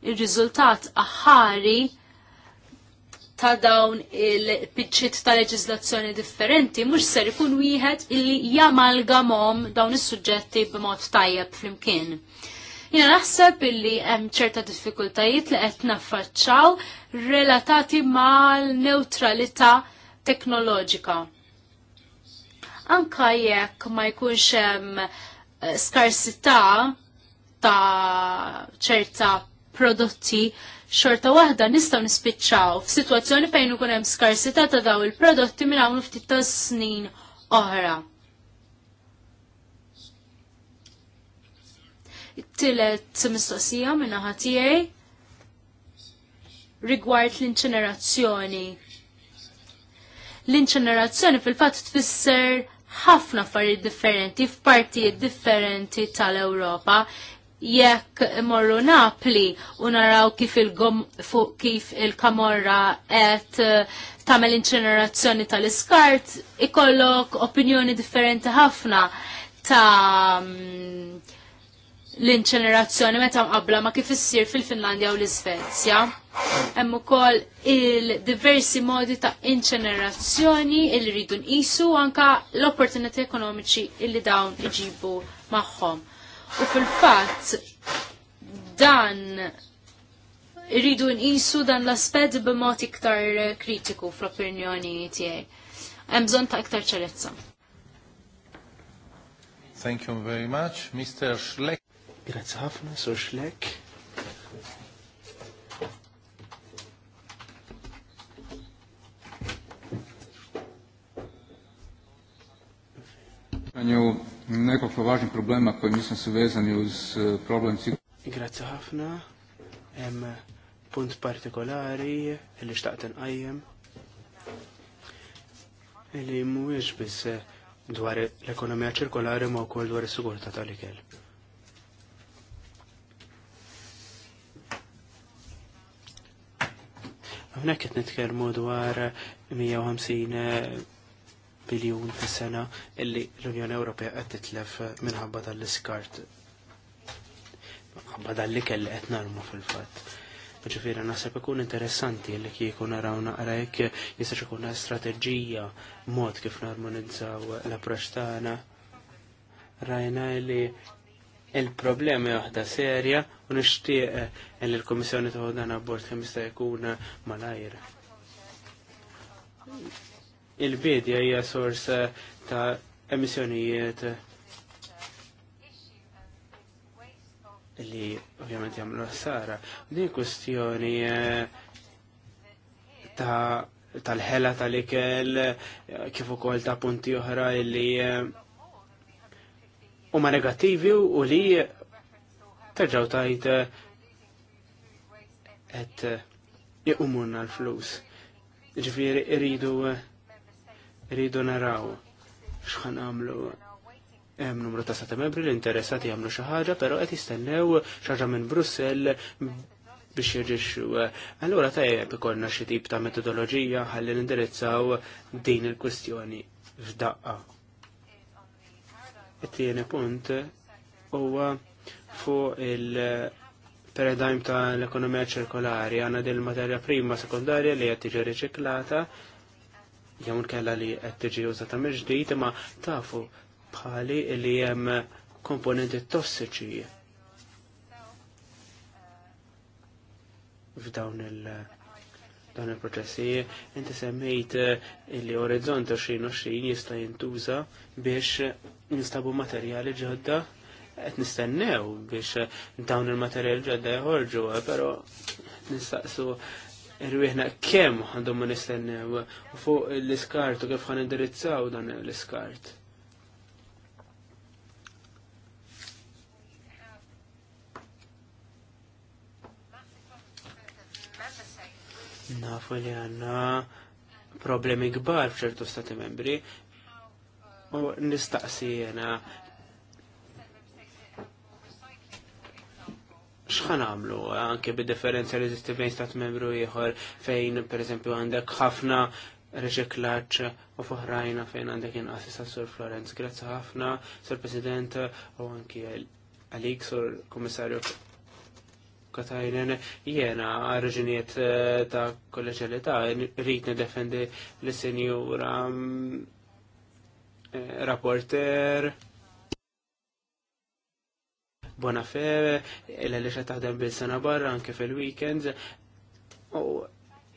il-riżultat aħari ta' dawn il pitċit ta' leġizlazzjoni differenti mhux ser ikun wieħed illi jamalgamhom dawn is-suġġetti b'mod tajjeb flimkien. Jina naħseb illi hemm ċerta diffikultajiet li qed naffaċċaw relatati mal-neutralità teknoloġika. Anka jekk ma jkunx hemm eh, skarsità ta' ċerta prodotti xorta waħda nistgħu nispiċċaw f'sitwazzjoni fejn ikun hemm skarsità ta' daw il-prodotti minn hawn ftit ta' snin oħra. Tilet mistoqsija minn tiegħi rigward l-inċenerazzjoni l-inċenerazzjoni fil-fatt tfisser ħafna affarijiet differenti f'partijiet differenti tal-Ewropa jekk morru Napli u naraw kif il kif il kamorra qed eh, tagħmel inċenerazzjoni tal-iskart, ikollok opinjoni differenti ħafna ta' mm, l-inċenerazzjoni meta mqabbla ma kif issir fil-Finlandja u l-Iżvezja. Hemm ukoll il-diversi modi ta' inċenerazzjoni il ridun isu anka l-opportunità ekonomiċi illi dawn iġibu magħhom. U fil-fatt dan irridu nqisu dan l-aspett b'mod iktar kritiku fl-opinjoni tiegħi. Hemm bżonn ta' iktar ċerezza. Thank you very much, Mr. Schleck. Grazie ħafna, Sir Schleck. Għanju nekoliko važnih problema koji mislim su vezani uz eh, problem Grazie ħafna, hemm punt partikolari li xtaqt nqajjem li mhuwiex biss dwar l-ekonomija ċirkolari ma wkoll dwar is-sigurtà tal-ikel. Hawnhekk qed nitkellmu dwar 150 biljun fis-sena illi l-Unjoni Ewropea qed titlef minħabba tal-iskart. Minħabba dalli kelli qed narmu fil-fatt. Ġifiri, naħseb ikun interessanti li kieku naraw naqra jekk jista' ikun strateġija mod kif narmonizzaw l-approċċ tagħna. Rajna li il-problemi waħda serja u nixtieq li l kummissjoni toħodna bord kemm jista' jkun malajr il-bidja hija sors eh, ta' emissjonijiet li ovvjament jagħmlu s-sara. Din kwestjoni eh, ta' tal-ħela tal-ikel kif ukoll ta' punti oħra li eh, huma negattivi u li terġaw tajt qed iqumurna l-flus. Ġifieri iridu. Rridu naraw x'ħan għamlu hemm numru ta' stati membri li interessati jagħmlu xi ħaġa, però qed jistennew xi minn Brussell biex jirġixxu. Allura tajjeb ikollna xi tip ta' metodoloġija ħalli nindirizzaw din il kwestjoni f'daqqa. It-tieni punt huwa fuq il- paradigm ta' l-ekonomija ċirkolari għandha din materja prima sekundarja li qed tiġi riċiklata jew kella li qed tiġi użata mill-ġdid imma tafu bħali li hemm komponenti tossiċi f'dawn il- dan il-proċessi, inti semmejt eh, li orizzont u u xin xin jista' jintuża biex nistabu materjali ġodda qed nistennew biex dawn il-materjali ġodda jħorġu, eh, pero nistaqsu rwieħna kemm għandhom ma nistennew u fuq l-iskart u kif għanindirizzaw dan l-iskart. Nafu li għanna problemi kbar f'ċertu stati membri u nistaqsi jena xħan għamlu, anke bi differenza li zisti bejn stat membru ieħor fejn per eżempju għandek ħafna reġeklaċ u fuħrajna fejn għandek inqas sa' Sur Florence. Grazzi ħafna, Sur President u anki għalik Sur Komissarju Katajnen, jena reġiniet eh, ta' kolleġalità, rrit defendi l-senjura mm, eh, rapporter illa li xa taħdem bil-sena barra anke fil-weekends, u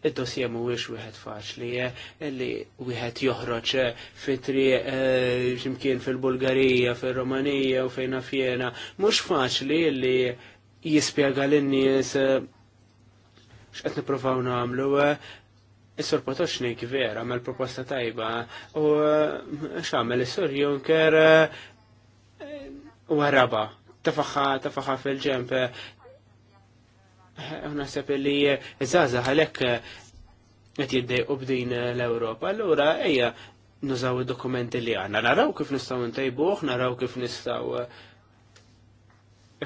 id-dossier wix wieħed faċli li wieħed joħroċ fitri eh, ximkien fil-Bulgarija, fil-Romanija u fejn fjena. Mhux faċli li jispjega lin-nies eh, x'qed nippruvaw nagħmlu eh, Is-Sur Potoċnik vera l proposta tajba u x'għamel is-Sur u għaraba tafaxħa tafaxħa fil-ġemp. Eh, naħseb li zaza għalek qed jiddejqu b'din l-Ewropa. Allura ejja nużaw id-dokumenti li għandna. Naraw kif nistgħu ntejbuh, naraw kif nistgħu eh,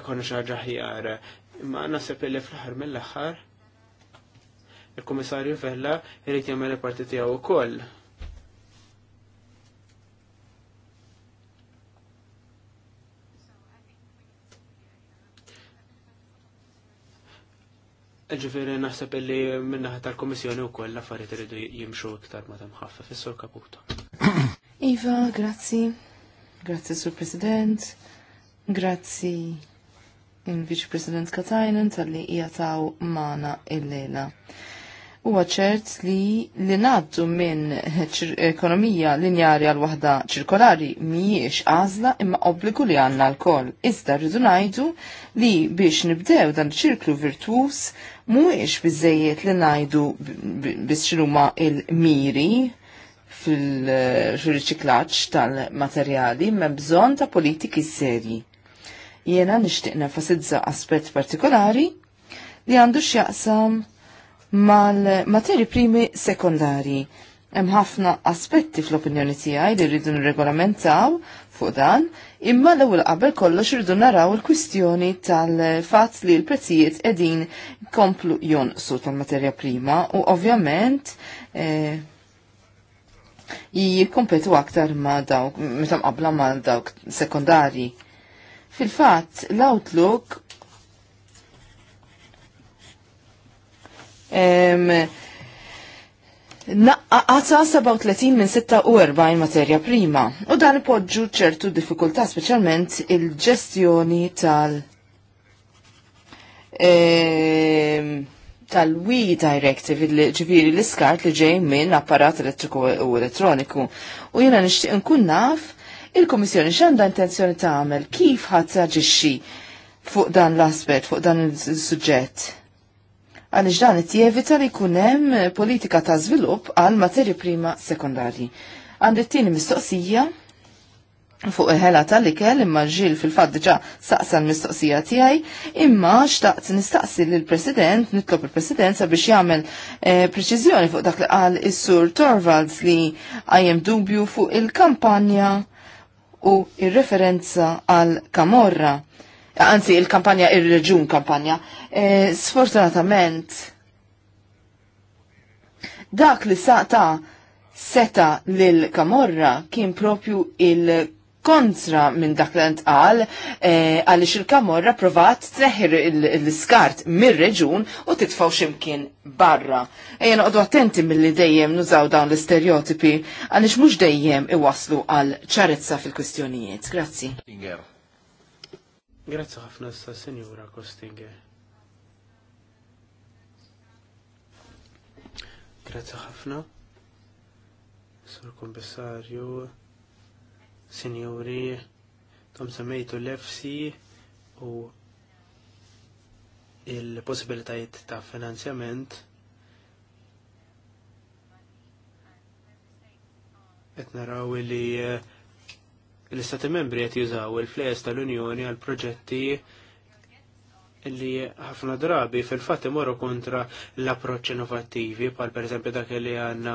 ikon xi ħjar. Imma naħseb li fl-aħħar mill-aħħar il-Kummissarju Vella jrid jagħmel il-parti tiegħu wkoll Ġifiri naħseb illi minnaħ tal-Komissjoni u koll affarijiet iridu jimxu iktar ma temħaffa fis-sur Kaputo. *coughs* Iva, grazzi. Grazzi sur President. Grazzi il vice President Katajnen tal-li jataw mana il-lejla. il il lejla huwa ċert li li naddu minn ekonomija linjari għal waħda ċirkolari mhijiex għażla imma obbligu li għandna l-koll. Iżda rridu ngħidu li biex nibdew dan ċirklu virtuż mhuwiex bizzejiet li ngħidu biex x'inhuma il-miri fil-riċiklaġġ tal-materjali ma' bżon ta' politiki serji. Jiena nixtieq nenfasizza aspett partikolari li għandu x'jaqsam mal-materi primi sekondari. Hemm ħafna aspetti fl-opinjoni tiegħi li rridu nirregolamentaw fuq dan, imma l-ewwel qabel kollox irridu naraw il-kwistjoni tal-fatt li l-prezzijiet qegħdin komplu jonqsu tal-materja prima u ovvjament eh, jikkompetu aktar ma dawk, meta mqabla ma dawk sekondari. Fil-fatt, l-outlook Naqqa 37 minn 46 materja prima u dan ipoġġu ċertu diffikultà speċjalment il-ġestjoni tal- e, tal we Directive, ġifiri l-iskart li ġej minn apparat elettriku u elettroniku. U jena nishtiq nkun naf il-Komissjoni x'għandha intenzjoni tagħmel kif ħadd taġixxi fuq dan l-aspett, fuq dan il-suġġett għaliex dan qed jevita li jkun hemm politika ta' żvilupp għal materi prima sekondarji. Għandi t-tieni mistoqsija fuq il-ħela tal-ikel imma ġil fil fatt diġa saqsa l-mistoqsija tiegħi imma xtaqt nistaqsi lill-President, nitlob il-President sabiex jagħmel eh, preċiżjoni fuq dak li qal is-Sur Torvalds li għajem dubju fuq il-kampanja u ir-referenza għal Kamorra anzi il-kampanja ir-reġun kampanja. E, sfortunatament dak li saqta seta lil Kamorra kien propju il- kontra minn dak li ntqal e, għaliex il-kamorra provat treħir l-iskart mir-reġun u titfaw ximkien barra. Ejja noqogħdu attenti mill-li dejjem nużaw dawn l-istereotipi għaliex mhux dejjem iwaslu għal ċarezza fil-kwistjonijiet. Grazzi. Grazzi ħafna sa' Senjura Kostinger. Grazzi ħafna. Sur Kommissarju, Senjuri, tom semmejtu l-EFSI u il-possibilitajiet ta' finanzjament qed naraw li eh, l-istati membri qed jużaw il-flejes tal-Unjoni għal proġetti li ħafna drabi fil fatti imorru kontra l-approċċ innovattivi bħal pereżempju dak li għandna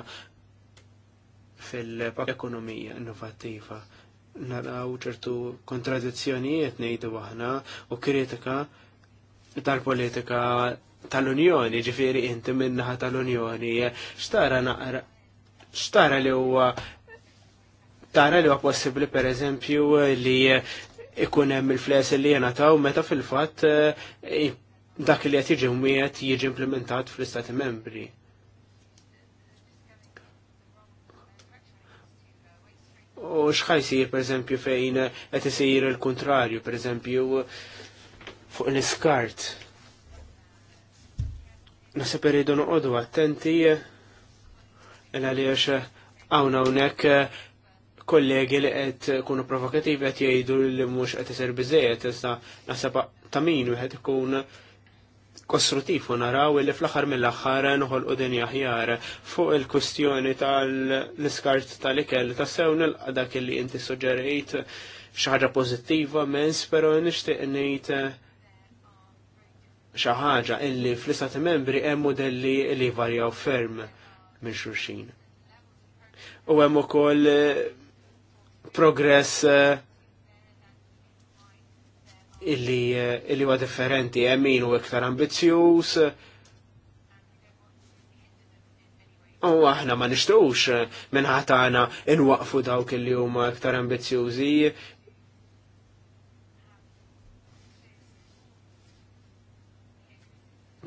fil-pak ekonomija innovattiva. Naraw ċertu kontradizzjonijiet nejdu għahna u kritika tal-politika tal-Unjoni, ġifiri inti minnaħa tal-Unjoni, xtara naqra xtara li huwa tara li huwa possibbli pereżempju li ikun hemm il-fles li jenataw meta fil-fatt eh, dak li qed jiġi mwiet jiġi implementat fl-Istati Membri. U xħajsir, per eżempju, fejn qed isir il-kontrarju, per eżempju, fuq l-iskart. Nasa irridu noqogħdu attenti eh, għaliex hawn hawnhekk eh, kollegi li qed kunu provokativi qed jgħidu li mhux qed iser biżejjed issa naħseb ta' min wieħed ikun kostruttiv u naraw li fl-aħħar mill-aħħar noħolqu din aħjar fuq il-kustjoni tal-iskart tal-ikel ta' sew nilqa' dak li inti suġġerejt xi ħaġa pożittiva mens, però nixtieq ngħid xi ħaġa illi fl-istati membri hemm modelli li varjaw ferm minn xulxin. U hemm ukoll progress eh, illi eh, illi huwa differenti hemm min u iktar ambizzjuż. U aħna ma nixtiequx eh, minn ħatana inwaqfu dawk illi huma iktar ambizzjużi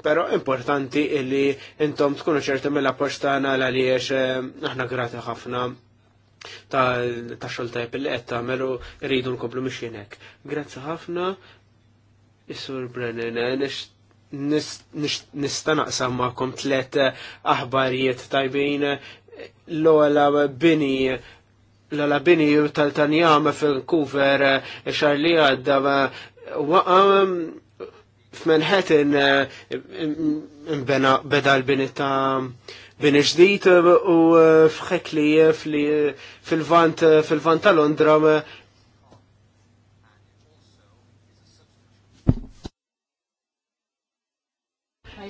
Pero importanti illi intom tkunu ċerti mill-appoċ tagħna għaliex aħna grati ħafna ta' xol tajb li qed rridu nkomplu mxinek. Grazzi ħafna, Isur Brennan, nista naqsam ma'kom tlet aħbarijiet tajbin l-ola bini l-ola bini tal-tanjam fil-kuver xar li għadda waqam f'Manhattan beda l-bini ta' bini ġdijt eh, u eh, fħekli eh, fil-vant fil-vant ta' Londra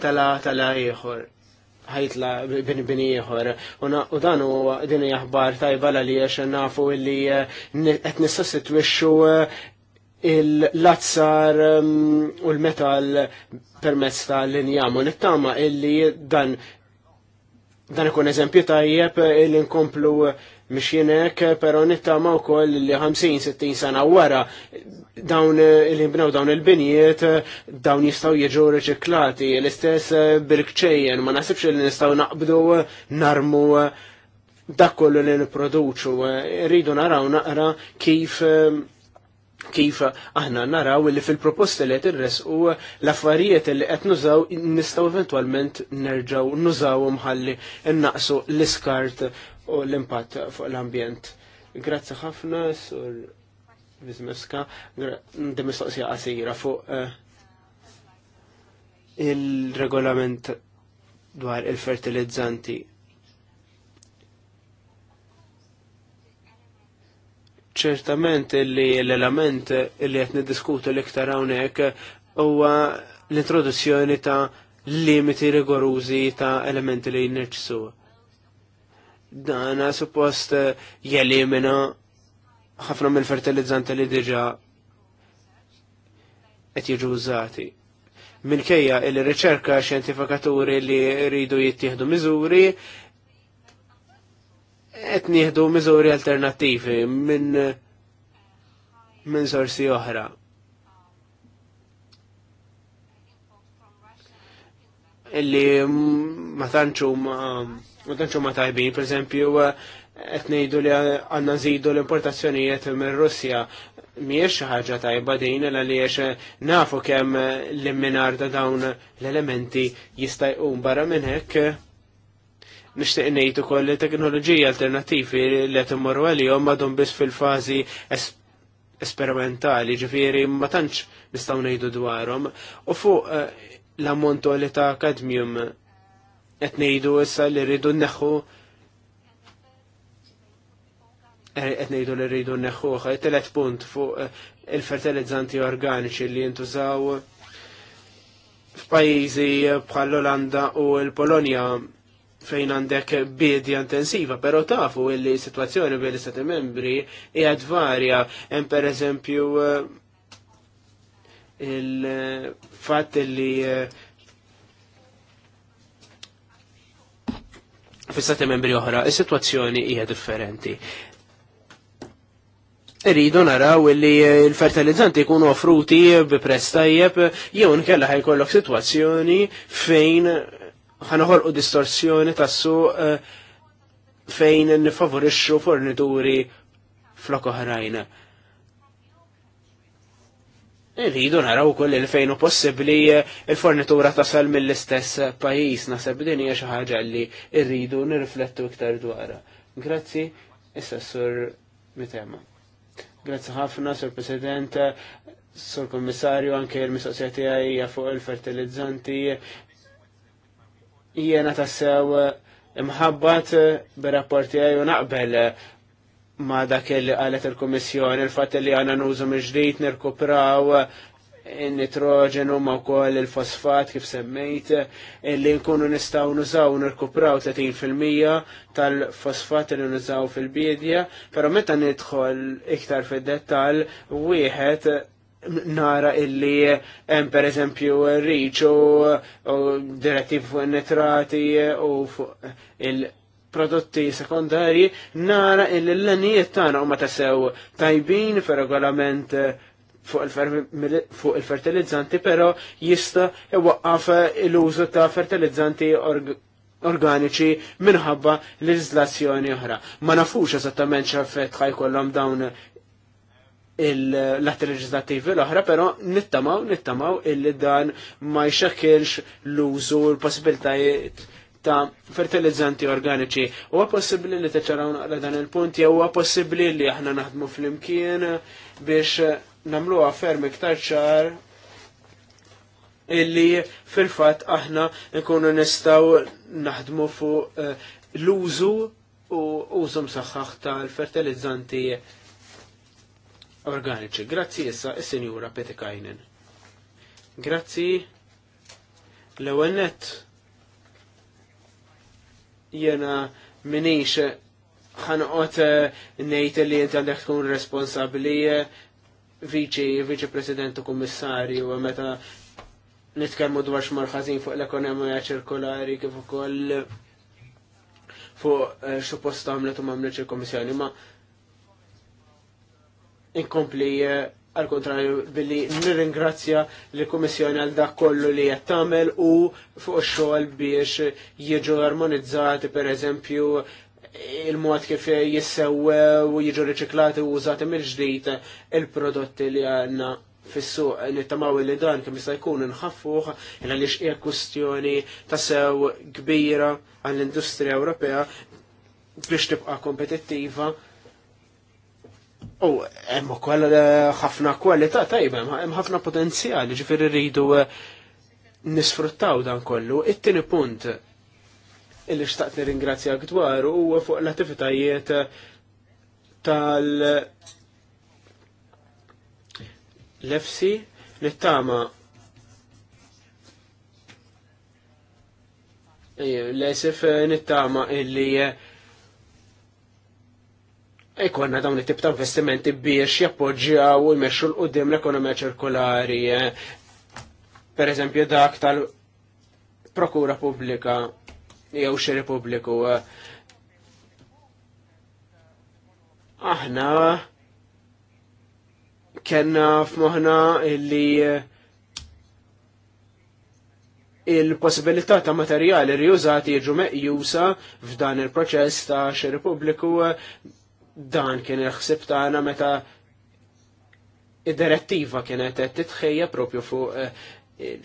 tala tala ieħor ħajtla bini bini ieħor. U dan u din jaħbar tajba li għax nafu illi qed nissostitwixxu il-lazzar mm, u l-metal permezz tal-injam u nittama illi dan Dan ikun eżempju tajjeb eh, li nkomplu eh, mxienek, eh, pero nittama u koll li 50-60 sena wara dawn il-imbnaw dawn il-binijiet dawn jistaw jieġu reċiklati l-istess bil ma nasibx li nistaw naqbdu narmu dakollu li niproduċu rridu naraw naqra kif kif aħna naraw li fil proposta li tirres u l-affarijiet li qed nużaw nistgħu eventwalment nerġaw nużaw mħalli n-naqsu l-iskart u l-impatt fuq l-ambjent. Grazzi ħafna, sur Bizmeska, demistoqsija għasira fuq eh, il-regolament dwar il-fertilizzanti ċertament li l-element li qed niddiskutu l-iktar hawnhekk huwa l-introduzzjoni ta' limiti rigorużi ta' elementi li jinnerċsu. Dana suppost jelimina ħafna mill-fertilizzanti li diġa qed jiġu użati. Minkejja il-riċerka xjentifikaturi li rridu jittieħdu miżuri, qed nieħdu miżuri alternattivi minn minn sorsi oħra. Illi ma tantxu ma tantxu ma tajbin, per esempio, qed ngħidu li għandna nżidu l-importazzjonijiet minn Russja miex ħaġa tajba din l għaliex nafu kemm l-imminar da dawn l-elementi jista' barra minn hekk Nixtieq ngħid ukoll li teknoloġiji alternattivi li qed immorru għalihom għadhom biss fil-fażi esperimentali, ġifieri ma tantx nistgħu ngħidu dwarhom. U fuq eh, l ammontu li ta' kadmium qed ngħidu issa li rridu nneħħu eh, qed ngħidu li rridu nneħħuh. Telet punt fuq eh, il-fertilizzanti organiċi li jintużaw f'pajjiżi bħall-Olanda u l-Polonja fejn għandek bidja intensiva, pero tafu illi situazzjoni bil stati membri i varja, hemm per eżempju eh, il-fat illi eh, fi stati membri oħra, is-situazzjoni hija differenti. Rridu naraw illi eh, l-fertilizzanti jkunu offruti bi prestajjeb jew nkella ħajkollok situazzjoni fejn u distorsjoni tassu eh, fejn nifavorixxu fornituri flok oħrajn. Irridu naraw ukoll il fejn possibbli eh, il-fornitura tasal mill-istess pajjiż naħseb din hija xi ħaġa li rridu nirriflettu iktar dwarha. Grazzi, issa sur mitema. Grazzi ħafna, sur President, sur Kommissarju, anke l-mistoqsija tiegħi fuq il-fertilizzanti jiena tassew eh, imħabbat eh, rapporti għaj naqbel eh, ma dak li għalet il-Komissjoni, il-fat li għana nużu mġdijt nirkupraw il-nitrogenu ma wkoll il-fosfat kif semmejt li nkunu nistaw nużaw nirkupraw 30% tal-fosfat li nużaw fil-bidja, pero meta nidħol iktar fid-dettal wieħed nara illi hemm per eżempju riċ u direttiv fuq nitrati u fuq il-prodotti sekondari, nara illi l-lanijiet tagħna huma tasew tajbin fir-regolament eh, fuq il-fertilizzanti, però jista iwaqqaf l-użu ta' fertilizzanti organiċi minħabba l-izlazzjoni oħra. Ma nafux eżattament x'effett ħajkollhom dawn l-atti leġislativi l-oħra, pero nittamaw, nittamaw illi dan ma jxakilx l-użu l-possibilitajiet ta' fertilizzanti organiċi. Huwa possibbli li teċaraw naqra dan il-punt, jew huwa possibbli li aħna naħdmu fl-imkien biex namlu ferm iktar ċar illi fil-fatt aħna nkunu nistaw naħdmu fuq eh, l-użu u użum saħħaħ tal-fertilizzanti organiċi. Grazzi issa is senjura Petikajnen. Grazzi l-ewwel jena minix ħanqot eh, nejt li jent għandek tkun responsabli eh, viċi, viċi president u kummissarju, meta nitkellmu dwar xmarħazin fuq l-ekonomija ċirkolari kif ukoll fuq eh, xupost għamlet u għamlet il-Komissjoni, ma inkompli għal eh, kontrarju billi nirringrazzja l-Komissjoni għal dak kollu li qed tagħmel u fuq xogħol biex jiġu armonizzati pereżempju il-mod kif jissew u jiġu riċiklati u użati mill-ġdid il-prodotti li għandna fis-suq nittamaw li dan kemm jista' jkun inħaffuh il għaliex hija kwistjoni ta' sew kbira għall-industrija Ewropea biex tibqa' kompetittiva U hemm ukoll eh, ħafna kwalità tajba, hemm ħafna potenzjali, ġifieri rridu eh, nisfruttaw dan kollu. It-tieni punt illi xtaqt nirringrazzjak dwar huwa fuq l-attivitajiet eh, tal lefsi li tama l-esif nittama illi ikonna dawn it-tip ta' investimenti biex jappoġġjaw u jmexxu l qudiem l-ekonomija ċirkolari. Per eżempju dak tal-prokura pubblika jew xi repubbliku. Aħna kenna f'moħna illi il-possibilità ta' materjali rjużati jiġu meqjusa f'dan il-proċess ta' xi repubbliku. Dan kien il-ħsib tagħna meta id-direttiva kienet qed titħejja propju fuq eh,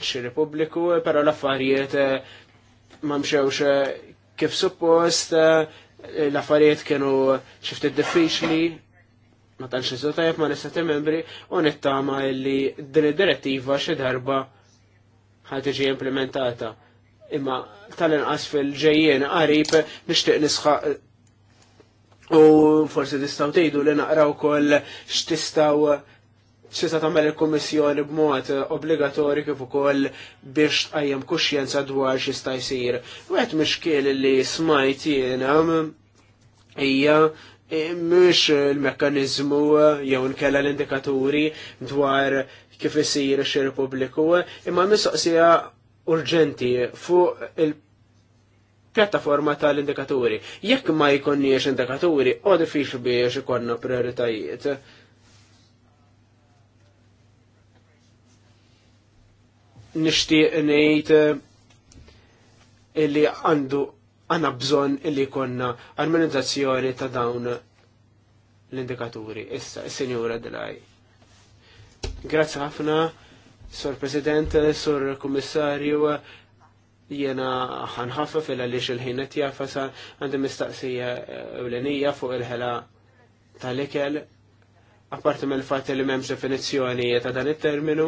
xi repubbliku, però l-affarijiet eh, ma mxewx eh, kif suppost, l-affarijiet kienu xifti diffiċli, ma tantx iżu tajjeb ma nistati membri u nittama li din id-direttiva xi darba ħad tiġi implementata. Imma tal-inqas fil-ġejjien qarib nixtieq nisħaq U forsi tistaw tgħidu li naqraw wkoll x'tistgħu x'tista' tagħmel il-Kummissjoni b'mod obbligatorju kif ukoll biex tqajjem kuxjenza dwar x'ista' jsir. Wieħed mixkiel li smajt jiena hija e, mhux il-mekkaniżmu jew nkella l-indikaturi dwar kif isir ix-xiri pubbliku, imma mistoqsija urġenti fuq il- pjattaforma tal-indikaturi. Jekk ma jkonniex indikaturi, o diffiċli biex ikonna prioritajiet. Nishtiq ngħid eh, illi għandu għanna bżon illi konna armonizzazzjoni ta' dawn l-indikaturi. Issa, il-senjura Delaj. Grazie ħafna, Sur President, Sur Kommissarju, jena ħanħaffa fil li il-ħinet jaffasa għandi mistaqsija ewlenija fuq il-ħela tal-ikel apparti mill fat li memx definizjoni ta' dan it-terminu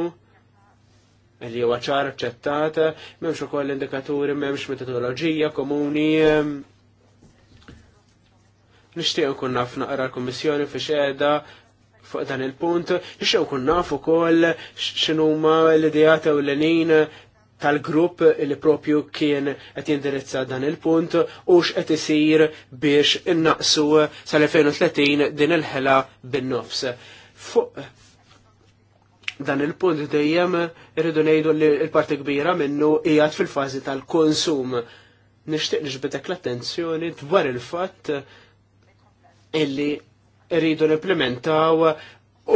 li huwa ċar ċettata, memx ukoll indikaturi, memx metodoloġija komuni. Nixtieq nkun naf naqra l-Kummissjoni fi xeda fuq dan il-punt, nixtieq nkun naf ukoll x'inhuma l l ewlenin tal-grupp li propju kien qed jindirizza dan il-punt u x'qed isir biex innaqsu sal-2030 din il-ħela bin-nofs. Fuq dan il-punt dejjem irridu ngħidu li l-parti kbira minnu qiegħed fil-fażi tal-konsum. Nixtieq nixbitek l-attenzjoni dwar il-fatt illi rridu implementaw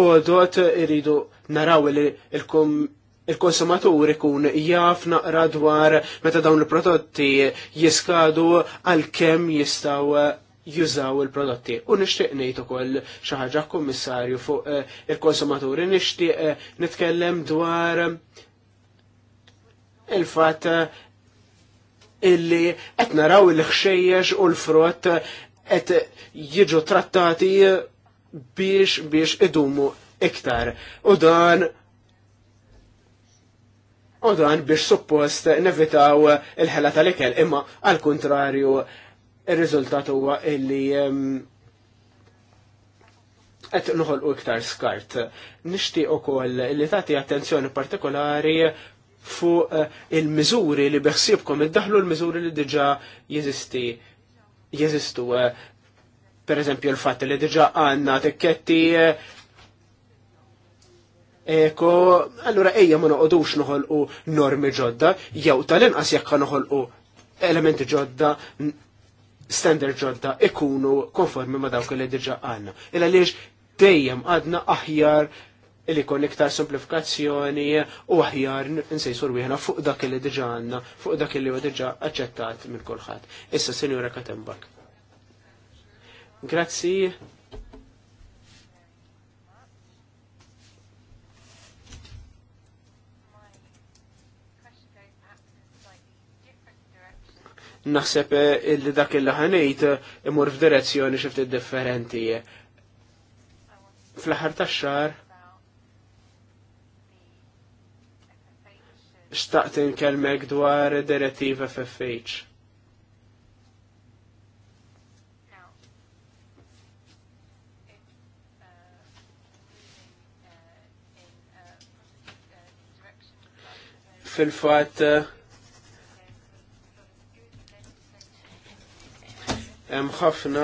u dot irridu naraw li il-kom il-konsumatur ikun jaf naqra dwar meta dawn il-prodotti jiskadu għal kemm jistaw jużaw il-prodotti. U nixtieq ngħid ukoll xi ħaġa kommissarju fuq eh, il-konsumaturi nixtieq eh, nitkellem dwar il-fatt eh, illi qed naraw il-ħxejjex u l-frott qed jiġu trattati biex biex idumu iktar. U dan U dan biex suppost nevitaw il-ħela tal-ikel, imma għal kontrarju il-rizultat huwa illi qed u iktar skart. Nixtieq ukoll li tagħti attenzjoni partikolari fuq eh, il-miżuri li beħsiebkom iddaħlu l-miżuri li diġà jizisti, jeżistu eh, per eżempju l fat li diġà għandna tikketti eh, Eko, allura ejja ma noqodux noħolqu normi ġodda, jew tal-inqas jekk noħolqu elementi ġodda, standard ġodda ikunu konformi ma dawk li diġa għanna. Illa liġ dejjem għadna aħjar li kon iktar simplifikazzjoni u aħjar nsejsur wieħna fuq dak li diġa għanna, fuq dak li huwa diġa aċċettat minn kulħadd. Issa, Sinjura Katembak. Grazzi naħseb eh, illi dak il ħanejt eh, imur f'direzzjoni xifti differenti. Fl-ħar ta' xar, xtaqt inkelmek dwar direttiva FFH. fil-fat uh, eh, hemm ħafna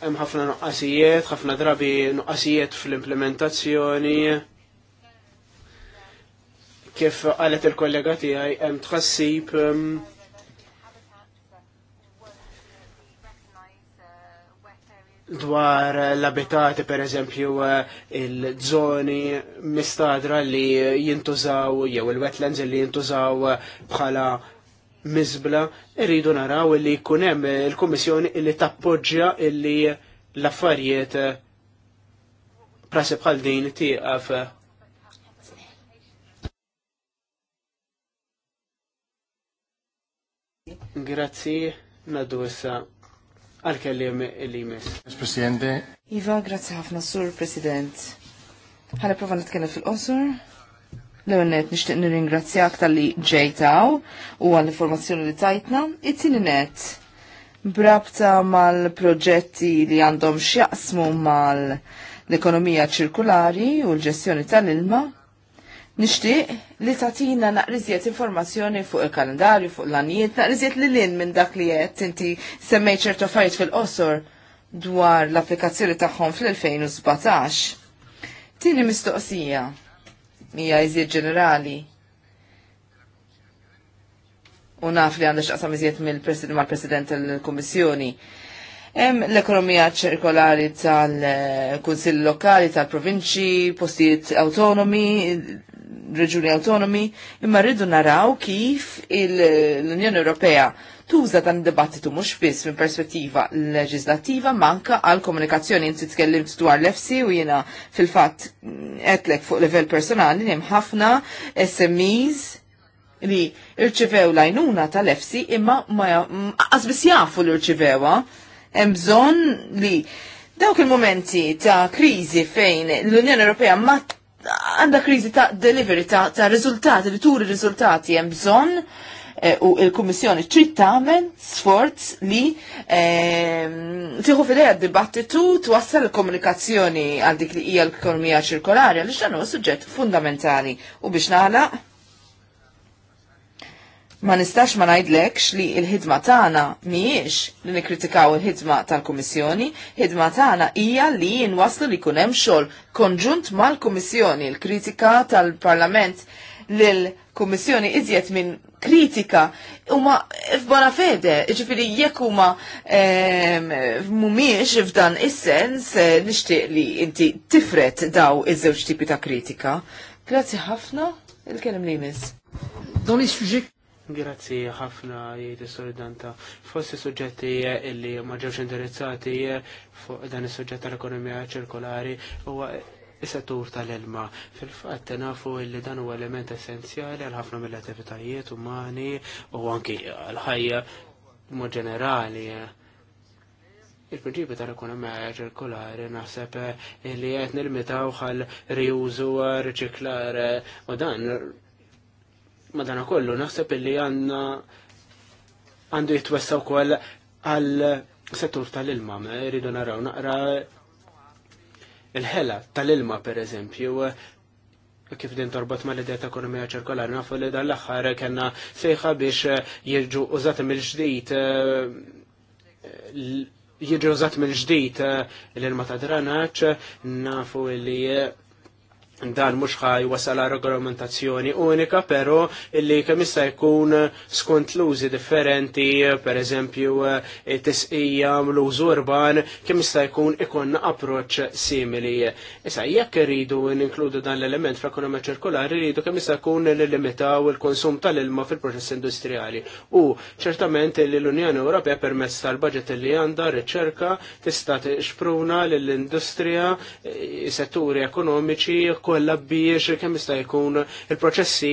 hemm ħafna nuqqasijiet, ħafna drabi nuqqasijiet fl-implementazzjoni. Kif qalet il-kollega tiegħi hemm tħassib um, dwar l-abitati per eżempju eh, il-żoni mistadra li jintużaw jew il-wetlands li jintużaw bħala mizbla irridu naraw illi jkun hemm il-Kummissjoni illi tappoġġja illi l-affarijiet eh, prasib bħal din tieqaf. Grazzi, naddu issa għal-kellim illi jmiss. Presidente. Iva, grazzi ħafna, Sur President. Ħana prova nitkellem fil-qosor l għennet nishtiq nir-ingrazzjak tal-li ġejtaw u għall-informazzjoni li tajtna. It-tini brabta mal-proġetti li għandhom xjaqsmu mal-ekonomija ċirkulari u l-ġestjoni tal-ilma, Nishtiq li tatina naqrizjet informazzjoni fuq il-kalendarju, fuq l għanijiet naqriżiet li l-in minn dak li jett inti semmej ċertu fajt fil-qosor dwar l-applikazzjoni tagħhom fl-2017. Tini mistoqsija. Mija iżjed ġenerali. U naf li għandha x'qasam iżjed mal-President tal-Kummissjoni. Hemm l-ekonomija ċirkolari tal-Kunsill Lokali, tal-Provinċi, postijiet autonomi, reġuni autonomi, imma rridu naraw kif l-Unjoni Ewropea tuża dan id-dibattitu mhux biss minn perspettiva leġislattiva manka għal komunikazzjoni inti tkellimt dwar l fc u jiena fil-fatt qedlek mm, fuq livell personali hemm ħafna SMEs li irċivew lajnuna tal fc imma ma biss jafu l irċivewa hemm bżonn li dawk il-momenti ta' kriżi fejn l-Unjoni Ewropea ma għandha kriżi ta' delivery ta', ta riżultati li turi riżultati hemm bżonn Eh, u il-Kummissjoni trid tagħmel sforz li ehm, tieħu fidejha d-dibattitu twassal il-komunikazzjoni għal dik li hija l-ekonomija ċirkolari għaliex dan huwa suġġett fundamentali u biex naħlaq ma nistax ma najdlekx li il-ħidma tagħna mhijiex li nikkritikaw il-ħidma tal-Kummissjoni, ħidma tagħna hija li nwasslu li jkun hemm xogħol konġunt mal-Kummissjoni l-kritika tal-Parlament lil kummissjoni iżjed minn kritika huma f'bona fede, ġifiri jekk huma mhumiex f'dan is-sens eh, nixtieq li inti tifret daw iż-żewġ tipi ta' kritika. Grazzi ħafna il-kelem li jmiss. Dawn is Grazzi ħafna jgħid is-solidanta. Fossi suġġetti eh, illi ma ġewx interessati eh, fuq dan is-suġġett tal-ekonomija ċirkolari huwa is-settur tal-ilma. Fil-fatt nafu li dan huwa element essenzjali għal ħafna mill-attivitajiet umani u anki għal ħajja mod ġenerali. Il-prinċipju tal-ekonomija ċirkolari naħseb li nil-mitaw għal riużu riċiklar u dan dan kollu naħseb li għandna għandu jitwessaw kol għal settur tal-ilma, rridu naraw naqra il-ħela tal-ilma pereżempju, eh, kif din torbot ma l-idea ta' ekonomija ċirkolari, nafu li dan l-axħar kena sejħa biex eh, jirġu użat mill-ġdijt eh, jirġu użat mill-ġdijt l-ilma ta' dranaċ, nafu li dan mhux ħaj wasala regolamentazzjoni unika, però illi kemm jista' jkun skont l-użi differenti, pereżempju eh, tisqija l-użu urban, kemm jista' jkun ikun approċċ simili. Issa jekk iridu ninkludu dan l-element fl-ekonomija ċirkolari, iridu kemm jista' jkun limitaw il-konsum tal-ilma fil-proċess industrijali. U ċertament li l-Unjoni Ewropea permezz tal-budget li għandha riċerka tista' tixpruna lill-industrija, eh, setturi ekonomiċi, kollha biex kemm jista' jkun il-proċessi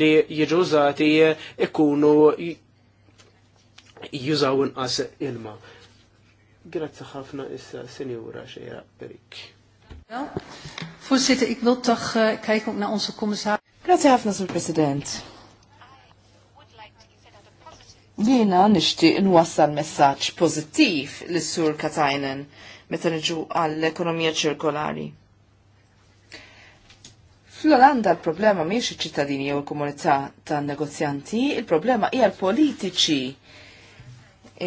li jiġu użati ikunu jużaw inqas ilma. Grazzi ħafna issa sinjura xejra perik. Voorzitter, ik wil toch eh, kijken ook naar onze commissaris. Grazie ħafna, Sur President. Jiena nixtieq nwassal messaġġ pozittiv lis sur Katajnen meta niġu għall-ekonomija ċirkolari. Fl-Olanda l-problema miex iċ-ċittadini jew il-komunità tan negozjanti, il-problema hija l-politiċi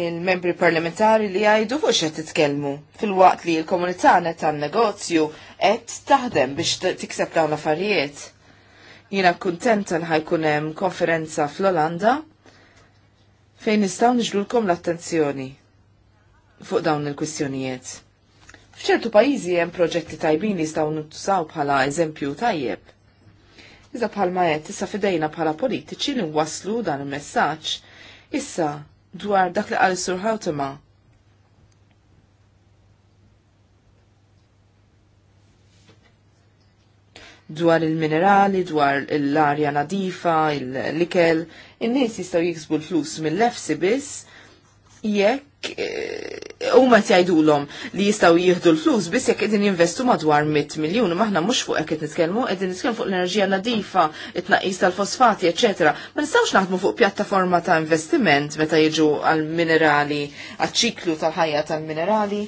il-membri parlamentari li għajdu fuq xed titkellmu fil-waqt li l-komunità tan negozju qed taħdem biex tikseb dawn l-affarijiet. Jiena kuntenta li ħajkun hemm konferenza fl-Olanda fejn nistgħu niġlulkom l-attenzjoni fuq dawn il-kwistjonijiet. F'ċertu pajjiżi hemm proġetti tajbin li jistgħu nuttużaw bħala eżempju tajjeb. Iżda bħalma qed issa fidejna bħala politiċi li nwasslu dan il-messaġġ. Issa dwar dak li qal is-Sur Ħawtema. Dwar il-minerali, dwar l-arja nadifa, il-likel, in-nies jistgħu jiksbu l-flus mill-lefsi biss, jekk eh, u ma tjajdulom li jistaw jihdu l-flus biss jekk edin jinvestu madwar 100 miljon maħna mux fuq jekk nitkelmu edin nitkelmu fuq l-enerġija nadifa it-naqis tal-fosfati etc. ma nistawx naħdmu fuq pjattaforma ta' investiment meta jiġu għal-minerali għal-ċiklu tal-ħajja tal-minerali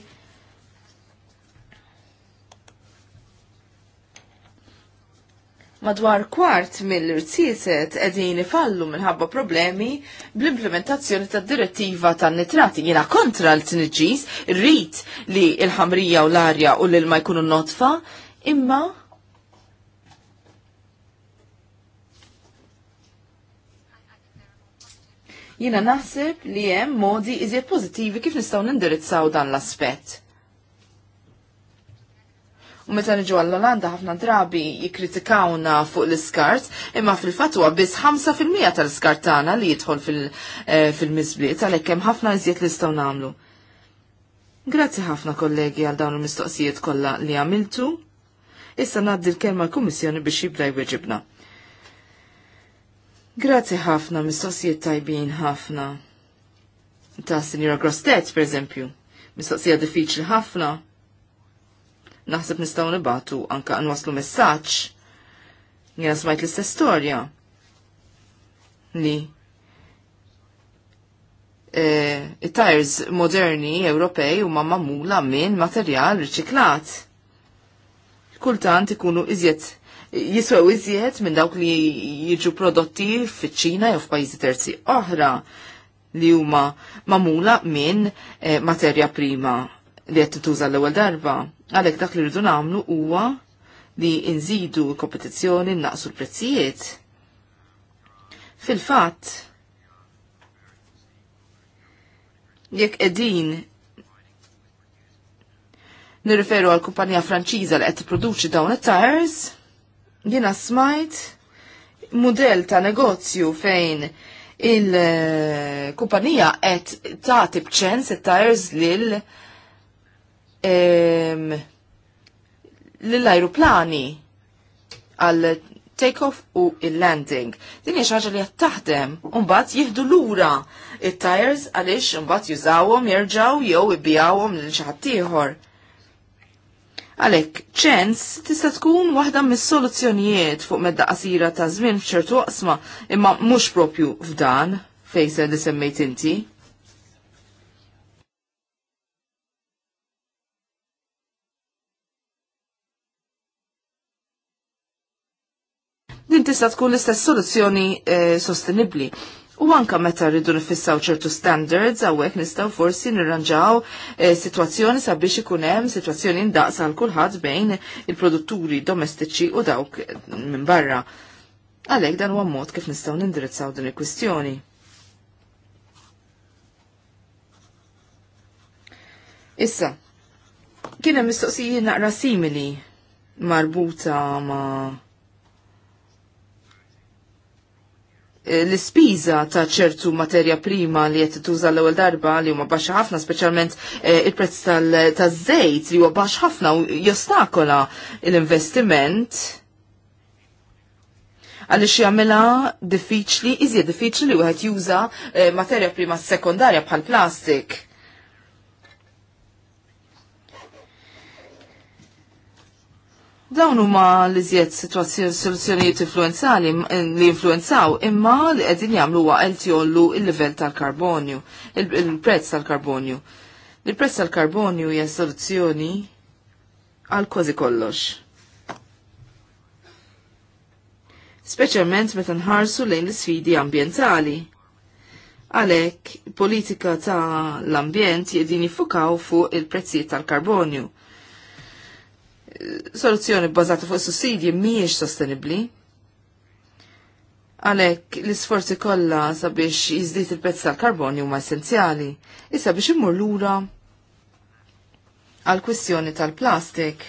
madwar kwart mill rtsiset edin ifallu minħabba problemi bl-implementazzjoni tad direttiva tan nitrati Jena kontra l-tniġis, rrit li il-ħamrija u l-arja u l-ilma jkunu notfa, imma jina naħseb li hemm modi iżjed pożittivi kif nistgħu nindirizzaw dan l-aspett. U meta niġu għall-Olanda ħafna drabi jikkritikawna fuq l-iskart, imma fil fatwa huwa biss 5% tal-iskart tagħna li jidħol eh, fil-miżbliet għalhekk hemm ħafna iżjed li jistgħu nagħmlu. Grazzi ħafna kollegi għal dawn il-mistoqsijiet kollha li għamiltu. Issa ngħaddi l-kelma l-Kummissjoni biex jibda jweġibna. Grazzi ħafna mistoqsijiet tajbin ħafna ta' Sinjora Grostet, per eżempju. Mistoqsija diffiċli ħafna naħseb nistgħu nibatu anka nwaslu messaġġ. jena smajt l-istess storja li uh, it-tires moderni Ewropej huma magħmula minn materjal riċiklat. Kultant ikunu iżjed jiswew iżjed minn dawk li jiġu prodotti fiċ-Ċina jew f'pajjiżi terzi oħra li huma magħmula minn eh, materja prima li qed tituża l-ewwel darba. Għalhekk dak li rridu nagħmlu huwa li nżidu l-kompetizzjoni naqsu l-prezzijiet. Fil-fatt, jekk qegħdin nirriferu għal kumpanija Franċiża li qed tipproduċi dawn it-tires, jiena smajt mudell ta' negozju fejn il-kumpanija qed tagħti b'ċens it-tires lil l-ajruplani għal take-off u il-landing. Din hija xaġa li qed taħdem, mbagħad jieħdu lura it-tires għaliex mbagħad jużawhom jerġgħu jew ibijawhom lil xi ħadd ieħor. Għalhekk, ċens tista' tkun waħda mis-soluzzjonijiet fuq medda qasira ta' żmien f'ċertu qasma imma mhux propju f'dan fejsa li semmejt inti. kien tista' tkun l-istess soluzzjoni eh, sostenibbli. U anka meta rridu nifissaw ċertu standards, għawek nistaw forsi nirranġaw eh, situazzjoni sabiex ikun hemm situazzjoni ndaqsa għal kulħadd bejn il-produtturi domestiċi u dawk eh, minn barra. Għalhekk dan huwa mod kif nistgħu nindirizzaw din il-kwistjoni. Issa, kien hemm mistoqsijiet naqra simili marbuta ma' Eh, l-ispiża ta' ċertu materja prima li qed tuża l-ewwel darba li huma baxxa ħafna, speċjalment eh, il-prezz taż-żejt li huwa baxx ħafna u jostakola l-investiment għaliex jagħmilha diffiċli, iżjed diffiċli li wieħed juża eh, materja prima sekondarja bħal plastik. Dawn huma li żjed soluzzjonijiet influenzali li influenzaw imma li qegħdin jagħmlu huwa qed jollu l-livell tal-karbonju, il-prezz tal-karbonju. Il-prezz tal-karbonju hija soluzzjoni għal kważi kollox. Speċjalment meta nħarsu lejn l-sfidi ambjentali. Għalhekk, politika tal-ambjent jedin jiffukaw fuq il-prezzijiet tal-karbonju soluzzjoni bbażata fuq sussidji mhijiex sostenibbli. Għalhekk l-isforzi kollha sabiex jiżdied il-pezz tal-karbonju huma essenzjali, issa biex immur lura għal kwistjoni tal-plastik.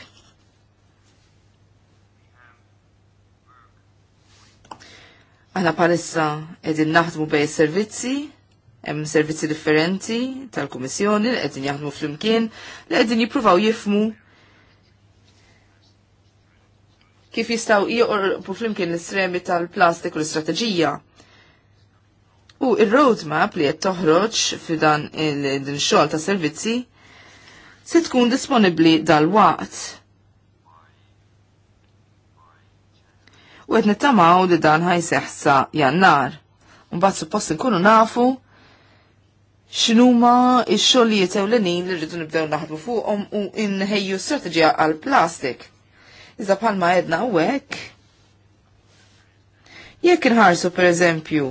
Għana palissa edin naħdmu bej servizzi, hemm servizzi differenti tal-Kummissjoni li qegħdin jaħdmu flimkien li qegħdin jippruvaw jifmu kif jistaw joqorbu flimkien l istremi tal-plastik u l-istrateġija. U il-roadmap li qed toħroġ f'dan il-xogħol ta' servizzi se tkun disponibbli dal-waqt. U qed nittamaw li dan ħajseħ sa jannar. Mbagħad suppost nkunu nafu x'numa x-xogħlijiet ewlenin li rridu nibdew naħdmu fuqhom u inħejju strateġija għal plastik. Iżda bħalma edna u hekk. Jekk inħarsu pereżempju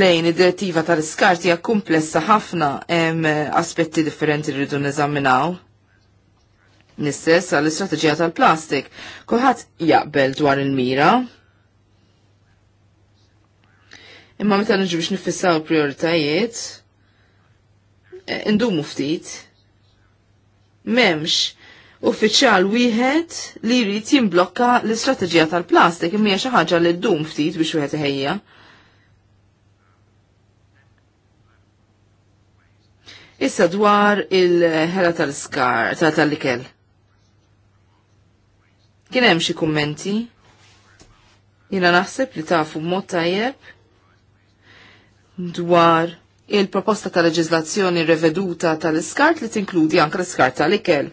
lejn id-direttiva tal-iskart hija komplessa ħafna hemm eh, aspetti differenti li rridu neżaminaw. Nistess għall istrateġija tal-plastik, kulħadd jaqbel dwar il-mira. Imma meta niġu biex nifissaw prioritajiet, eh, indumu ftit. Memx uffiċjal wieħed li jrid jimblokka l-istrateġija tal-plastik imma xi ħaġa li ddum ftit biex wieħed iħejja. Issa dwar il-ħela tal-skar, tal-ikel. Kien hemm xi kummenti? Jiena naħseb li tafu mod tajjeb dwar il-proposta ta' leġiżlazzjoni reveduta tal-iskart li tinkludi anke l-iskart tal-ikel.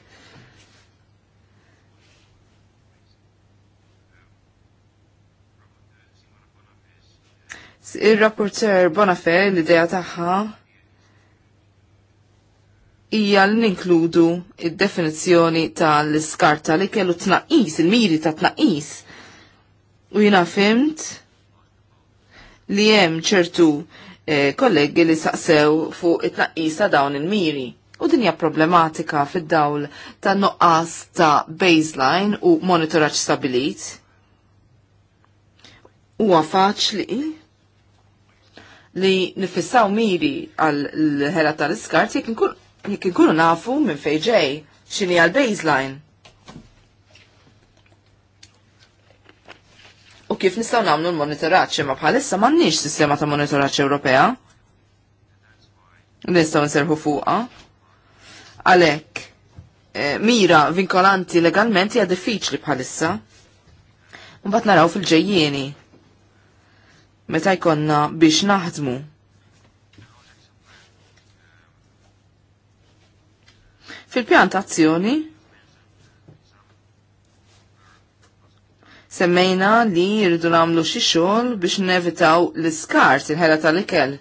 Il-rapporter Bonafè l-idea tagħha hija l ninkludu id-definizzjoni tal-iskarta li kellu tnaqis, il-miri ta' tnaqis. U jina fimt li hemm ċertu eh, kollegi li saqsew fuq it naqis ta' dawn il-miri. U din hija problematika fid-dawl ta' noqqas ta' baseline u monitoraċ stabilit. Huwa faċli li nifissaw miri għal l-ħela tal-iskart jekk nkunu nafu minn fejġej xini għal baseline. U kif nistaw namlu l-monitoraċ ma bħalissa m'għandniex sistema ta' monitoraċ Ewropea. Nistaw nserħu fuqa. Għalhekk eh, mira vinkolanti legalment hija diffiċli bħalissa. Mbagħad naraw fil-ġejjieni meta jkonna biex naħdmu. Fil-pjantazzjoni semmejna li jirridu nagħmlu xi xogħol biex nevitaw l-iskars il-ħela tal-ikel.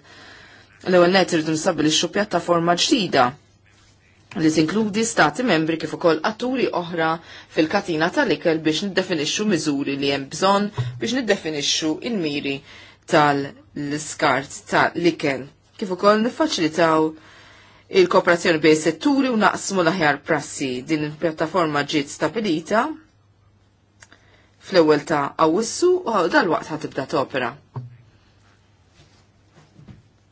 L-ewwel net irridu nistabbilixxu pjattaforma ġdida li tinkludi stati membri kif ukoll atturi oħra fil-katina tal-ikel biex niddefinixxu miżuri li hemm bżonn biex niddefinixxu il-miri tal-skart tal-liken. Kif ukoll niffaċilitaw il-kooperazzjoni bej setturi u naqsmu l-aħjar prassi din il-pjattaforma ġiet stabilita fl-ewwel ta' Awwissu u dal-waqt tibda topera.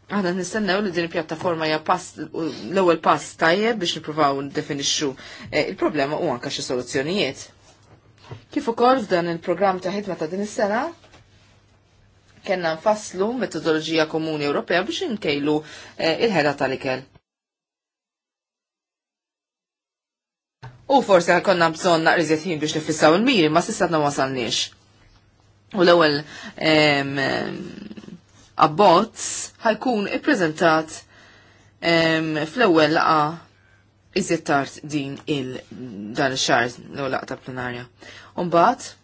Għadna nistennew li din il-pjattaforma hija pass l-ewwel pass tajjeb biex nippruvaw ndefinixxu eh, il-problema u anke xi soluzzjonijiet. Kif ukoll f'dan il-programm ta' ħidma ta' din is-sena kena nfasslu metodoloġija komuni Ewropea biex inkejlu eh, il-ħeda tal-ikel. U forsi għakonna bżon naqrizet jim biex nifissaw il-miri, ma s-sissatna wasalniex. U l-ewel abbozz ħajkun i-prezentat fl-ewel laqa iżjettart din il-dan il-xar l-ewel laqa ta' plenarja. bat,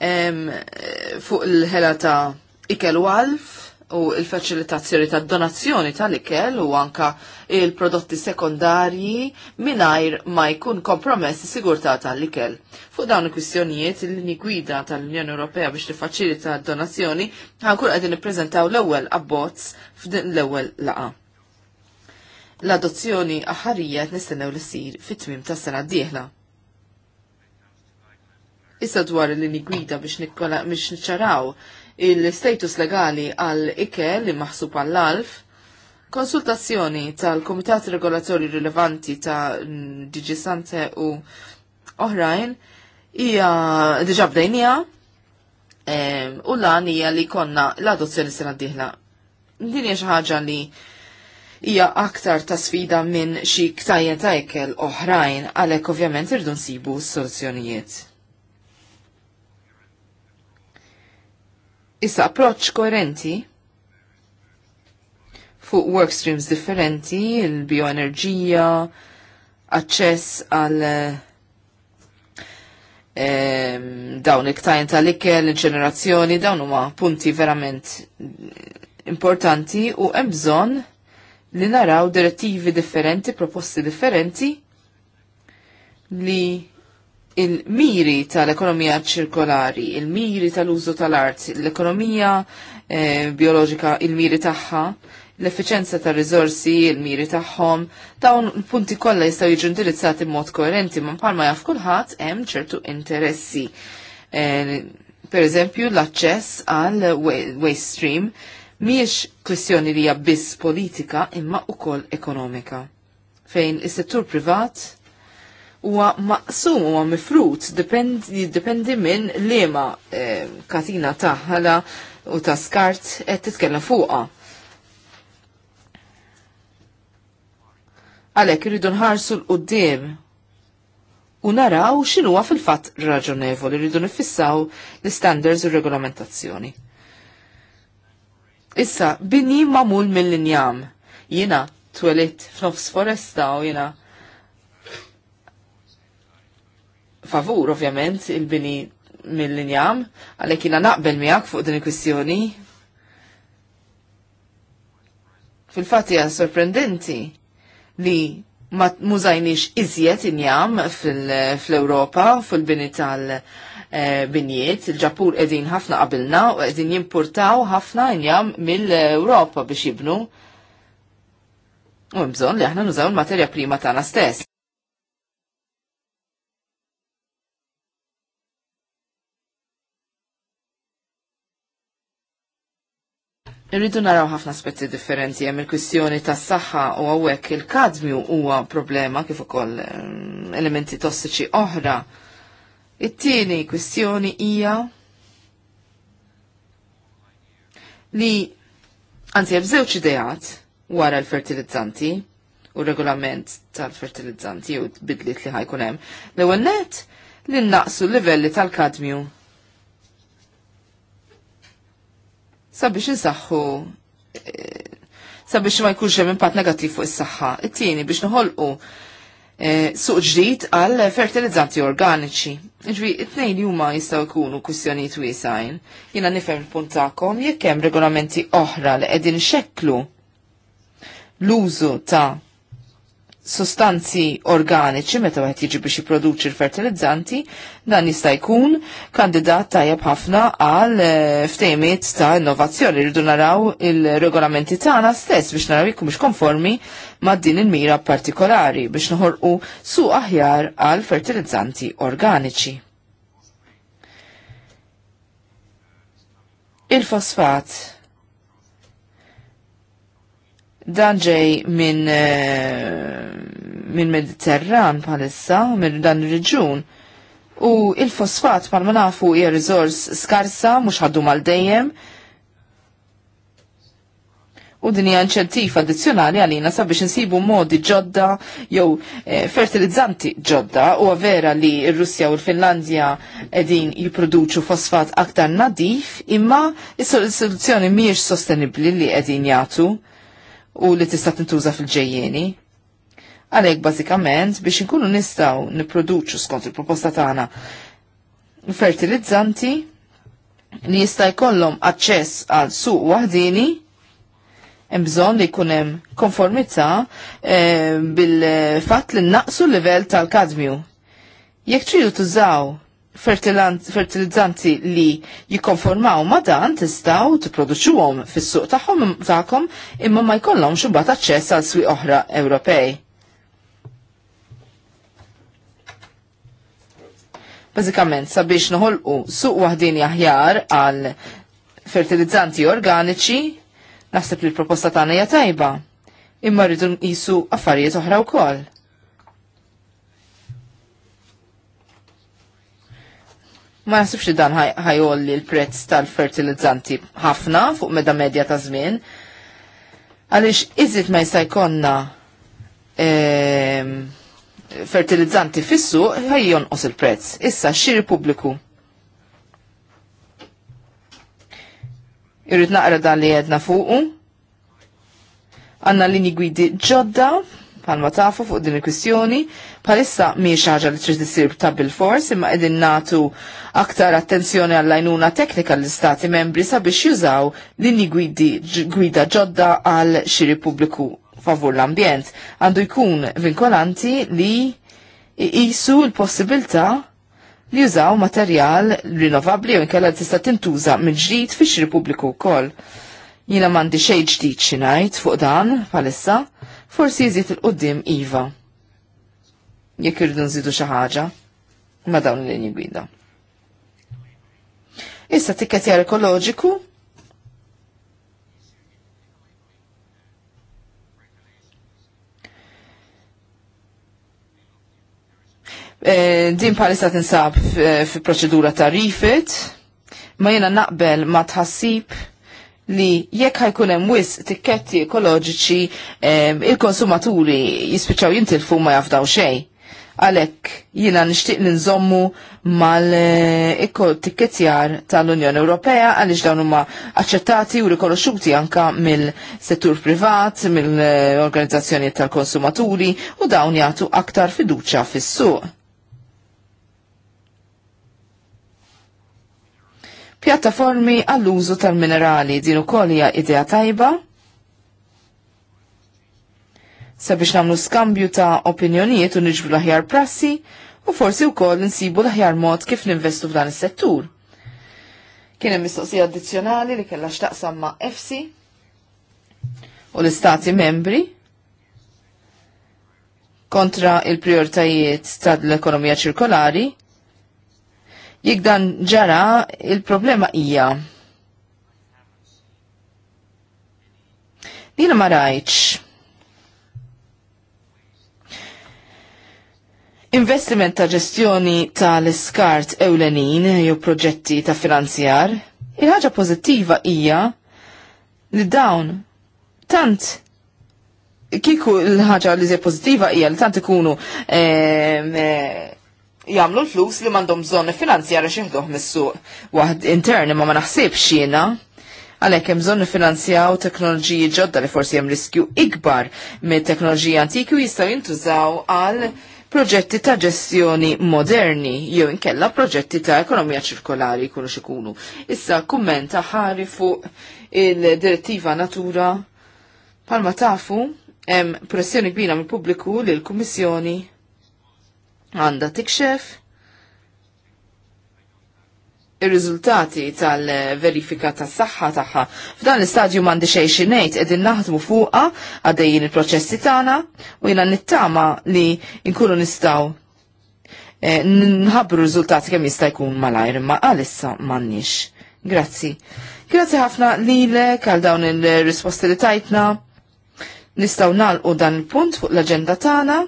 fuq il-ħela ta' ikel u għalf u il-facilitazzjoni ta' donazzjoni tal-ikel u anka il-prodotti sekondarji minajr ma jkun kompromess fis-sigurta' tal-ikel. Fuq dawn il-kwistjonijiet il-linji gwida tal-Unjoni Ewropea biex tiffaċilita donazzjoni ħankun qegħdin nippreżentaw l-ewwel abbozz f'din l-ewwel laqa. L-adozzjoni aħarija nistennew l-sir fit-tmim tas-sena d-dieħla. Issa dwar il-lini gwida biex niċċaraw il-status legali għal ikel li maħsub għall-alf, konsultazzjoni tal-Komitat Regolatori Rilevanti ta' Digi Sante u oħrajn hija diġa' bdejnija u lan hija li konna l-adozzjoni sena diħla. Din hija xi ħaġa li hija aktar ta' sfida minn xi ktajja ta' ikel oħrajn għalhekk ovvjament irdu nsibu s-soluzzjonijiet. Issa approċ koerenti fuq work streams differenti, il-bioenerġija, aċċess għal ehm, dawn iktajn tal-ikel, il-ġenerazzjoni, dawn huma punti verament importanti u hemm bżonn li naraw direttivi differenti, proposti differenti li il-miri tal-ekonomija ċirkolari, il-miri tal-użu tal-art, l-ekonomija eh, biologika, il-miri tagħha, l-effiċenza tal rizorsi il-miri tagħhom, dawn il-punti kollha jistgħu jiġu indirizzati b'mod koerenti ma palma jaf kulħadd hemm ċertu interessi. Eh, per eżempju, l-aċċess għal waste stream mhijiex kwestjoni li hija biss politika imma ukoll ekonomika. Fejn is-settur privat huwa maqsum huwa mifrut jiddependi minn liema eh, katina ta' ħala u ta' skart qed titkellem fuqha. Għalhekk irridu nħarsu l qudiem u naraw x'inhuwa fil-fatt raġonevoli rridu nifissaw l-standards u regolamentazzjoni. Issa, bini mamul mill-injam. Jina twelit f'nofs foresta u jina favur ovvjament il-bini mill-linjam, għalhekk jiena naqbel miegħek fuq din il-kwistjoni. Fil-fatt hija sorprendenti li ma mużajniex iżjed injam fil-Ewropa fil-bini tal- binjiet, il-ġapur edin ħafna qabilna u edin jimportaw ħafna injam mill-Europa biex jibnu. U mbżon li aħna nużaw il-materja prima tagħna stess. Irridu naraw ħafna aspetti differenti hemm il-kwistjoni tas saħħa u hawnhekk il-kadmju huwa problema kif ukoll ehm, elementi tossiċi oħra. It-tieni kwistjoni hija li anzi hemm żewġ ideat wara l-fertilizzanti u regolament tal-fertilizzanti u bidliet li ħajkun hemm. L-ewwel nett li naqsu l-livelli tal-kadmju sabiex insaħħu eh, sabiex ma jkunx hemm impatt negattiv fuq is-saħħa. It-tieni biex noħolqu eh, suq ġdid għal fertilizzanti organiċi. Ġvi, it-tnejn li huma jistgħu jkunu kwistjonijiet wiesajn. Jiena nifhem il-punt tagħkom jekk hemm regolamenti oħra li qegħdin xekklu l-użu ta' sostanzi organiċi meta wieħed jiġi biex jipproduċi l-fertilizzanti, dan jista' jkun kandidat tajjeb ħafna għal eh, ftejmiet ta' innovazzjoni rridu naraw il-regolamenti tagħna stess biex naraw jkun mhux konformi ma' din il-mira partikolari biex noħorqu su aħjar għal fertilizzanti organiċi. Il-fosfat Dan ġej minn eh, min Mediterran bħalissa, minn dan ir-reġun. U il-fosfat pal ma nafu hija riżors skarsa mhux ħaddu mal dejjem. U din hija inċentiv addizzjonali għalina sabiex insibu modi ġodda jew eh, fertilizzanti ġodda u vera li r-Russja u l-Finlandja qegħdin jipproduċu fosfat aktar nadif imma is-soluzzjoni mhijiex sostenibbli li qegħdin jagħtu u li tista' tintuża fil-ġejjeni. Għalhekk bażikament biex inkunu nistgħu nipproduċu skont il-proposta tagħna fertilizzanti li jista' jkollhom aċċess għal suq waħdini hemm bżonn li jkun hemm konformità eh, bil-fatt li naqsu l-livell tal-kadmju. Jekk tridu tużaw fertilizzanti li jikonformaw ma dan tistaw tipproduċuhom fis-suq tagħhom taħkom imma ma jkollhomx imbagħad aċċess għal swieq oħra Ewropej. Bażikament sabiex noħolqu suq wahdin aħjar għal fertilizzanti organiċi naħseb li l-proposta tagħna hija tajba imma rridu nqisu affarijiet oħra wkoll Ma jasibx li dan ħajolli l-prezz tal-fertilizzanti ħafna fuq meda medja ta' żmien. Għaliex iżid ma jista' jkollna ehm, fertilizzanti fissu ħajjon os il-prezz. Issa xiri pubbliku. Irrid naqra dan li jedna fuqu. Għanna lini gwidi ġodda palma tafu fuq din il-kwistjoni, palissa mi ħaġa li trid isir ta' bil-fors imma qegħdin natu aktar attenzjoni għall-għajnuna teknika l-istati membri sabiex jużaw lini gwidi gwida ġodda għal xiri pubbliku favur l-ambjent. Għandu jkun vinkolanti li jisu l-possibilta li jużaw materjal rinnovabli u nkella tista' tintuża mill-ġdid fix-xiri pubbliku wkoll. Jina mandi xejn ġdid xi ngħid fuq dan palissa forsi jżid il-qoddim iva. Jekk irridu nżidu xi ħaġa ma' dawn l-linji gwida. Issa tikketjar ekoloġiku eh, din palissa tinsab fi eh, proċedura ta' rifit, ma jena naqbel ma tħassib li jekk ħajkun hemm wis tikketti ekoloġiċi il-konsumaturi jispiċċaw jintilfu ma jafdaw xejn. Għalhekk jiena nixtieq li nżommu mal-tikkettjar tal-Unjoni Ewropea għaliex dawn huma aċċettati u rikonoxxuti anka mill-settur privat, mill-organizzazzjonijiet tal-konsumaturi u dawn jagħtu aktar fiduċja fis-suq pjattaformi għall-użu tal-minerali din ukoll hija idea tajba sabiex nagħmlu skambju ta' opinjonijiet u niġbru l-aħjar prassi u forsi wkoll insibu l-aħjar mod kif ninvestu f'dan is-settur. Kien hemm mistoqsija addizzjonali li kellha x'taqsam ma' EFSI u l-istati membri kontra il-prioritajiet tal-ekonomija ċirkolari Jekk dan ġara, il-problema hija Dina ma rajċ. Investiment ta' ġestjoni tal-iskart ewlenin jew proġetti ta' finanzjar, il-ħaġa pożittiva hija li dawn tant kiku l-ħaġa li pozittiva hija li tant ikunu ehm, eh, jagħmlu l-flus li m'għandhom bżonn finanzjari xi missu mis-suq. Waħd interni ma ma naħsibx Għalek għalhekk hemm bżonn nifinanzjaw teknoloġiji ġodda li forsi hemm riskju ikbar me teknoloġiji antiki u jistgħu jintużaw għal proġetti ta' ġestjoni moderni jew inkella proġetti ta' ekonomija ċirkolari kunu xikunu. Issa kummenta ħari fuq il-direttiva natura palma tafu hemm pressjoni kbira mill-pubbliku li l-Kummissjoni għanda tikxef ir-riżultati tal-verifika tas saħħa tagħha. F'dan l-istadju m'għandi xejn xi ngħid qegħdin naħdmu fuqha għaddejjin il-proċessi tagħna u jiena nittama li nkunu nistgħu eh, nħabru r-riżultati kemm jista' jkun malajr imma għalissa m'għandniex. Grazzi. Grazzi ħafna lilek għal dawn il-risposti li tajtna. Nistgħu nagħlqu dan il-punt fuq l-aġenda tagħna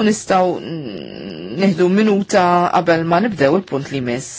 u nistaw neħdu minuta qabel ma nibdew il-punt li mis.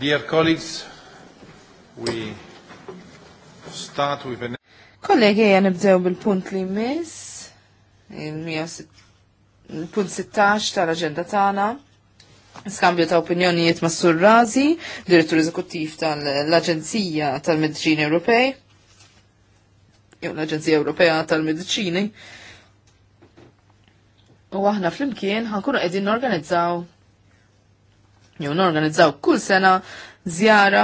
Dear colleagues, we start with an... Kollegi, għan nibdew bil-punt li mis, il-punt 16 tal-agenda tagħna. Skambju ta' opinjonijiet ma' Surrazi, direttur eżekuttiv tal-Aġenzija tal-Medicini Ewropej, jew l-Aġenzija Ewropea tal-Medicini. U aħna fl-imkien ħankunu qegħdin norganizzaw jew norganizzaw kull sena zjara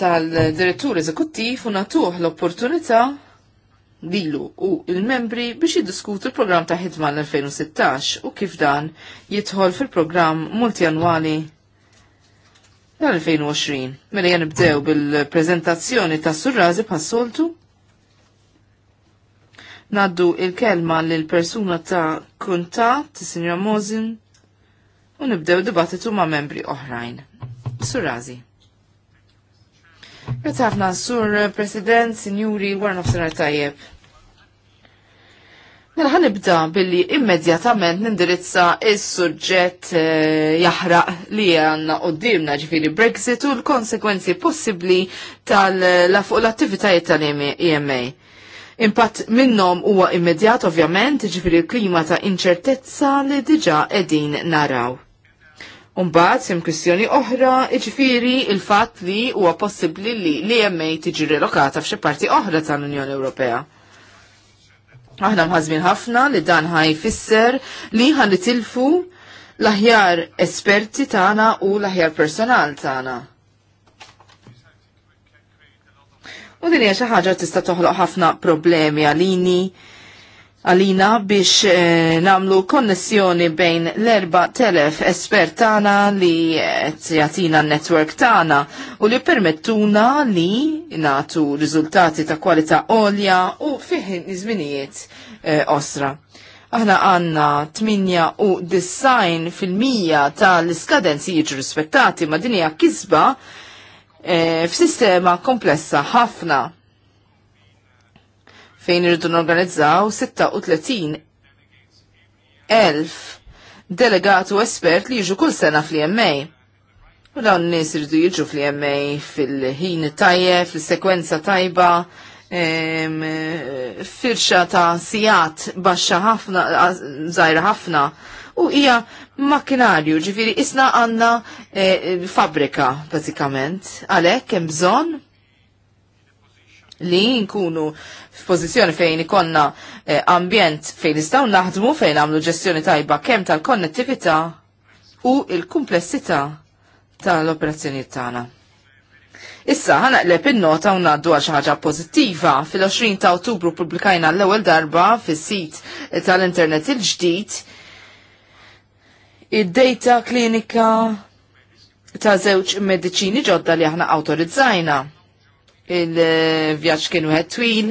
tal-direttur eżekuttiv u natuħ l-opportunità lilu u il-membri biex jiddiskutu l-programm ta' ħidma l-2016 u kif dan jidħol fil-programm multianwali l-2020. Mela jen nibdew bil-prezentazzjoni ta' surrazi passoltu Naddu il-kelma l-persuna ta' kuntat, Signora Mosin, u nibdew dibattitu ma' membri oħrajn. Surrazi. Grazie ħafna, Sur President, Sinjuri, of Sinar Tajjeb. Mela nibda billi immedjatament nindirizza il suġġett eh, jaħraq li għanna dimna ġifiri Brexit u l-konsekwenzi possibbli tal-la fuq l-attivitajiet tal-EMA. Impatt minnom huwa immedjat ovvjament ġifiri klima ta' inċertezza li diġa edin naraw. Umbat, sem kwestjoni oħra, iġifiri il-fat li huwa possibli li li jemmej tiġi relokata f'xi parti oħra tal-Unjoni Ewropea. Aħna mħazmin ħafna li dan ħaj fisser li ħan tilfu l-aħjar esperti tagħna u l-aħjar personal tagħna. U din hija xi ħaġa tista' toħloq ħafna problemi għalini, għalina biex eh, namlu konnessjoni bejn l-4000 espert tana li eh, jatina n-network tana u li permettuna li natu riżultati ta' kwalità olja u fiħin izminijiet eh, osra. Aħna għanna 8 u design fil-mija ta' l-iskadenzi jiġu rispettati ma' dinja kisba eh, f'sistema komplessa ħafna fejn irridu norganizzaw 36,000 delegat u espert li jiġu kull sena fl-EMA. U dawn n-nis irridu jiġu fl-EMA fil-ħin tajjeb, fil-sekwenza tajba, firxa ta' sijat baxxa ħafna, zaħira ħafna, u hija makkinarju, ġifiri, isna għanna e, fabrika, bazzikament, għalek, kem bżon, li nkunu f'pożizzjoni fejn ikonna eh, ambjent fejn nistgħu naħdmu fejn għamlu ġestjoni tajba kemm tal-konnettività u l-kumplessità tal-operazzjonijiet tagħna. Issa ħanaqleb in-nota u ngħaddu għal xi ħaġa pożittiva. Fil-20 ta' Ottubru pubblikajna l-ewwel darba fis-sit tal-Internet il-ġdid id-data klinika ta' żewġ mediċini ġodda li aħna awtorizzajna il-vjaġġ kienu wieħed twil,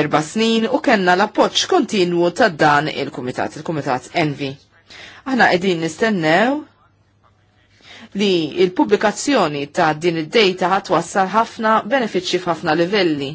erba' snin u kellna l-appoġġ kontinwu ta' dan il-Kumitat, il-Kumitat Envi. Aħna qegħdin nistennew li il-pubblikazzjoni ta' din id-dejta wassal ħafna benefiċċji f'ħafna livelli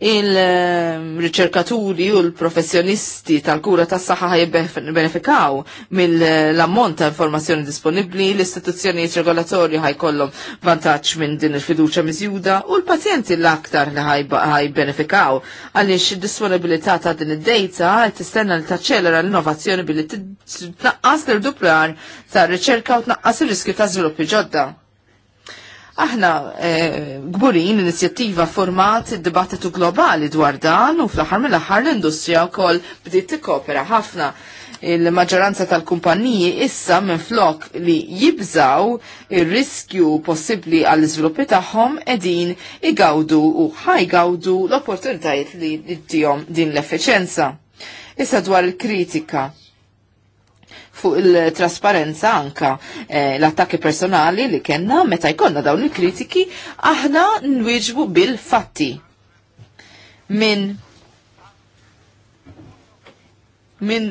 il-riċerkaturi u l-professjonisti tal-kura tas saħħa jibbenefikaw mill-ammont ta' informazzjoni disponibli, l istituzzjoni regolatorju ħajkollhom vantaġġ minn din il-fiduċa miżjuda u l-pazjenti l-aktar li ħajbenefikaw għaliex id-disponibilità ta' din id-data tistenna li taċċelera l-innovazzjoni billi tnaqqas l-duplar ta' riċerka u tnaqqas ir-riskju ta' żviluppi ġodda. Aħna eh, gburin l inizjattiva format dibattitu globali dwar dan u fl-aħħar mill-aħħar l-industrija wkoll bdiet t-kopera ħafna il-maġġoranza tal-kumpanniji issa minn flok li jibżaw il-riskju possibli għall iżviluppi tagħhom edin igawdu u ħajgawdu l-opportunitajiet li ddihom din l-effiċenza. Issa dwar il-kritika fuq il-trasparenza anka eh, l-attakki personali li kena meta jkonna dawn il-kritiki aħna nwieġbu bil-fatti minn minn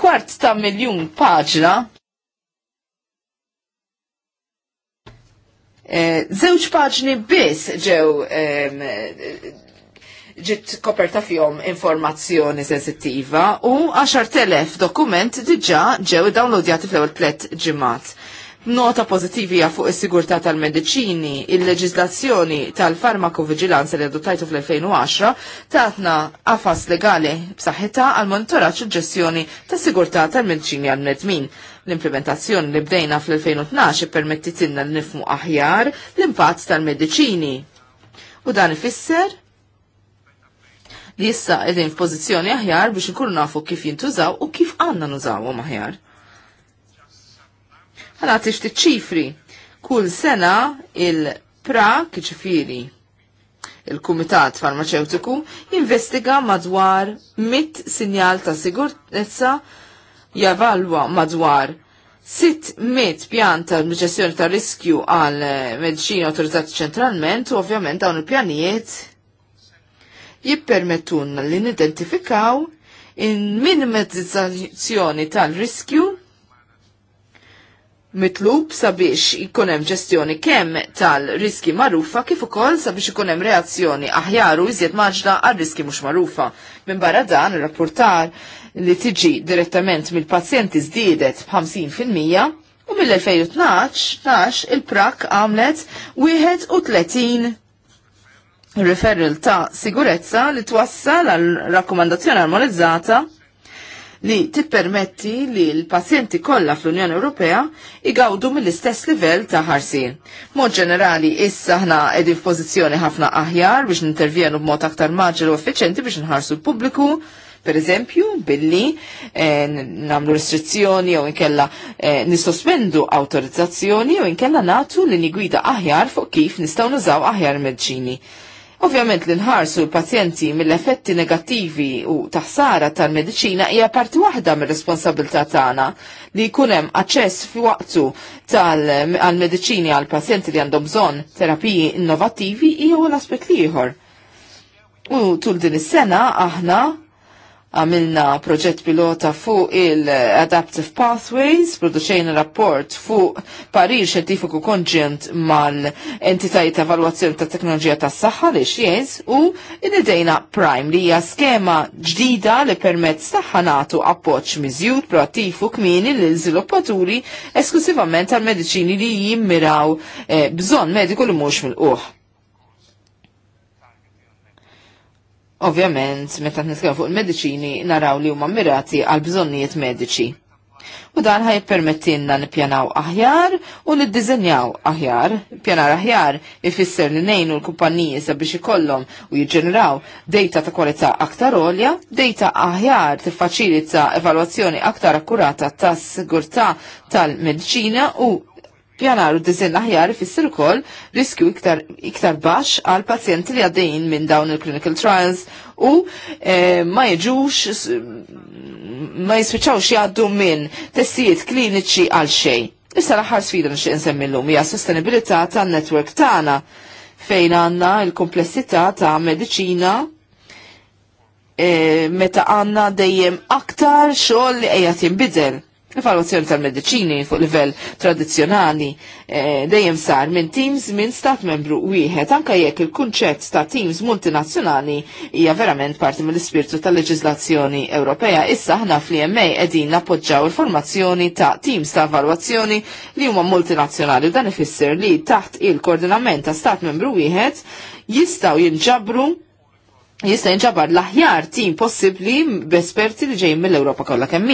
kwart ta' miljun paġna eh, zewċ paġni biss ġew ġit koperta fjom informazzjoni sensittiva u 10.000 dokument diġa ġew downloadjati fl-ewwel tliet ġimat. Nota pożittivija fuq is-sigurtà tal-mediċini, il leġizlazzjoni tal-farmakovigilanza li adottajtu fl-2010 tatna għafas legali b'saħħitha għal monitoraġġ u ġestjoni tas-sigurtà tal-mediċini għal-nedmin. L-implementazzjoni li bdejna fl-2012 l nifmu aħjar l-impatt tal-mediċini. U dan ifisser li issa qegħdin f'pożizzjoni aħjar biex inkunu nafu kif jintużaw u kif għandna nużawhom aħjar. Ħana tixti ċifri. Kull sena il-pra kħiċifiri, il-Kumitat Farmaceutiku investiga madwar mit sinjal ta' sigurtezza javalwa madwar mit pjan tal-mġessjoni ta' riskju għal medicina autorizzati ċentralment u ovvjament dawn il-pjanijiet jippermettunna li nidentifikaw in minimizzazzjoni tal-riskju mitlub sabiex ikun hemm ġestjoni kemm tal-riski magħrufa kif ukoll sabiex ikun hemm reazzjoni aħjar u iżjed maġda għal riski mhux magħrufa. Minn barra dan rapportar li tiġi direttament mill-pazjenti żdiedet b'50 u mill-2012 il-prak għamlet 31 referral ta' sigurezza li twassal għal rakkomandazzjoni armonizzata li tippermetti li l-pazjenti kollha fl-Unjoni Ewropea igawdu mill-istess livell ta' ħarsin. Mod ġenerali, issa ħna qegħdin f'pożizzjoni ħafna aħjar biex nintervjenu b'mod aktar maġġel u effiċenti biex nħarsu l-pubbliku, per eżempju, billi eh, namlu restrizzjoni jew inkella eh, nisospendu autorizzazzjoni jew inkella natu li nigwida aħjar fuq kif nistgħu nużaw aħjar medċini. Ovvjament li nħarsu l-pazjenti mill-effetti negattivi u taħsara tal-medicina hija parti waħda mir-responsabilità tagħna li jkun hemm aċċess fi waqtu tal-mediċini għal pazjenti li għandhom bżonn terapiji innovattivi jew l-aspett ieħor. U tul din is-sena aħna għamilna proġett pilota fuq il-Adaptive Pathways, produċejna rapport fuq parir xentifiku konġent mal-entitajiet ta' evalwazzjoni ta' teknoloġija ta' s-saxħa li xiez u nidejna Prime li hija skema ġdida li permezz taħħa natu appoċ miżjud proattiv u kmieni l żviluppaturi esklusivament għal mediċini li jimmiraw eh, bżon mediku li mhux mill-qoħ. Ovvjament, meta nitkellmu fuq il-mediċini naraw li huma mirati għal bżonnijiet mediċi. U dan ħaj permettinna nippjanaw aħjar u niddiżenjaw aħjar. Pjanar aħjar ifisser li nejnu l kumpanijie sabiex ikollhom u jiġġeneraw data ta' kwalità aktar olja, data aħjar tiffaċilita evalwazzjoni aktar akkurata tas-sigurtà tal-mediċina u pjanar u diżin aħjar ifisser ukoll riskju iktar, iktar baxx għal pazjenti li għaddejjin minn dawn il-clinical trials u e, ma jiġux ma jisfiċawx jgħaddu minn testijiet kliniċi għal xejn. Issa l-aħħar sfida nixtieq insemmillum hija sostenibilità tan-netwerk tagħna fejn għandna l-komplessità ta' mediċina e, meta għandna dejjem aktar xogħol li qiegħed jinbidel. Evaluazzjoni tal-medicini fuq livell tradizjonali eh, dejjem sar minn teams minn stat membru wieħed anka jekk il-kunċett ta' teams multinazzjonali hija verament parti mill-ispirtu tal-leġiżlazzjoni Ewropea. Issa aħna fl-EMA qegħdin nappoġġaw il-formazzjoni ta' teams ta' evalwazzjoni li huma multinazzjonali u dan ifisser li taħt il-koordinament ta' stat membru wieħed jistgħu jinġabru jista' jinġabar l-aħjar tim possibbli b'esperti li ġejjin mill-Ewropa kollha kemm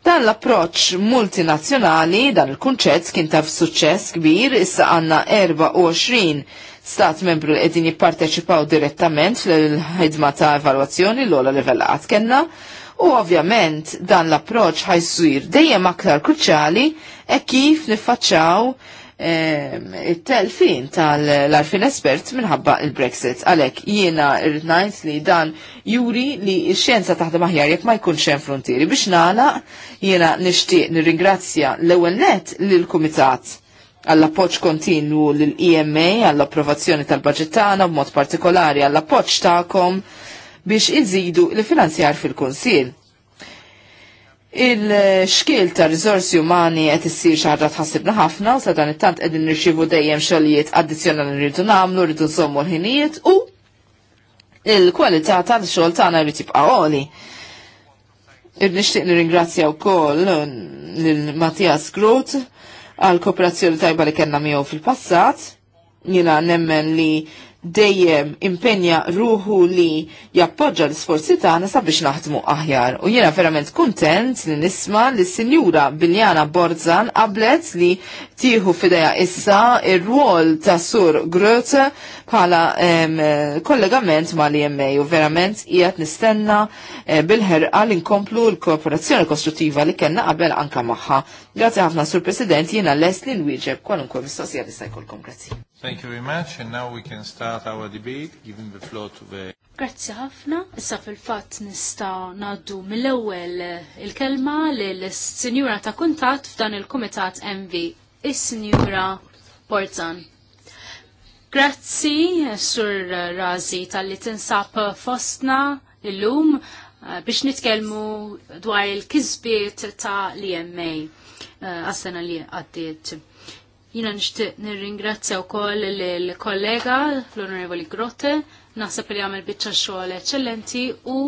Dan l-approċ multinazzjonali, dan il-kunċett kien taf suċċess kbir, issa għanna 24 stat membru li qegħdin jipparteċipaw direttament l ħidma ta' evalwazzjoni l-ola level għad kenna, u ovvjament dan l-approċ ħajsir dejjem aktar kruċali e kif nifacċaw it-telfin tal-arfin espert minħabba il-Brexit. Għalek, jiena rritnajt li dan juri li xienza taħdem aħjar jek ma jkun xen frontieri. Biex nala, jiena nishtiq nirringrazzja l-ewel net l-Kumitat għall-appoċ kontinwu l-EMA, għall-approvazzjoni tal-budget tagħna b'mod partikolari għall-appoċ tagħkom biex iżidu l-finanzjar fil konsil Il-xkil ta' rizorsi umani qed issir xi tħassibna ħafna u sa dan it-tant qegħdin nirċievu dejjem xogħlijiet addizzjonali rridu nagħmlu, rridu nżommu l-ħinijiet u il-kwalità tal-xogħol tagħna jrid jibqa' għoli. Nixtieq nirringrazzja wkoll lil Mattias Grut għal kooperazzjoni tajba li kellna miegħu fil-passat. Jiena nemmen li dejjem impenja ruħu li jappoġġa l-sforzi tagħna sabiex naħdmu aħjar. U jiena verament kuntent li nisma' li sinjura Biljana Borzan qablet li tieħu fideja issa ir-rwol ta' Sur Grote bħala kollegament ma' l-EMA u verament qiegħed nistenna eh, bil-ħerqa li nkomplu l-kooperazzjoni kostruttiva li kellna qabel anka magħha. Grazzi ħafna Sur President jiena lest li nwieġeb kwalunkwe mistoqsija li se jkollkom grazzi. Thank you very much, and now we can start our debate, giving the floor to the... Grazzi ħafna, issa fil-fat nista naddu mill-ewel eh, il-kelma l-Sinjura ta' kuntat f'dan il-Komitat MV, is-Sinjura Porzan. Grazzi, Sur Razi, tal-li tinsab fostna illum eh, biex nitkelmu dwar il-kizbiet ta' l-EMA eh, għas-sena li għaddiet Jina nishtiq nirringrazzja wkoll l-kollega l-Onorevoli Grotte, naħseb li għamel biċċa xogħol eċċellenti u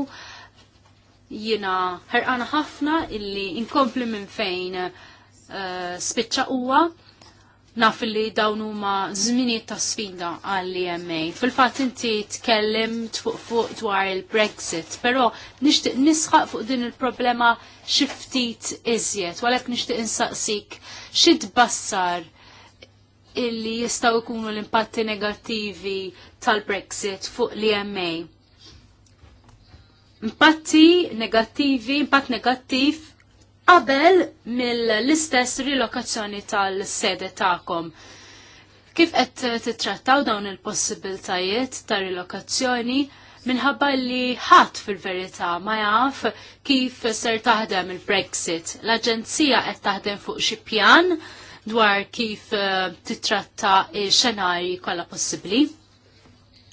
jina ħerqana ħafna illi inkompli minn fejn uh, spiċċa huwa naf li dawn huma zmini ta' sfida għall-EMA. Fil-fatt inti tkellimt fuq fuq dwar il-Brexit, pero nixtieq nisħaq fuq din il-problema xi ftit iżjed, għalhekk nixtieq insaqsik xi tbassar illi jistaw ikunu l-impatti negattivi tal-Brexit fuq l-EMA. Impatti negattivi, impatt negattiv qabel mill-istess rilokazzjoni tal-sede ta'kom. Kif qed titrattaw dawn il-possibiltajiet ta' rilokazzjoni minħabba li ħadd fil-verità ma jaf kif ser taħdem il-Brexit. L-Aġenzija qed taħdem fuq xi pjan dwar kif eh, titratta xenari kollha possibbli.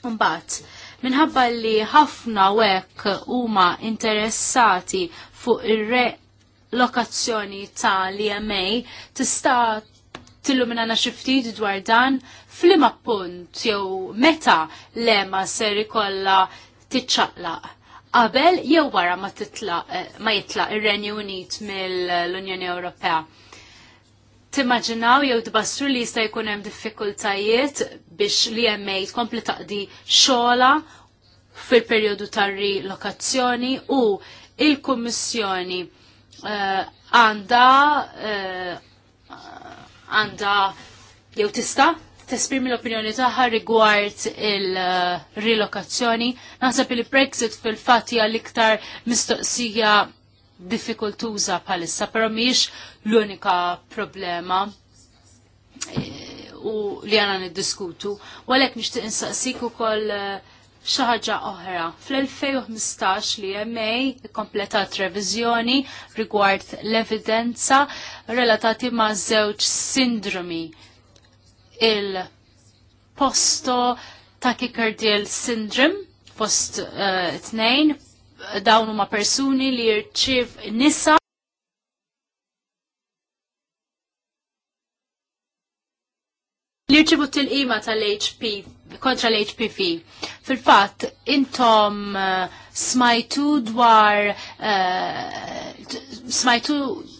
Mbagħad, minħabba li ħafna wek huma interessati fuq ir-relokazzjoni tal-EMA tista' tillumina xi ftit dwar dan flima punt jew meta lema ser ikolla tiċċaqlaq qabel jew wara ma titlaq eh, ma jitlaq ir-Renju Unit mill-Unjoni Ewropea timmaġinaw jew tbassru li jista' jkun hemm diffikultajiet biex li hemm tkompli taqdi xogħla fil-perjodu tar rilokazzjoni u il-Kummissjoni eh, għandha eh, għandha jew tista' tesprimi l-opinjoni tagħha rigward il-rilokazzjoni. Naħseb li Brexit fil-fatt hija l-iktar mistoqsija diffikultuża bħalissa, però mhijiex l-unika problema eh, u li għana niddiskutu. U għalhekk nixtieq insaqsik ukoll eh, xi ħaġa oħra. Fl-2015 li EMA kompletat reviżjoni rigward l-evidenza relatati ma' żewġ sindromi il-posto tachycardial syndrome fost uh, eh, tnejn dawn huma persuni li jirċiv nisa li jirċivu til ima tal-HP kontra l-HPV. Fil-fatt, intom uh, smajtu dwar uh, smajtu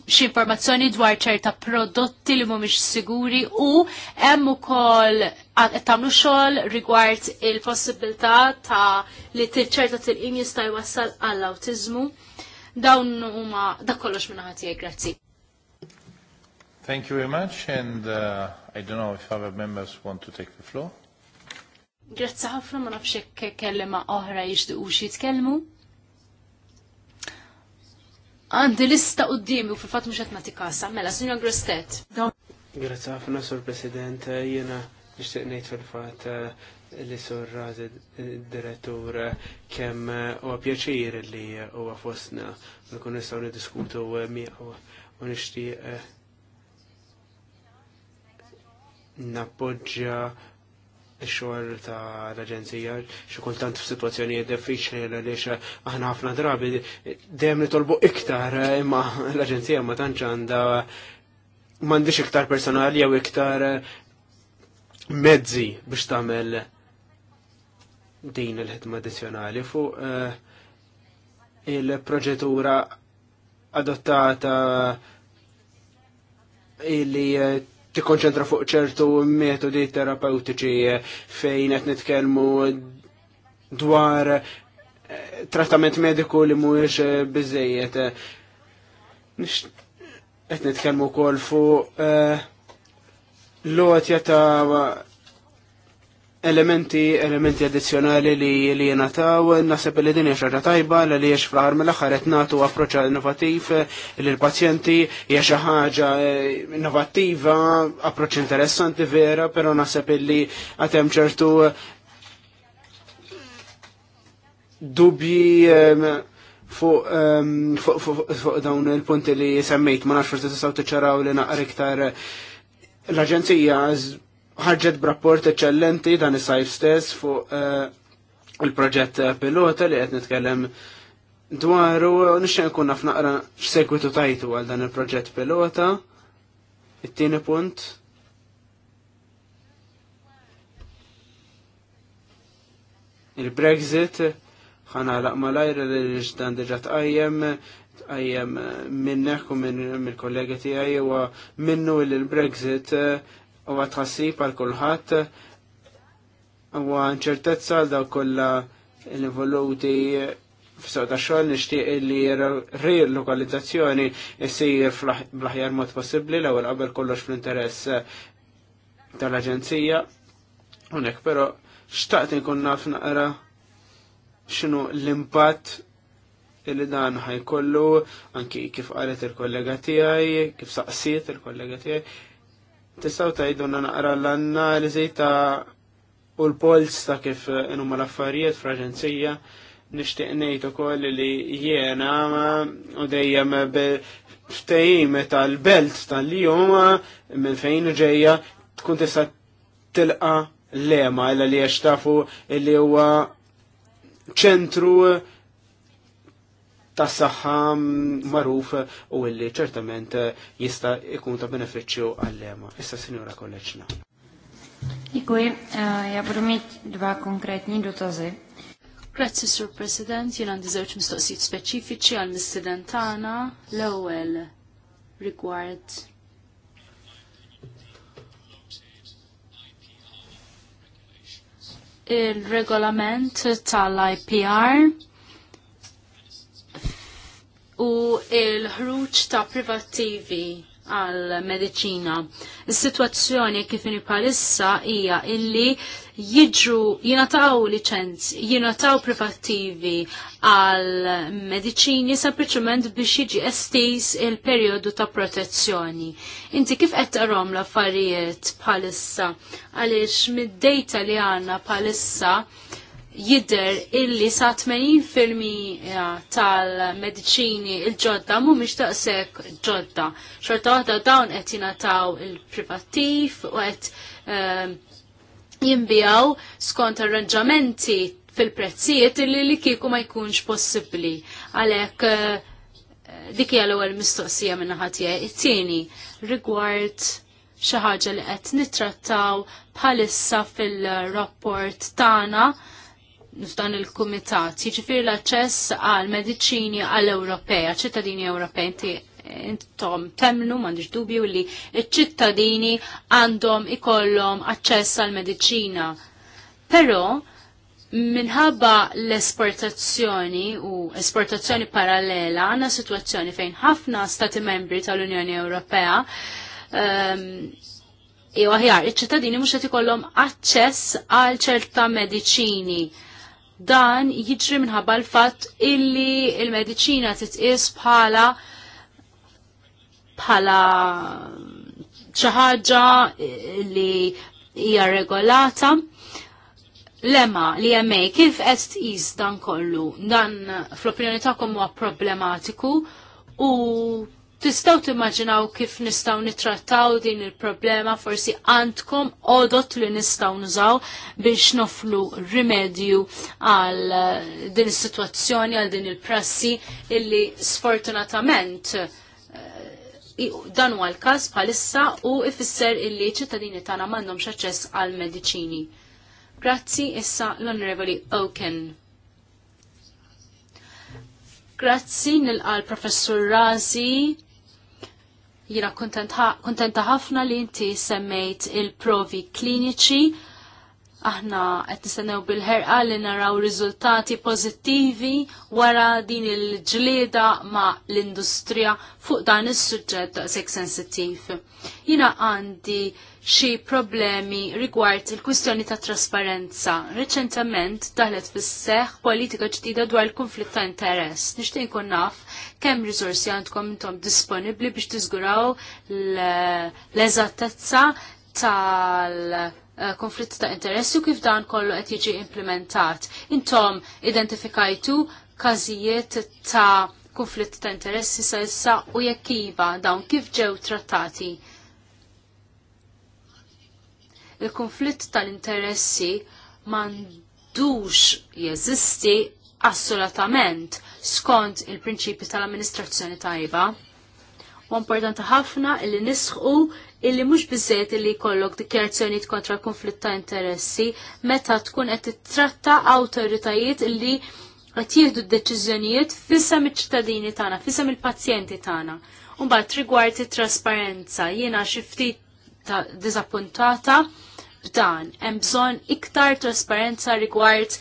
xi informazzjoni dwar ċerta prodotti li mhumiex siguri u hemm ukoll tagħmlu xogħol rigward il-possibilità ta' li ċerta tilqim jista' jwassal għall-awtiżmu. Dawn huma dak kollox minn ħadd grazzi. Thank you very much and uh, I don't know if other members want to take the floor. Grazzi ħafna ma nafx hekk kellima oħra jixtiequ xi jitkellmu għandi lista u d-dimi u fil fat muxet ma nagħti kasa. Mela, Sinjor Grostet. Grazzi ħafna, Sur President, jena nishtiqnejt fil fat eh, li Sur Razid eh, direttur eh, kem u għapjaċir li huwa fostna nkun nistgħu niddiskutu miegħu u nishtiq nappoġġja xor ta' l-Aġenzija, xi kultant f'sitwazzjonijiet diffiċli għaliex aħna ħafna drabi dejjem nitolbu iktar imma l-Aġenzija ma tantx għandha m'għandix iktar personali jew iktar mezzi biex tagħmel din il ħedma addizzjonali fuq eh, il proġetura adottata illi eh, tikkonċentra fuq ċertu metodi terapeutiċi fejn qed nitkellmu dwar eh, trattament mediku li mhuwiex eh, biżejjed. Qed nitkellmu wkoll fuq eh, lotja ta' elementi, elementi addizjonali li li nataw, nasib li din xaġa tajba, li li jiex fl-ħar mill-axar etnatu approċ innovativ eh, li l-pazjenti jiex ħaġa eh, innovativa, approċ interessanti vera, pero nasib li għatem ċertu eh, dubji fuq ehm, fu, dawn il-punti li semmejt, ma nafx forse tistaw tiċċaraw li naqra iktar l-Aġenzija ħarġet b'rapport eċċellenti dan is-sajf stess fuq eh, il-proġett eh, pilota li qed nitkellem dwaru nixtieq nkun naf naqra x'segwitu tajtu għal dan il-proġett pilota. It-tieni punt. Il-Brexit ħanalaq malajr li ġdan diġa tqajjem tqajjem minnek u minn kollegi tiegħi u minnu l-Brexit eh, u għatħassib għal kulħadd u ċertezza għal daw kolla l-involuti f'sawta xogħol nixtieq li lokalizzazzjoni jessir bl-aħjar mod possibbli l-ewwel qabel kollox fl-interess tal-Aġenzija. Unek però xtaqt nkun naf naqra x'inhu l-impatt li dan ħajkollu anki kif qalet il-kollega tiegħi, kif saqsiet il-kollega tiegħi Tistaw tajdunna naqra l-analizi ta' u l-pols ta' kif eh, numma l-affarijiet fl-aġenzija nishtiq ngħid ukoll li jiena u dejjem ftehim tal-belt tal-jum minn fejn ġejja tkun tista' tilqa lema illa li jaxtafu illi li huwa ċentru tas saħħa magħruf u illi ċertament jista' jkun ta' benefiċċju għall ema Issa Sinjora Kolleċna. Dziękuję. E, ja budu dwa konkretni Grazzi, Sur President, jien għandi żewġ mistoqsijiet speċifiċi għal mistiden tagħna. L-ewwel rigward il-regolament tal-IPR u il-ħruġ ta' privattivi għal medicina. Is-sitwazzjoni kif ini palissa hija illi jiġru jinataw licenz, jinataw privattivi għal medicini sempliċement biex jiġi estis il-perjodu ta' protezzjoni. Inti kif qed tarahom l-affarijiet palissa għaliex mid-dejta li għandna palissa jidher illi sa 80% tal medicini il-ġodda mhumiex taqsek ġodda. Xorta waħda dawn qed jingħataw il-privattiv u qed ehm, jimbijaw skont arranġamenti fil-prezzijiet illi li kieku ma jkunx possibbli. Għalhekk eh, dik hija l-ewwel mistoqsija minn ħatija. It-tieni rigward xi ħaġa li qed nittrattaw bħalissa fil-rapport tagħna f'dan il-kumitat, jiġifieri l-aċċess għal mediċini għal Ewropea, ċittadini Ewropej inti intom temnu m'għandix dubju li ċ-ċittadini għandhom ikollhom aċċess għal mediċina. Però minħabba l-esportazzjoni u esportazzjoni parallela għandna sitwazzjoni fejn ħafna stati membri tal-Unjoni Ewropea um, ehm, Iwa ħjar, iċ-ċittadini mhux qed ikollhom aċċess għal ċerta mediċini dan jiġri minħabba l-fatt illi il-medicina titqis bħala bħala ċaħġa li hija regolata. Lema li jemmej kif qed tqis dan kollu dan fl-opinjoni tagħkom huwa problematiku u Tistaw timmaġinaw kif nistaw nitrattaw din il-problema forsi għandkom odot li nistaw nużaw biex noflu rimedju għal eh, din is-sitwazzjoni għal din il-prassi illi sfortunatament eh, dan huwa l-każ bħalissa u ifisser illi ċittadini tagħna m'għandhomx aċċess għal medicini. Grazzi issa l-Onorevoli Oken. Grazzi nil-għal professur Razi Jina kontenta ħafna li inti semmejt il-provi kliniċi aħna qed nistennew bil-ħerqa li naraw riżultati pożittivi wara din il-ġlieda ma' l-industrija fuq dan is-suġġett sex sensittiv. Jina għandi xi problemi rigward il-kwistjoni ta' trasparenza. Reċentament daħlet fis-seħħ politika ġdida dwar il-konflitt ta' interess. Nixtieq inkun naf kemm riżorsi għandkom intom disponibbli biex tiżguraw l-eżattezza tal Eh, konflitt ta' interessi u kif dan kollu qed jiġi implementat. Intom identifikajtu każijiet ta' konflitt ta' interessi sa' issa u jekk iva dawn kif ġew trattati. Il-konflitt tal-interessi mandux jeżisti assolutament skont il-prinċipi tal-amministrazzjoni tajba. U importanti ħafna li nisħu illi mhux biżejt illi jkollok dikjarazzjonijiet kontra konflitt ta' interessi meta tkun qed titratta awtoritajiet illi qed jieħdu d-deċiżjonijiet fissam iċ-ċittadini tagħna, fissam il-pazjenti tagħna. Mbagħad rigward it-trasparenza jiena xi ftit diżappuntata b'dan hemm bżonn iktar trasparenza rigward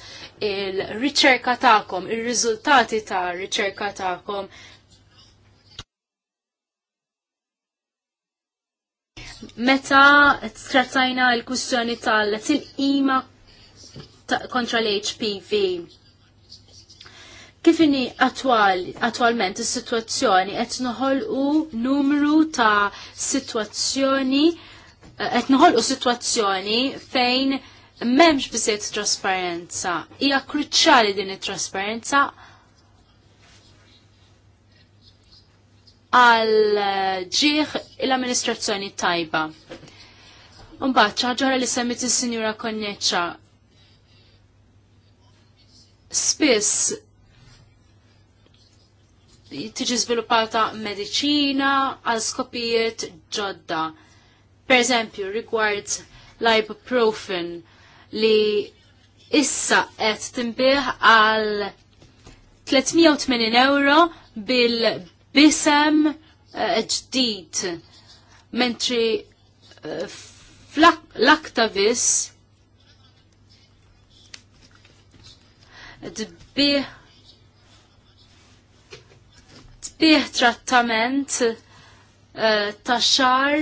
il-riċerka tagħkom, ir-riżultati ta' riċerka tagħkom Meta trattajna l-kwistjoni tal tal-til-ima kontra l-HPV. Kif inni attwal, attwalment is-sitwazzjoni qed noħolqu numru ta' sitwazzjoni eh, qed u sitwazzjoni fejn m'hemmx biżejjed trasparenza. Hija kruċali din it-trasparenza għal ġieħ l-amministrazzjoni tajba. Umbaċ, ċaġora li semmit il-Sinjura Konneċa. Spiss tiġi sviluppata medicina għal skopijiet ġodda. Per eżempju, rigward l-ibuprofen li issa qed timbih għal 380 euro bil-bisem eh, ġdid mentri eh, l-aktavis tbih tbih trattament eh, ta' xar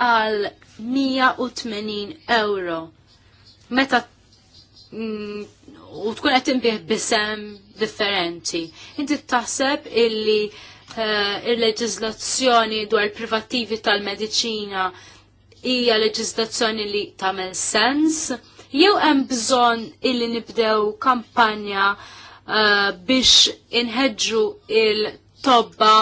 għal 180 euro. Meta mm, u tkun qed imbih bisem differenti. Inti taħseb illi Eh, il-leġizlazzjoni dwar privattivi tal-medicina hija leġizlazzjoni li tagħmel sens, jew hemm bżonn illi nibdew kampanja uh, biex inħeġġu il-tobba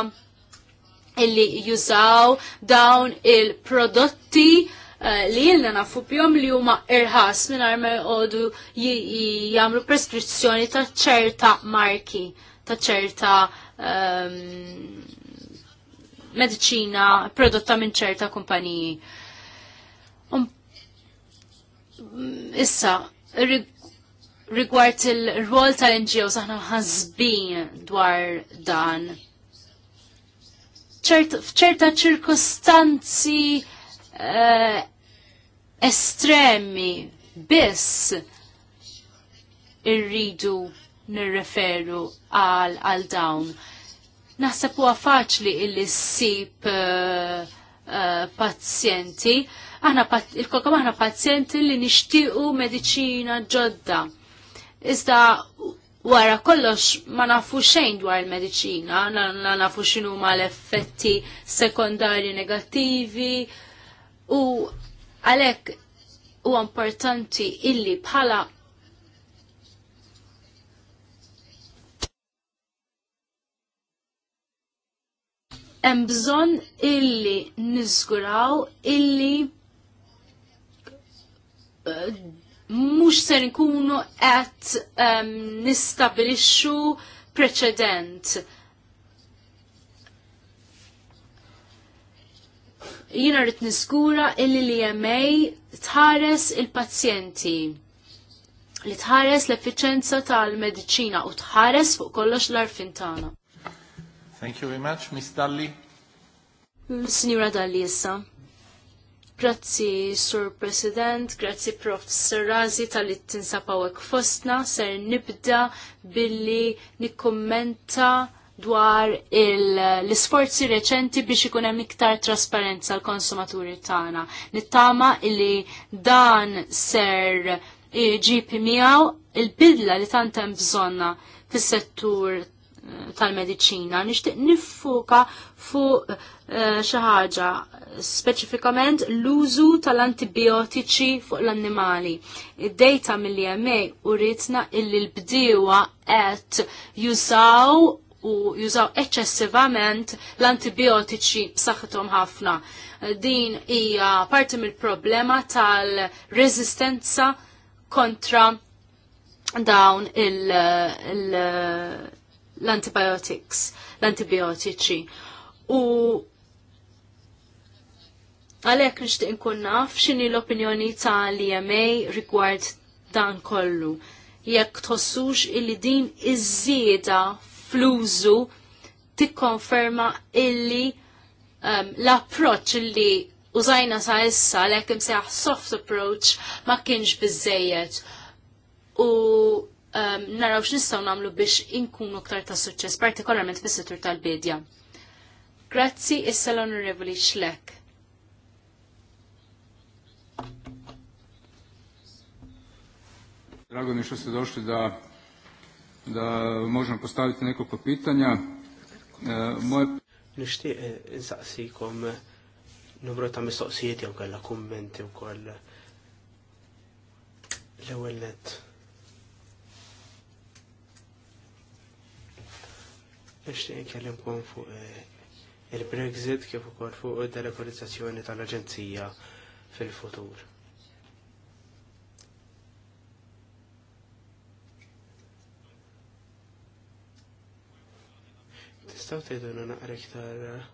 illi jużaw dawn il-prodotti uh, li jilna nafu bjom li huma irħas minn arme għodu jagħmlu preskrizzjoni ta' ċerta marki, ta' ċerta uh, Um, medicina prodotta minn ċerta kumpaniji. Um, issa, rigward il-rol tal-NGOs aħna ħazbin dwar dan. ċerta ċirkostanzi uh, estremi biss irridu nirreferu għal għal dawn. Naħseb huwa faċli illi ssib eh, eh, pazjenti, aħna il aħna pazjenti li nixtiequ mediċina ġodda. Iżda wara kollox ma nafu xejn dwar il-mediċina, na, nafu x'inhu ma l-effetti sekondarji negattivi u għalhekk u importanti illi bħala hemm bżonn illi niżguraw illi eh, mhux ser nkunu qed um, nistabilixxu preċedent. Jiena rrid niżgura illi li EMA tħares il-pazjenti li tħares l-effiċenza tal-medicina u tħares fuq kollox l arfintana tagħna. Thank you very much. Miss Dalli? Signora Dalli issa. Grazzi, Sur President, grazzi Prof. Serrazi tal-li tinsapawek fostna, ser nibda billi nikkommenta dwar l-sforzi reċenti biex ikun hemm iktar trasparenza l konsumaturi tagħna. Nittama li dan ser ġipi miegħu il-bidla li tant hemm bżonna fis-settur tal-medicina. Nixtieq niffoka fuq eh, xi ħaġa speċifikament l-użu tal-antibiotiċi fuq l-annimali. Id-dejta mill-EMA uritna illi l-bdiewa qed jużaw u jużaw eċċessivament l-antibiotiċi b'saħħithom ħafna. Din hija parti mill-problema tal-reżistenza kontra dawn il-, il l-antibiotics, l-antibiotiċi. U għalek nishtiq nkun naf xini l-opinjoni ta' li jamej rigward dan kollu. Jekk tħossux illi din iż-żieda fl tikkonferma illi um, l-approċ illi użajna sa' issa l-ekim seħ soft approach ma kienx bizzejet. U um, naraw x'nistgħu nagħmlu biex inkunu aktar ta' suċċess, partikolarment fis-settur tal-bidja. Grazzi issa l-Onorevoli Schleck. Drago mi što ste došli da, da možemo postaviti nekoliko pitanja. E, moje... Nishtiq eh, insaqsikom eh, numru ta' mistoqsijiet jew kellha kummenti wkoll l-ewwel nixtieq nkellimkom fuq eh, il-Brexit kif ukoll fuq id delegalizzazzjoni tal-Aġenzija fil-futur. Tistgħu na naqra iktar eh,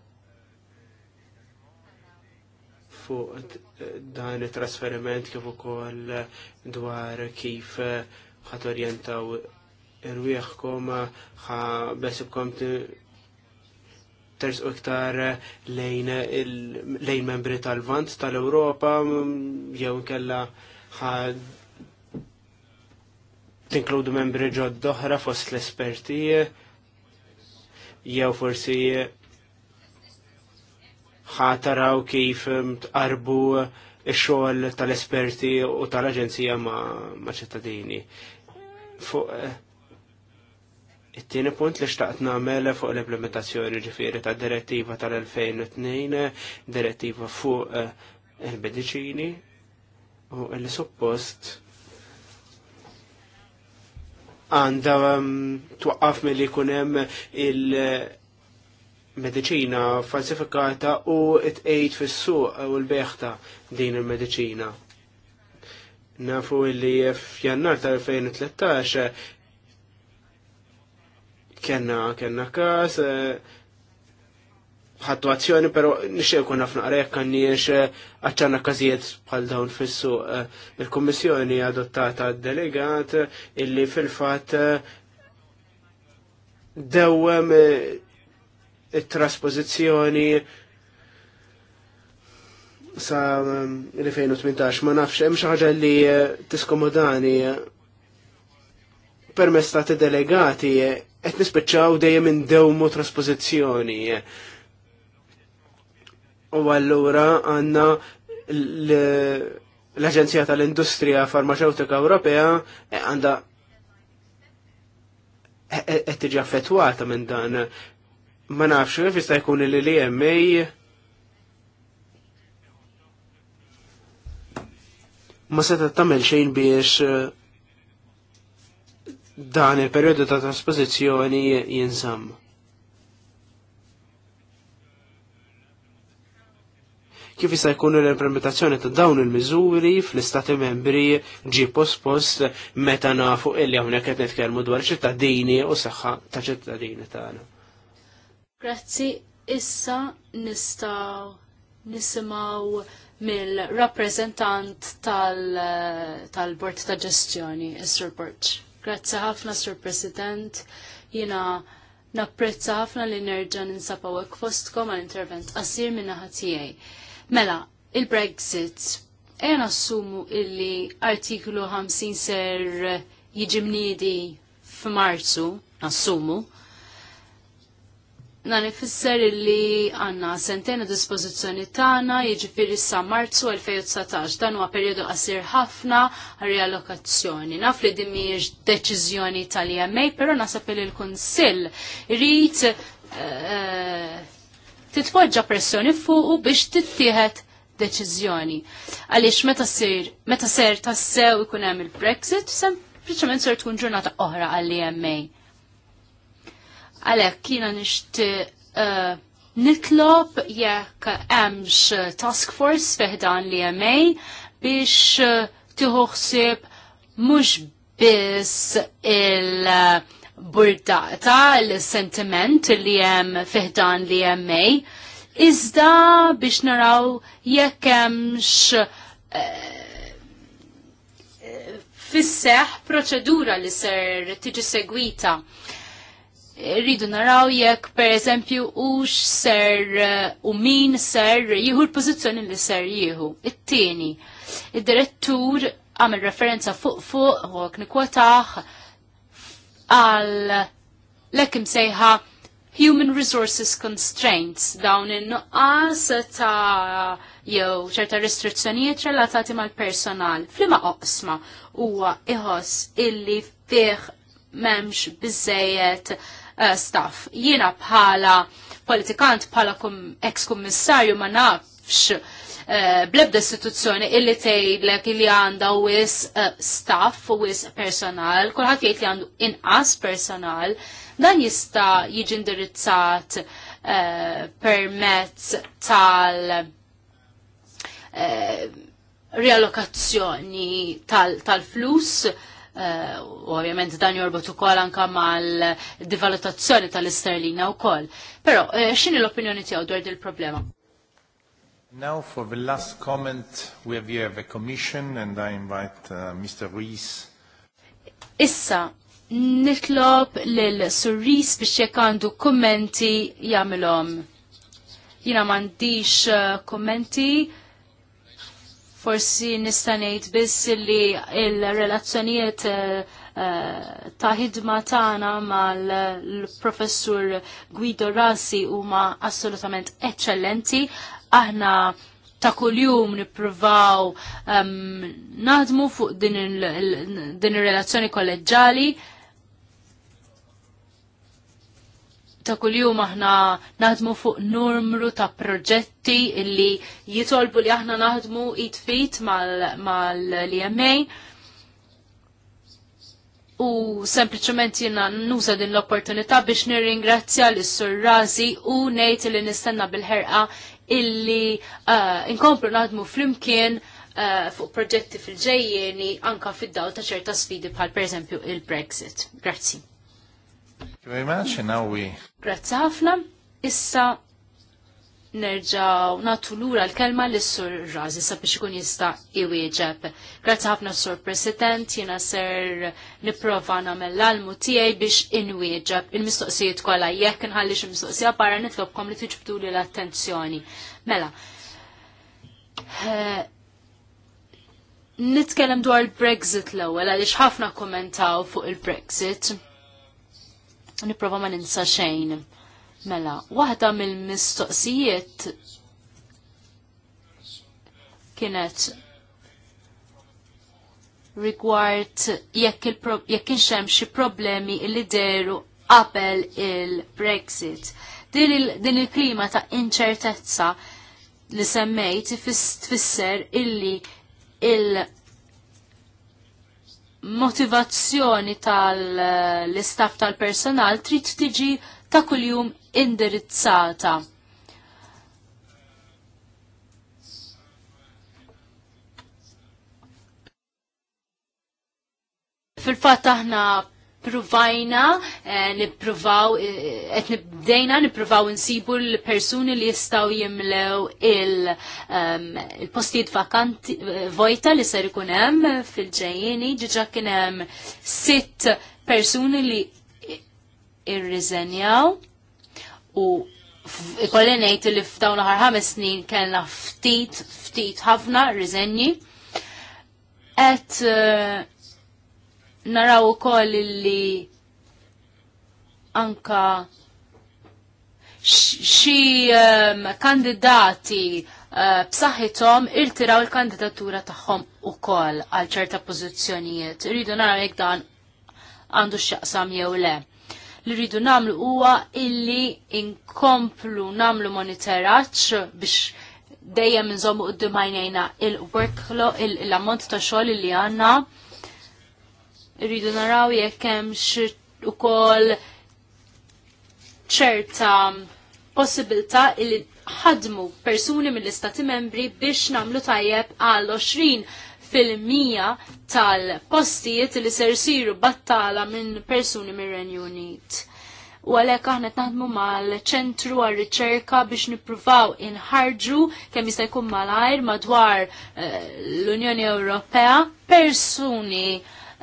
fuq eh, dan it-trasferiment kif ukoll dwar kif orjentaw irwieħkom ħa besibkom tersqu iktar lejn, lejn membri tal-vant tal-Europa mm, jew kella ħa tinkludu membri ġod doħra fost l-esperti jew forsi ħataraw kif mm, tqarbu ix-xogħol tal-esperti u tal-aġenzija ma' ċittadini. Fuq It-tieni punt li xtaqt nagħmel fuq l-implementazzjoni ġifieri ta' direttiva tal-2002, direttiva fuq eh, il-mediċini u li suppost għandha mm, twaqqaf milli jkun hemm il- medicina falsifikata u it-ejt fis-suq u l-beħta din il-medicina nafu li f'jannar tal-2013 kena, kena kas, eh, ħattu azzjoni, pero nixie kun nafna għarek kanniex eh, għacċanna kazijiet bħal dawn fissu eh, il-Kommissjoni adottata delegat illi fil-fat dewwem it-trasposizjoni sa l-2018 ma nafx hemm xi ħaġa li tiskomodani permess ta' delegati qed nispiċċaw dejjem indewmu traspożizzjoni. U allura għandna l-Aġenzija tal-Industrija Farmaceutika Ewropea eh, għandha eh, eh, qed tiġi affettwata minn dan. Ma nafx kif jista' jkun li l-EMA ma seta tagħmel xejn biex dan il-periodu ta' trasposizjoni jinżamm. kif jista' jkun l-implementazzjoni ta' dawn il-miżuri fl-istati membri ġi post-post meta nafu illi hawnhekk qed nitkellmu dwar ċittadini u saħħa ta' ċittadini tagħna. Grazzi, issa nistgħu nisimgħu mill-rappreżentant tal-Bord ta' Ġestjoni, Sir Burch. Grazzi ħafna, Sur President. Jina napprezza ħafna li nerġa' ninsabaw hekk fostkom għal intervent għasir minna ħatijaj. tiegħi. Mela, il-Brexit Ejja nassumu illi artiklu 50 ser jiġi mniedi f'Marzu, nassumu, dan ifisser li għanna sentena dispożizzjoni tagħna jiġifieri sa Marzu 2019 dan huwa perjodu qasir ħafna reallokazzjoni. Naf li din mhijiex deċiżjoni tal-EMA, però nasab li l-Kunsill rrit eh, titpoġġa pressjoni fuq biex tittieħed deċiżjoni. Għaliex meta sir meta ser tassew ikun hemm il-Brexit, sempliċement ser tkun ġurnata oħra għall-EMA Għalhekk kiena nisht uh, nitlob jekk hemmx uh, task force fiħdan li EMA biex uh, tiħuħsib mhux biss il- uh, burdata l-sentiment li jem fiħdan li jemmej, iżda biex naraw jekk hemmx uh, uh fisseħ proċedura li ser tiġi segwita rridu naraw jekk per eżempju ux ser uh, u min ser jieħu l pożizzjoni li ser jieħu. It-tieni, id-direttur għamil referenza fuq fuq u għak nikwataħ għal lekkim sejħa human resources constraints dawn in-nuqqas ta' jew ċerta restrizzjonijiet relatati mal-personal. Flima oqsma huwa iħoss illi fih memx bizzejet Eh, staff. Jiena bħala politikant bħala ex-kummissarju ma nafx eh, blebda istituzzjoni illi tgħidlek illi għandha wis eh, staff u wis personal, kulħadd jgħid li għandu inqas personal, dan jista' jiġi indirizzat permezz tal reallokazzjoni tal-flus tal Eh, u ovvjament dan jorbot ukoll anka mal-divalutazzjoni tal-isterlina wkoll. Però eh, x'inhi l-opinjoni tiegħu dwar il problema Now for the last comment, we have here the Commission and I invite uh, Mr. Rees. Issa, nitlob lil Sur Rees biex jekk għandu kummenti jagħmilhom. Jiena m'għandix eh, kummenti. Uh, Forsi nista' ngħid biss li il-relazzjonijiet eh, eh, ta' ħidma tagħna mal-professur Guido Rasi huma assolutament eċċellenti. Aħna ta' kuljum nippruvaw um, naħdmu fuq din ir relazzjoni kolleġġali ta' kuljum aħna naħdmu fuq numru ta' proġetti illi jitolbu li aħna naħdmu it-fit mal lma u sempliciment jina nuża din l-opportunità biex nirringrazzja l sur Razi u nejt li nistenna bil-ħerqa illi uh, inkomplu naħdmu fl-imkien uh, fuq proġetti fil-ġejjeni anka fid-dawl ta' ċerta sfidi bħal per il-Brexit. Grazzi. Thank you very much, and now we... Grazie ħafna. Issa nerġaw natu lura l-kelma l-sur Razi sabiex ikun jista iwieġeb. Grazzi ħafna sur President, jiena ser niprofa nagħmel l-almu tiegħi biex inwieġeb il-mistoqsijiet kollha jekk inħalli xi mistoqsija barra nitlobkom li tiġbdu li l-attenzjoni. Mela, eh, nitkellem dwar il-Brexit l-ewwel għaliex ħafna kommentaw fuq il-Brexit niprofa ma ninsa xejn. Mela, waħda mill-mistoqsijiet kienet rigward jekk kienx hemm xi problemi li deru qabel il-Brexit. Din il-klima ta' inċertezza li semmejt tfisser illi il- motivazzjoni tal-istaff tal-personal trid tiġi ta' kuljum indirizzata. Fil-fatt aħna provajna eh, nippruvaw qed eh, nibdejna nippruvaw insibu l-persuni li jistgħu jimlew ehm, il-postijiet vakanti eh, vojta li ser ikun hemm fil-ġejjieni ġiġa kien hemm sitt persuni li irriżenjaw u ikolli ngħid li f'dawn l ħames snin kellna ftit ftit ħafna rriżenji. qed naraw ukoll li anka xi um, kandidati uh, b'saħħithom irtiraw il-kandidatura tagħhom ukoll għal ċerta pożizzjonijiet. Irridu naraw jekk dan għandu x'jaqsam jew le. Li rridu namlu huwa illi inkomplu namlu monitoraġġ biex dejjem nżommu qudiem għajnejna il-workflow, l-ammont ta' xogħol li għandna Rridu naraw jekk hemm ukoll ċerta possibilità li ħadmu persuni mill-istati membri biex namlu tajjeb għal 20 fil-mija tal-postijiet li ser siru battala minn persuni mir-Renju Unit. U għalhekk aħna qed naħdmu mal-ċentru għar-riċerka biex nippruvaw inħarġu kemm jista' jkun malajr madwar uh, l-Unjoni Ewropea persuni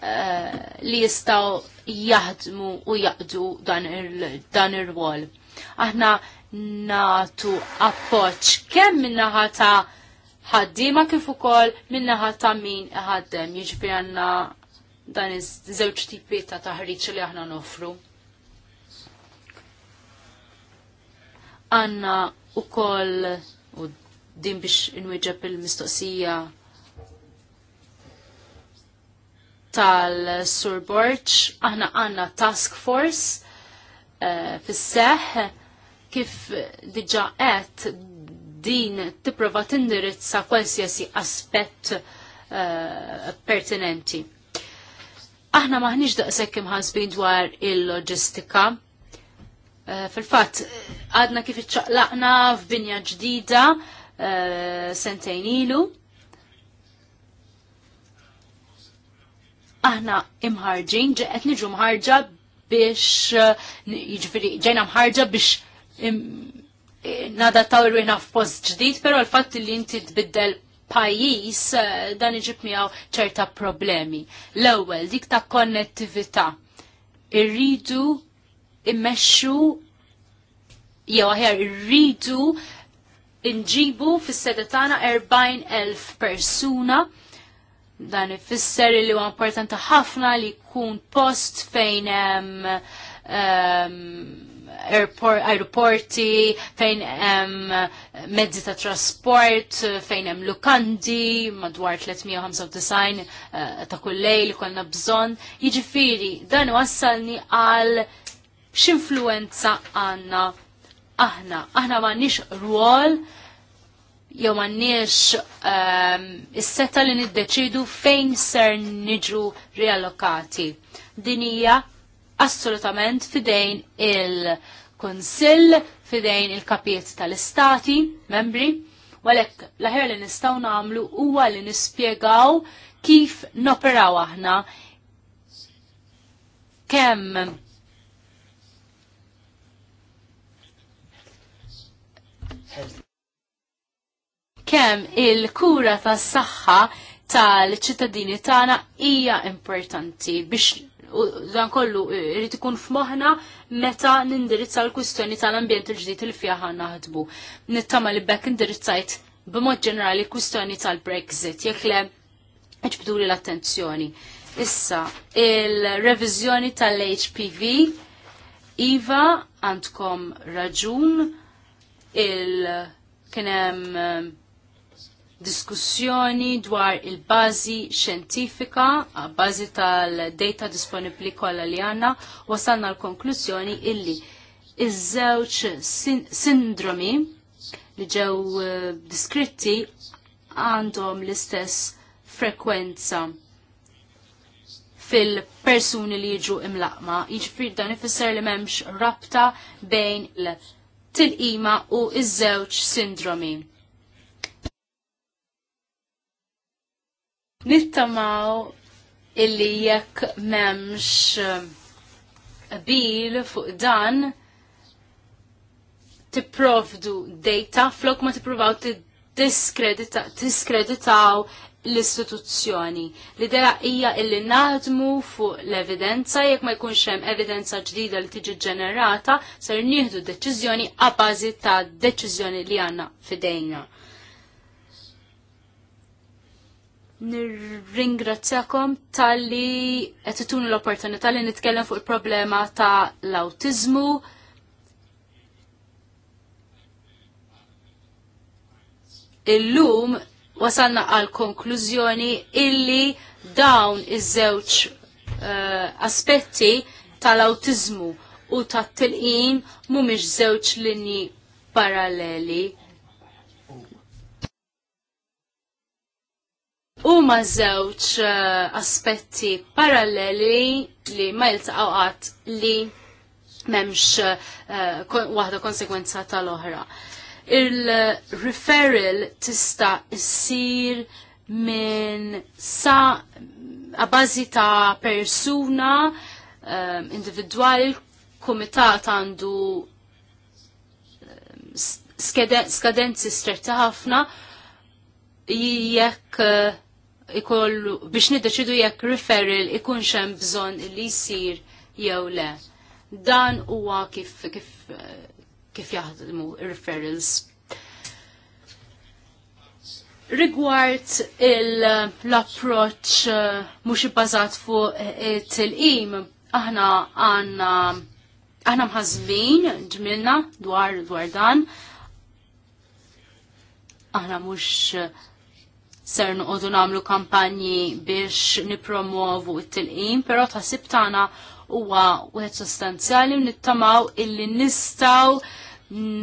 Eh, li jistaw jaħdmu u jaqdu dan ir-rwol. Aħna natu appoċ kemm minnaħa ta' ħaddima kif ukoll minnaħa ta' min ħaddem jiġifieri għandna dan iż-żewġ tipi ta' taħriġ li aħna nofru. Għanna ukoll u din biex inwieġeb il-mistoqsija tal-Sur Borch, aħna għanna task force uh, fis-seħ kif diġa qed din tipprova tindirizza qualsiasi aspett uh, pertinenti. Aħna maħniġ daqshekk imħasbin dwar il-loġistika. Uh, Fil-fatt, għadna kif iċċaqlaqna f'binja ġdida sentejn ilu aħna imħarġin, ġeqet niġu mħarġa biex eh, jiġifieri ġejna mħarġa biex eh, nadattaw f f'post ġdid, però l-fatt li inti tbiddel pajis eh, dan iġib miegħu ċerta problemi. L-ewwel dik ta' konnettività. Irridu immexxu jew aħjar irridu inġibu fis sedetana tagħna 40,000 persuna Dan ifisser li huwa importanti ħafna li jkun post fejn hemm um, ehm, airport, aeroporti, fejn hemm mezzi ta' trasport, fejn hemm lukandi, madwar 395 uh, eh, ta' kullej li konna bżonn. Jiġifieri dan wassalni għal x'influenza għandna aħna. Aħna m'għandniex rwol jew għanniex um, ehm, is-seta li niddeċidu fejn ser niġu riallokati. Din hija assolutament fidejn il-Kunsill, fidejn il-kapiet tal-istati, membri, għalek laħer li nistaw namlu huwa li nispjegaw kif noperaw aħna kemm health kemm il-kura tas-saħħa tal-ċittadini tagħna hija importanti biex u dan kollu irrid ikun f'moħħna meta nindirizza l-kwistjoni tal-ambjent il-ġdid il fjaħa naħdbu. Nittama li bekk indirizzajt b'mod ġenerali kwistjoni tal-Brexit jekk le ġbduli l-attenzjoni. Issa, il-reviżjoni tal-HPV Iva għandkom raġun il kienem diskussjoni dwar il-bazi xentifika, bazi tal-data disponibli kollha li għandna, wasalna l-konklużjoni illi iż-żewġ sindromi li ġew eh, diskritti għandhom l-istess frekwenza fil-persuni li jiġu imlaqma. Jiġifieri dan ifisser li m'hemmx rabta bejn l tilqima u iż-żewġ sindromi. Nittamaw illi jekk memx eh, bil fuq dan tipprovdu data flok ma tippruvaw tiskreditaw l-istituzzjoni. L-idea hija illi naħdmu fuq l-evidenza jekk ma jkunx hemm evidenza ġdida li tiġi ġenerata ser nieħdu deċiżjoni bażi ta' deċiżjoni li għandna fidejna. nirringrazzjakom tal-li għetituni l-opportunità li nitkellem fuq il-problema ta' l-autizmu. Illum wasalna għal konklużjoni illi dawn iż-żewġ uh, aspetti tal-autizmu u tat-tilqim mhumiex żewġ linji paralleli Huma żewġ eh, aspetti paralleli li ma jiltaqgħu li m'hemmx eh, waħda konsekwenza tal-oħra. Il-referral tista' issir minn sa għabazi ta' persuna eh, individwali kumitat għandu skadenzi stretti ħafna jekk ikollu biex niddeċidu jekk referral ikun xem bżon li jisir jew le. Dan huwa kif kif kif jaħdmu referrals. Rigward l-approċ eh, mhux ibbażat fuq it-tilqim, aħna għandna aħna mħazmin ġmilna dwar dwar dan. Aħna mhux ser nuqodu namlu kampanji biex nipromuovu it-tilqim, pero ta' tagħna huwa wieħed sostanzjali nittamaw illi nistaw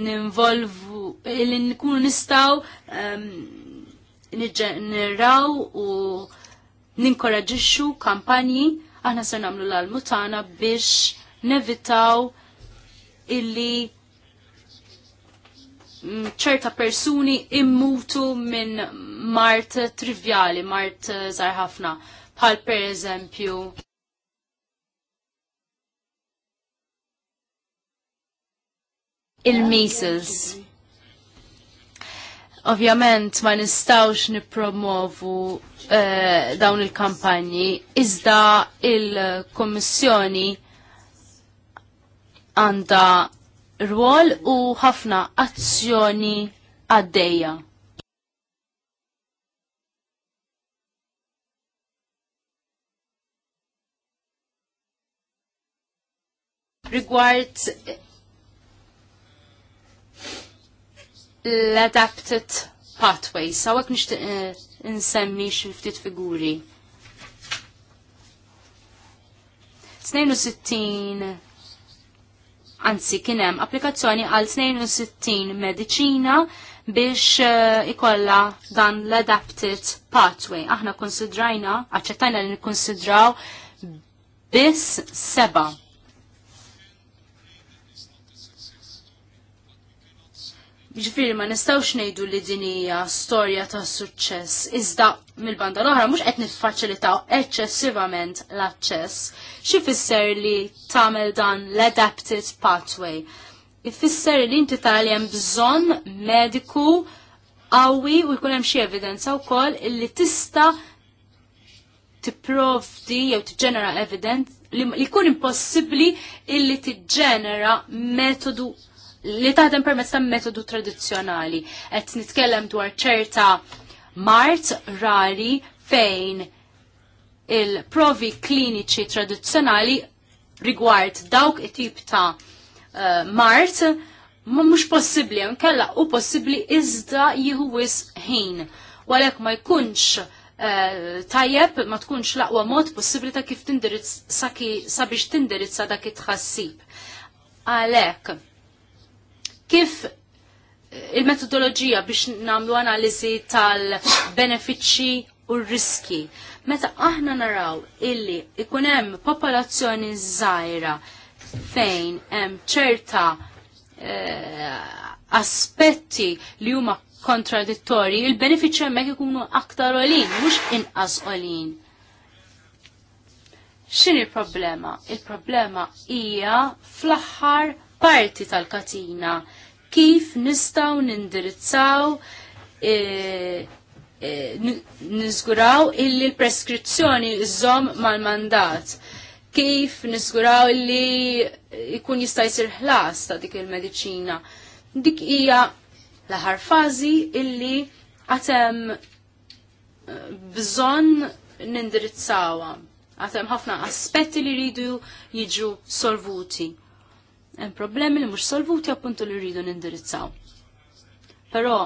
ninvolvu illi nkunu nistaw ehm, nirraw u ninkoraġixxu kampanji aħna ser nagħmlu l-almutana biex nevitaw illi Mm, ċerta persuni immutu minn mart trivjali, mart zarħafna, eh, bħal per eżempju. il mises Ovvjament ma nistawx nipromovu eh, dawn il-kampanji, iżda il-Kommissjoni għanda rwol u ħafna azzjoni għaddejja. Rigward l-adapted pathways, sawak nishtiq insemmi eh, xiftit figuri. 62 anzi kien hemm applikazzjoni għal 62 mediċina biex eh, ikolla dan l-adapted pathway. Aħna konsidrajna, aċċettajna li nikkonsidraw biss seba' Ġifiri ma nistawx nejdu li dinija storja ta' suċċess, iżda mill-banda l-oħra mhux qed niffaċilitaw eċċessivament l-aċċess. X'ifisser li tagħmel dan l-adapted pathway? Ifisser li inti tagħli hemm bżonn mediku qawwi u jkun hemm xi evidenza wkoll illi tista' tipprovdi jew tiġġenera evidenza li jkun impossibbli illi tiġġenera metodu li taħdem permezz ta' metodu tradizzjonali. Qed nitkellem dwar ċerta mart rari fejn il-provi kliniċi tradizzjonali rigward dawk it-tip ta' uh, mart ma mhux possibbli kella u possibbli iżda jieħu wis ħin. Walek ma jkunx uh, tajjeb ma tkunx laqwa mod possibbli ta' kif tindirizza sabiex tindirizza dak it-tħassib. Għalhekk kif il-metodoloġija biex namlu analizi tal-benefiċċji u r-riski. Meta aħna naraw illi ikun hemm popolazzjoni zaħira fejn hemm ċerta eh, aspetti li huma kontradittorji, il-benefiċċji hemmhekk ikunu aktar olin, mhux inqas olin. X'in il-problema? Il-problema hija fl-aħħar parti tal-katina. Kif nistaw nindirizzaw e, e, nizguraw illi l-preskrizzjoni iżom mal-mandat. Kif nizguraw illi ikun jista' jsir ħlas ta' dik il-mediċina. Dik hija l-aħar fażi illi għatem e, bżon nindirizzawa. Għatem ħafna aspetti li ridu jiġu solvuti hemm problemi li mhux solvuti appuntu li rridu nindirizzaw. Però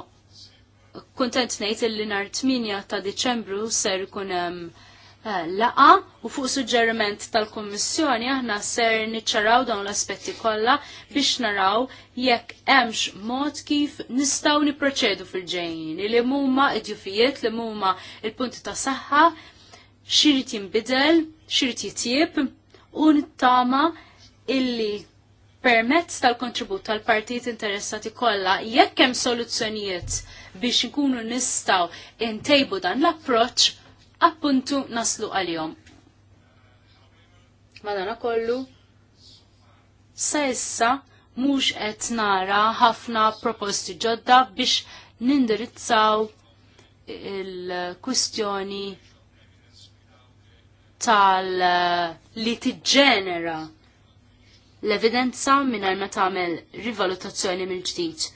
kuntent ngħid li nhar 8 ta' Diċembru ser ikun hemm eh, laqa u fuq suġġeriment tal-Kommissjoni aħna ser niċċaraw dawn l-aspetti kollha biex naraw jekk hemmx mod kif nistgħu niproċedu fil-ġejjin li huma id-jufijiet li huma il-punti ta' saħħa xirid jinbidel, xirid jitjieb u nittama illi permezz tal-kontribut tal-partijiet interessati kollha jekk hemm soluzzjonijiet biex nkunu nistgħu intejbu dan l-approċċ appuntu naslu għalihom. Madana kollu sa issa mhux qed nara ħafna proposti ġodda biex nindirizzaw il-kwistjoni tal li tiġġenera l-evidenza mingħajr ma tagħmel rivalutazzjoni mill-ġdid.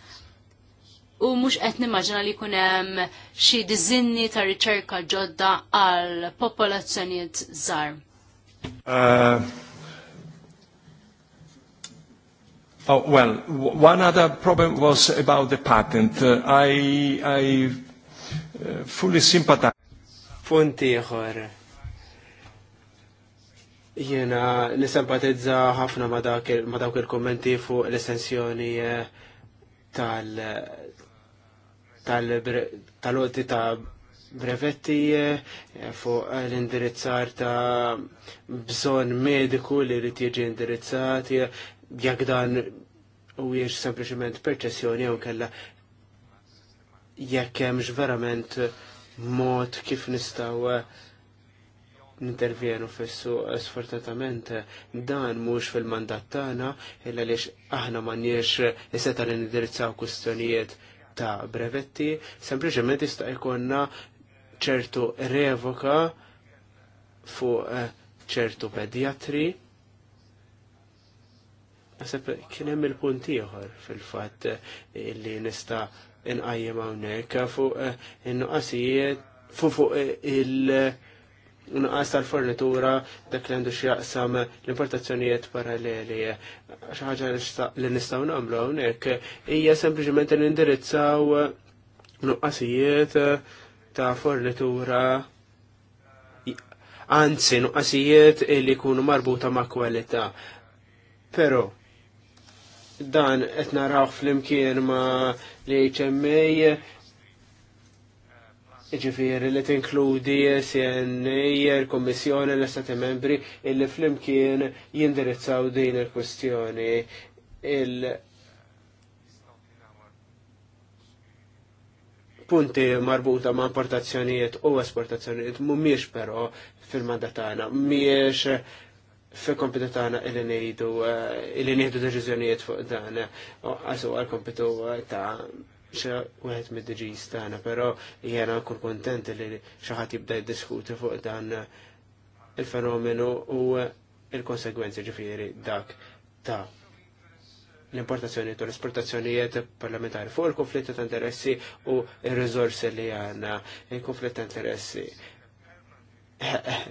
U mhux qed nimmaġina li jkun hemm xi diżinni ta' riċerka ġodda għal popolazzjonijiet żgħar. Uh, oh, well, one other problem was about the patent. Uh, I, I uh, fully sympathize. Punti ieħor Jena nisempatizza ħafna ma dawk il-kommenti fuq l-estensjoni eh, tal tal-oti ta' brevetti eh, fuq l-indirizzar ta' bżon mediku li rrit jiġi indirizzati, jekk dan u jiex sempliciment perċessjoni jew kella jekk hemmx verament mod kif nistgħu eh, nintervjenu fissu sfortatament dan mhux fil-mandat tana illa lix aħna m'għandniex is-seta li nindirizzaw kwistjonijiet ta' brevetti, sempliċement jista' jkollna ċertu revoka fuq eh, ċertu pedjatri. Għasab kien hemm il-punt ieħor fil-fatt eh, li nista' inqajjem hawnhekk fuq eh, in-nuqqasijiet fuq fuq il- nuqqas tal-fornitura dak li għandu xjaqsam l-importazzjonijiet paralleli. ħaġa li nistgħu nagħmlu hawnhekk hija sempliċement l indirizzaw nuqqasijiet ta' fornitura anzi nuqqasijiet li jkunu marbuta ma' kwalità. Però dan qed fl flimkien ma' li HMA Ġifiri li tinkludi CNA, il-Kommissjoni, l-Estati membri, illi flimkien jindirizzaw din il-kwestjoni. Il punti marbuta ma' importazzjonijiet u esportazzjonijiet mumiex però fil-mandatana, mumiex fil kompetitana il nejdu eh, il-nejdu deċizjonijiet fuq dan, għasu għal kompetu ta' xa wieħed mid dġi tagħna, però jiena kur kontent li xi ħadd jibda jiddiskuti fuq dan il-fenomenu u il-konsegwenzi ġifieri dak ta' l-importazzjoni u l-esportazzjonijiet parlamentari fuq il-konflitt ta' interessi u il-rizorsi li għanna, il-konflitt ta' interessi.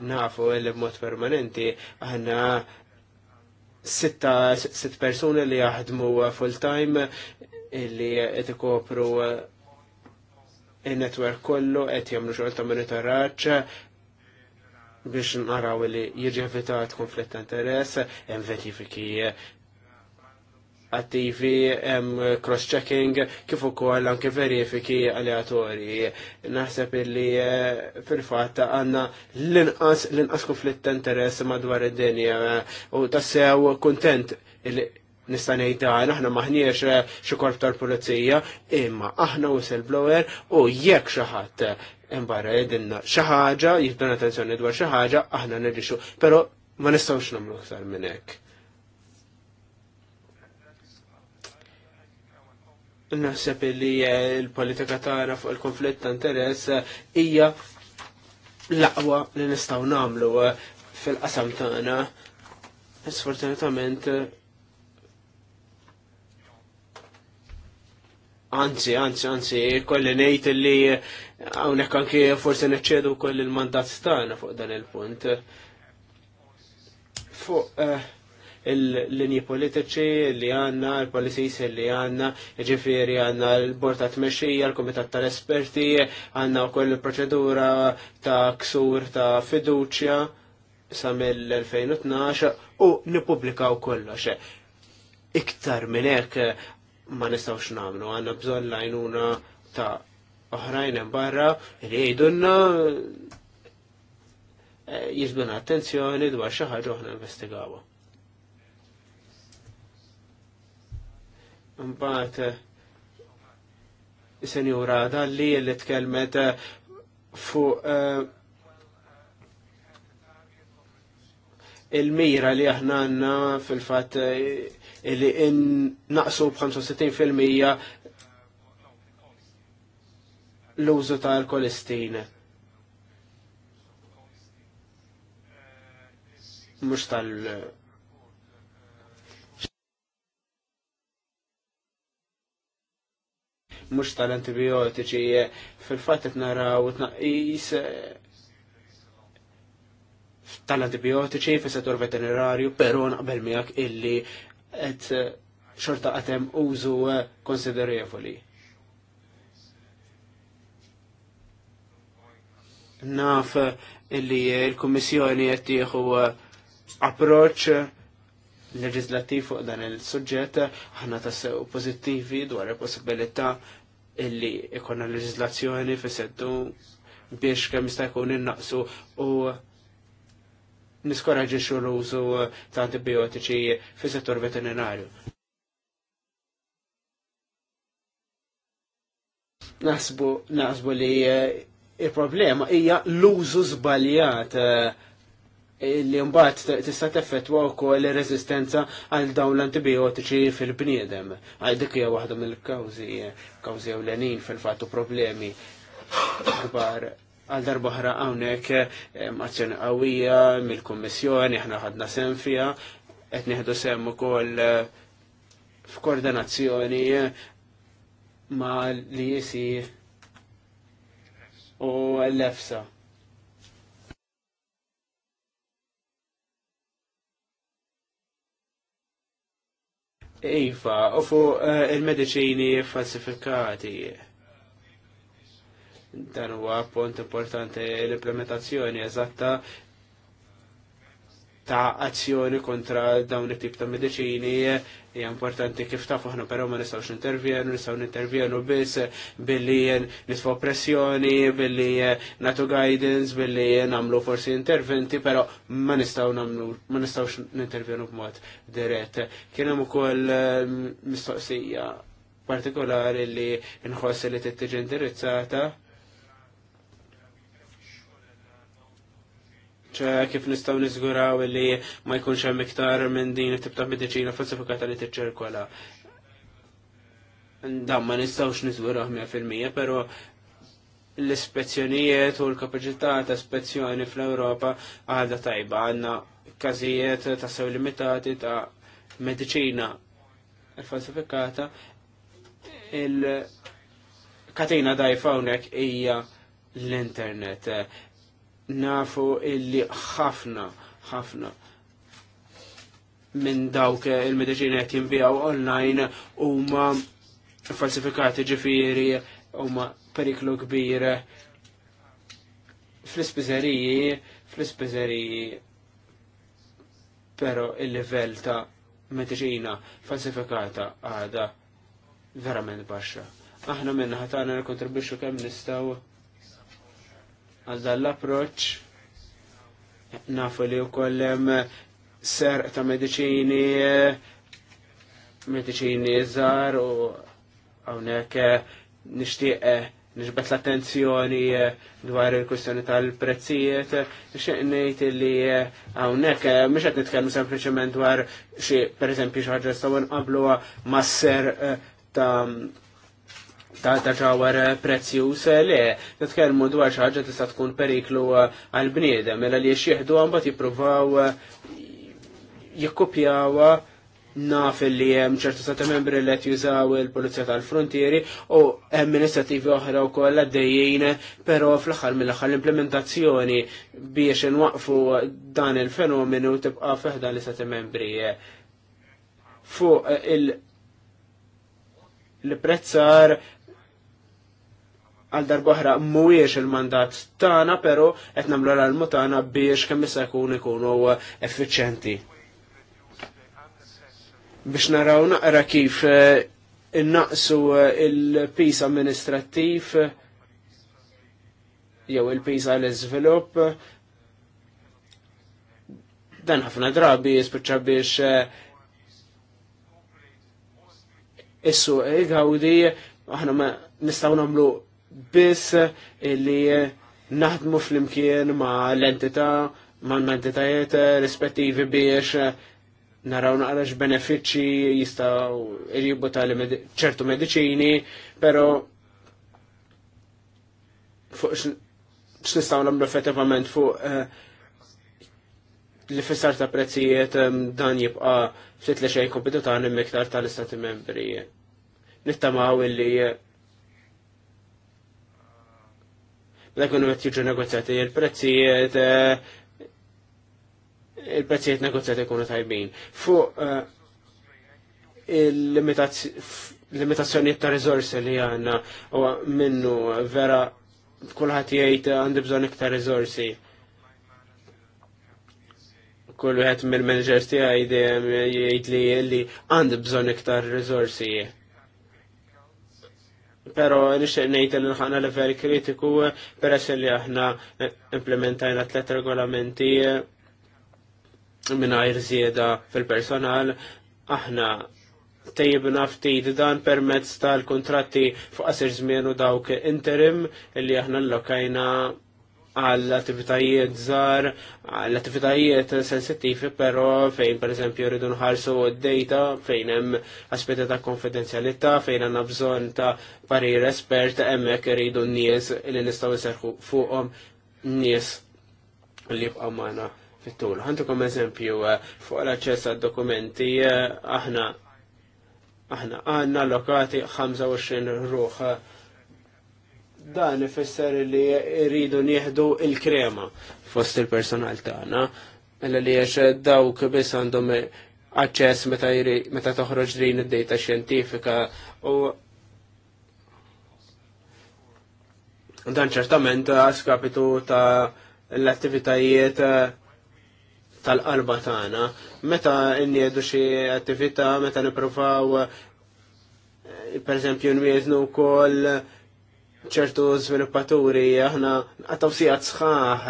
Nafu il mod permanenti għanna sitta, sitt persuni li jaħdmu full-time illi qed ikopru eh, il-netwerk kollu qed jagħmlu xogħol ta' monitoraġġ biex naraw li jiġi evitat konflitt ta' interess, hemm verifiki attivi, hemm cross-checking, kif ukoll anke verifiki aleatorji. Naħseb illi eh, fil-fatt għandna l-inqas l-inqas konflitt ta' interess madwar id-dinja eh, u tassew kuntent nista' ngħid aħna maħniex eh, xi korp tal-pulizija, imma aħna whistleblower u jekk xi ħadd imbarra eh, jedinna xi ħaġa, jibdan attenzjoni dwar xi ħaġa, aħna nirrixu, però ma nistgħux nagħmlu aktar minn hekk. Naħseb li eh, l-politika tara fuq il-konflitt ta' interess hija l-aqwa li nistgħu nagħmlu fil-qasam tagħna. Sfortunatament Anzi, anzi, anzi, kolli nejt li għawnek anki forse neċedu kolli il-mandat stana fuq dan il-punt. Fuq eh, il-linji politiċi li għanna, il-policies li għanna, ġifiri għanna l-bord ta' tmexxija, l-komitat tal-esperti, għanna u koll il-proċedura ta' ksur ta' fiduċja sa' mill-2012 u nipublikaw kollox iktar minn hekk ma nistawx namlu, għanna bżon lajnuna ta' oħrajn barra li jgħidunna eh, jizbuna attenzjoni dwar xi ħaġa oħna investigawha. Mbagħad eh, senjura dalli li tkellmet eh, fuq il-mira li aħna għandna fil-fatt li naqsu b'65% l-użu ta' alkolistin. Mux tal mux tal-antibiotiċi fil-fat qed naraw tnaqqis eh, tal-antibiotiċi fis settur veterinarju, però naqbel miegħek illi et eh, xorta għatem użu eh, konsiderevoli. Naf eh, illi il-Kommissjoni qed tieħu approċ leġislattiv fuq dan il-suġġett, aħna tassew pożittivi dwar il-possibilità illi ikonna leġislazzjoni fis biex kemm jista' jkun innaqsu u niskoraġiċu l-użu eh, ta' antibiotiċi fi settur veterinarju. Nasbu, nasbu li eh, il-problema hija l-użu zbaljat eh, li mbagħad tista' teffettwa wkoll ir-reżistenza għal dawn l-antibiotiċi fil-bniedem. Għal dik hija waħda mill-kawżi kawżi ewlenin fil-fatt u problemi kbar għal darboħra għawnek maċċen għawija mill-kommissjoni, ħna ħadna sem fija, qed nieħdu sem ukoll eh, f'koordinazzjoni ma li jisi u l lefsa Iva, u fuq eh, il-medicini falsifikati dan huwa punt importanti l-implementazzjoni eżatta ta' azzjoni kontra dawn it-tip ta' mediċini hija importanti kif taf aħna però ma nistgħux intervjenu, nistgħu nintervjenu biss billi nisfgħu pressjoni, billi nagħtu guidance, billi nagħmlu forsi interventi, però ma nistgħu nagħmlu ma nistgħux nintervjenu b'mod dirett. Kien hemm ukoll ehm, mistoqsija partikolari li nħoss li tittiġi indirizzata kif nistgħu niżguraw li ma jkunx hemm iktar minn din it-tip ta' mediċina falsifikata li tiċċirkola. Dan ma nistgħux niżguraw 100%, però l-ispezzjonijiet u l kapaċità ta' spezzjoni fl-Ewropa għadha tajba għandna każijiet ta' sew limitati ta' mediċina falsifikata il-katina dajfa hawnhekk hija l-internet nafu illi ħafna, ħafna minn dawk il-medicina qed jinbijaw online huma falsifikati ġifieri huma periklu kbir fl-ispiżeriji, fl-ispiżeriji pero il-livell ta' mediċina falsifikata għada verament baxxa. Aħna minna ħatana l-kontribuxu kemm nistgħu għal l-approċ nafu li u kollem ser ta' medicini medicini zar u għawnek eh, nishtiq eh, nixbet l-attenzjoni eh, dwar il-kustjoni tal-prezzijiet, nishtiq ngħid li hawnhekk mhux qed nitkellmu sempliċement dwar xi per xi ħaġa nistgħu nqabluha ma' ser ta' ta' ġawar eh, prezzjuż eh, le, nitkellmu dwar xi ħaġa tista' tkun periklu eh, għal bniedem, mela li xieħdu bat jippruvaw jikkupjawa naf li hemm ċertu stati membri li qed jużaw il-Pulizija tal-Frontieri u hemm inizjattivi oħra wkoll għaddejjin, però fl-aħħar mill-aħħar l-implementazzjoni biex inwaqfu dan il-fenomenu tibqa' feħda li istati membri fuq il- prezzar għal darbohra mhuwiex il-mandat tagħna, però qed nagħmlu l-almu tagħna biex kemm issa jkun ikunu effiċjenti. Biex naraw naqra kif eh, innaqsu eh, il-pis amministrattiv jew il-pis għal iżvilupp dan ħafna drabi jispiċċa biex eh, issu għawdi aħna ma nistaw namlu biss li naħdmu fl-imkien ma l entita ma l-entitajiet rispettivi biex naraw naqrax benefiċċji jistaw irjibu tal ċertu medicini, pero fuq x'nistgħu nagħmlu effettivament fuq eh, li fissar ta' prezzijiet eh, dan jibqa' ftit li xejn kompetu tagħna miktar tal-istati membri. Nittamaw illi eh, l-ekonu qed jiġu negozjati, il-prezzijiet eh, il-prezzijiet negozjati kunu tajbin. Fuq eh, il-limitazzjoniet ta' rizorsi li għanna u minnu vera kullħat jgħid għandi bżon iktar rizorsi. Kull wieħed mill-managers tiegħi jgħid li għandi bżon iktar rizorsi. Pero nixtieq ngħid li nħana level kritiku peress li aħna implementajna tliet regolamenti mingħajr żieda fil-personal aħna tejjibna ftit dan permezz tal-kontratti fuq qasir żmien u dawk interim illi aħna llokajna għall-attivitajiet zar, għall-attivitajiet sensitivi però fejn pereżempju rridu nħarsu d-data, fejn hemm aspetti ta' konfidenzjalità, fejn għandna bżonn ta' parir espert, hemmhekk iridu n-nies li nistgħu nserħu fuqhom nies li jibqa' magħna fit-tul. Ħantukom eżempju eh, fuq l-aċċess għad-dokumenti eh, aħna aħna għandna allokati 25 ruħ eh, Dan ifisser li rridu nieħdu il-krema fost il-personal tagħna, Mela li għax dawk biss għandhom aċċess meta toħroġ din id-data xjentifika u dan ċertament għaskapitu ta' l-attivitajiet eh, tal-qalba tagħna. Meta nniedu xi attività, meta nippruvaw eh, per nwieżnu nwieznu wkoll ċertu sviluppaturi aħna għataw sijat sħaħ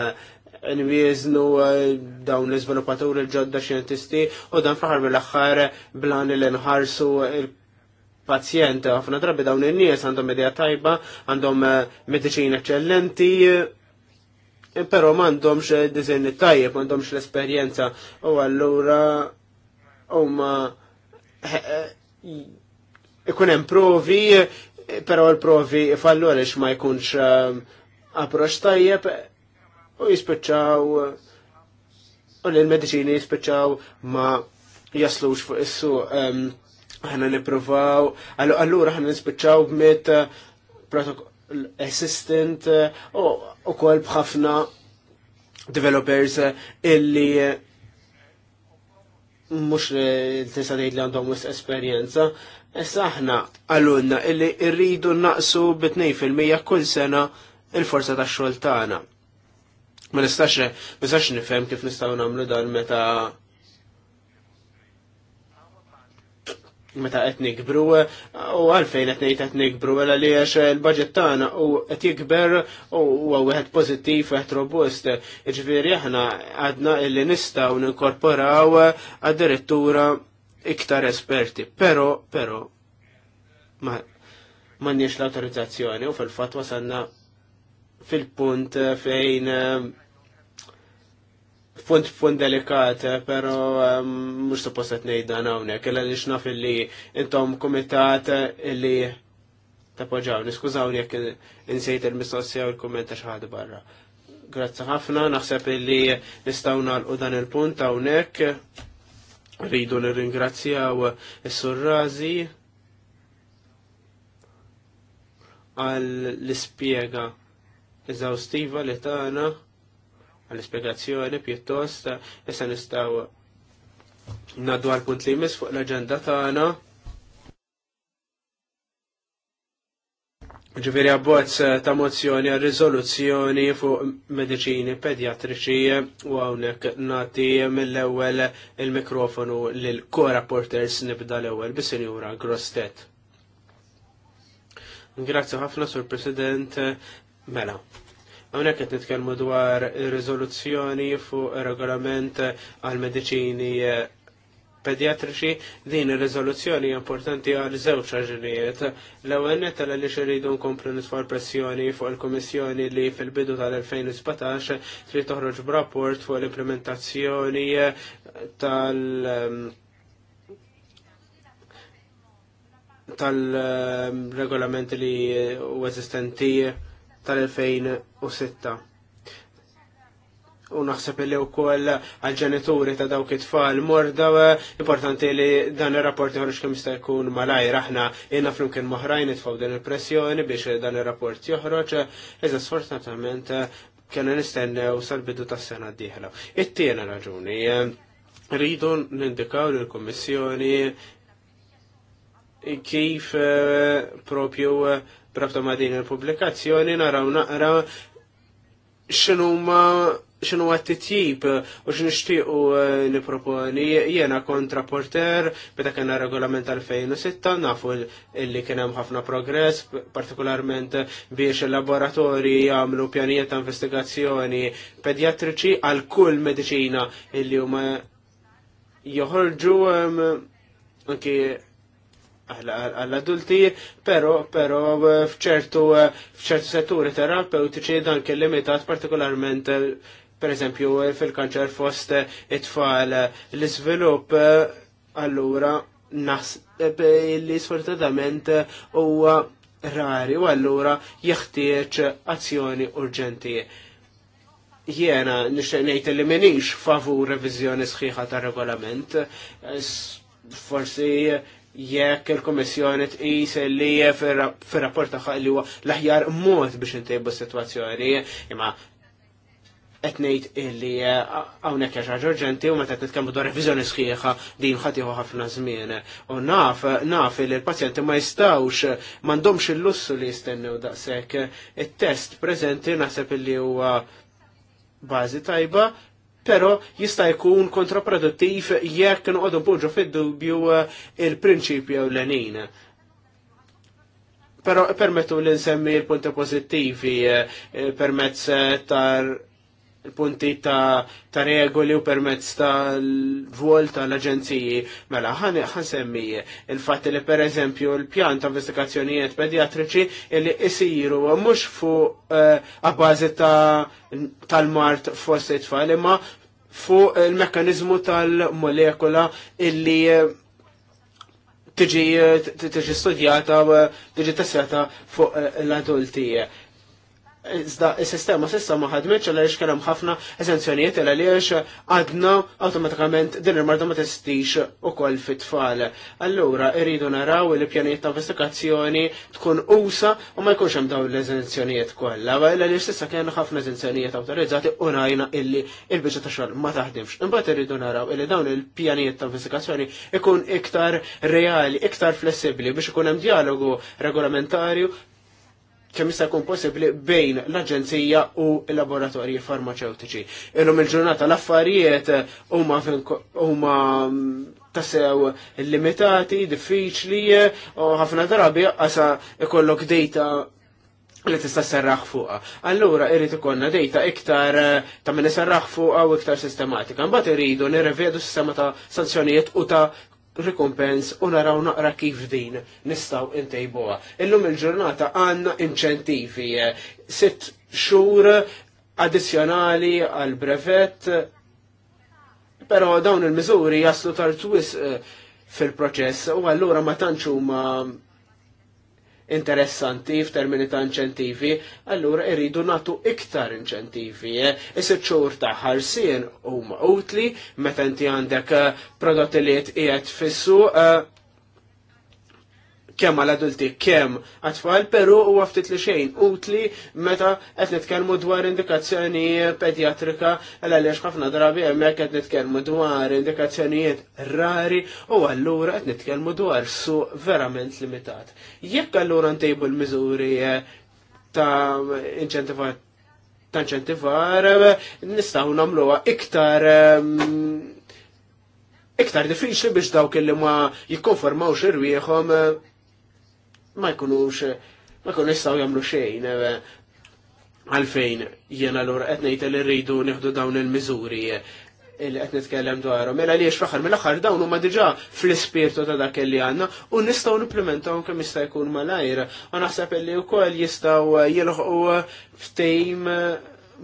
nwieznu eh, dawn l sviluppaturi l-ġodda xjentisti u dan fl-ħar mill-axħar blan l-inħarsu il-pazjent. Għafna drabi dawn il-nies għandhom medja tajba, għandhom eh, medicin eccellenti, pero mandomx dizinni tajjeb, mandomx l-esperienza u għallura u ma eh, ikun hemm provi pero l-provi fallu għalix ma jkunx ehm, approċ tajjeb u jispiċċaw u l-medicini jispiċċaw ma jaslux fuq issu ehm, ħana niprovaw, allura ħana nispiċċaw b'miet eh, assistant eh, u kol bħafna developers eh, illi mux tista' tgħid li għandhom esperjenza, Issa aħna għallunna illi irridu naqsu b 2 kull sena il-forza ta' xogħol tagħna. Ma nistax ma nifhem kif nistgħu nagħmlu dan meta meta qed nikbru u għalfejn qed ngħid qed nikbru għal mela għaliex il-budget tagħna u qed jikber u huwa wieħed pożittiv wieħed robust. Jiġifieri aħna għadna illi nistgħu ninkorporaw għad-direttura iktar esperti, pero, pero, ma, ma nix l-autorizzazzjoni u fil-fat wasanna fil-punt fejn eh, punt punt delikat, eh, pero eh, mux supposet nejda nawne, kella nix naf illi intom komitat illi tapoġaw, niskużawni jek insejt il-mistoqsija u l-kommenta xaħad barra. Grazzi ħafna, naħseb illi nistawna l dan il-punt għawnek. Rridu nirringrazzjaw is-surrazi għal l-ispiega eżawstiva li tagħna għal ispjegazzjoni pjuttost issa nistgħu nadwar punt li jmiss fuq l-aġenda tagħna. ġifiri abbozz eh, ta' mozzjoni għal rizoluzzjoni fuq medicini pediatriċi u għawnek nati mill-ewel il-mikrofonu l-Kora Porters nibda l-ewel bis-Senjura Grostet. Grazie ħafna sur President Mela. Għawnek għet nitkelmu dwar rizoluzzjoni fuq regolament għal medicini eh, pediatriċi din ir-riżoluzzjoni importanti għal żewġ raġunijiet. L-ewwel net li xiridu nkomplu nitfal pressjoni fuq il-Kummissjoni li fil-bidu tal-2017 trid toħroġ b'rapport fuq l-implementazzjoni tal- um, tal-regolamenti um, li u eżistenti tal-2006 u naħseb li wkoll għal-ġenituri ta' dawk it-tfal morda eh, importanti li dan ir-rapport joħroġ kemm jista' jkun malajra aħna jiena flimkien moħrajn itfgħu din il-pressjoni biex dan ir-rapport joħroġ iżda sfortunatament eh, kienu nistennew sal-bidu tas-sena d-dieħla. It-tiena raġuni eh, rridu nindikaw lill-Kummissjoni kif propju brabta ma' din il-pubblikazzjoni naraw naqra x'inhuma xinu għat-titjib u x'nixtiequ eh, niproponi jena kontraporter meta kena regolament tal-2006 nafu illi kien hemm ħafna progress, partikolarment biex il-laboratori jagħmlu pjanijiet ta' investigazzjoni pedjatriċi għal kull medicina illi huma joħorġu anki għall-adulti, pero, pero fċertu, fċertu setturi terapeutiċi dan kien limitat partikolarment per eżempju fil-kanċer fost it-tfal l-izvilup allura nas li sfortunatament huwa rari u allura jeħtieġ azzjoni urġenti. Jiena nixtieq ngħid li m'iniex favur reviżjoni sħiħa tar-regolament. Forsi jekk il-Komissjoni tqis li fir-rapport tagħha li huwa l-aħjar mod biex intejbu s-sitwazzjoni, imma etnejt illi għawnek eh, jaxħaġ urġenti u meta t-nitkambu dwar revizjoni sħiħa din ħatiħu ħafna żmien. U naf, naf illi l-pazjenti ma jistawx, mandomx il-lussu li jistennew daqsek. Il-test prezenti naħseb illi huwa bazi tajba, pero jista' jkun kontraproduttiv jekk nqogħdu npoġġu fid-dubju eh, il-prinċipju l-lenin. Però permettu li nsemmi l-punti pozittivi eh, permezz tar punti ta', ta regoli u permezz ta' l-vol ta' l-aġenziji. Mela, semmi il fatti li per eżempju l-pjan ta' investigazzjonijiet pediatriċi li jisiru mux fu għabbażi eh, uh, tal-mart ta fost it-tfal imma fu il-mekanizmu tal-molekula illi eh, tiġi tiġi studjata, eh, tiġi tessjata fuq l-adulti. Iżda il-sistema sissa ma ħadmitx għaliex kien hemm ħafna eżenzjonijiet għal għaliex għadna awtomatikament din il-marda ma testix ukoll fit-tfal. Allura irridu naraw li pjanijiet ta' investigazzjoni tkun usa u ma jkunx hemm dawn l-eżenzjonijiet kollha. Għaliex sissa kien ħafna eżenzjonijiet awtorizzati u ngħajna illi il-biġa ta' xogħol ma taħdimx. Imbagħad irridu naraw illi dawn il-pjanijiet ta' investigazzjoni ikun iktar reali, iktar flessibbli biex ikun hemm dialogu regolamentarju kemm jista' jkun possibbli bejn l-Aġenzija u l-laboratorji farmaceutiċi. Illum il-ġurnata l-affarijiet huma huma mm, tassew limitati, diffiċli, u ħafna drabi għasa ikollok data li tista' serraħ fuqha. Allura irrid ikollna dejta iktar eh, ta' minn serraħ fuqha u iktar sistematika. Mbagħad iridu nirrevedu s-sistema ta' sanzjonijiet u ta' rikompens u naraw naqra kif din nistaw intejbuha. Illum il-ġurnata għanna inċentivi, eh, sitt xhur addizzjonali għal brevet, però dawn il-miżuri jaslu tartwis eh, fil-proċess u allura ma tantx huma interessanti f'termini ta' inċentivi, allura irridu natu iktar inċentivi. Eh? Isir ċur ta' ħarsien u utli meta inti għandek eh, prodotti li jgħet fissu uh, kemm għal adulti kemm għatfall, pero huwa ftit li xejn utli meta qed nitkellmu dwar indikazzjoni pedjatrika għal għaliex ħafna drabi hemmhekk qed nitkellmu dwar indikazzjonijiet rari u allura qed nitkellmu dwar su verament limitat. Jekk allura ntejbu l-miżuri eh, ta' inċentivar ta' inċentivar eh, nistaw namluwa iktar eh, iktar diffiċli biex dawk li ma jikkonformawx irwieħhom ma jkunux ma jkun jistgħu jagħmlu xejn eh, għalfejn jiena l qed ngħid li rridu nieħdu dawn il-miżuri eh, li qed nitkellem dwarhom. Mela għaliex fl-aħħar mill-aħħar dawn huma diġà fl-ispirtu ta' dak li għandna u nistgħu nipplementaw kemm jista' jkun malajr. U naħseb li wkoll jistgħu eh, jilħqu ftejm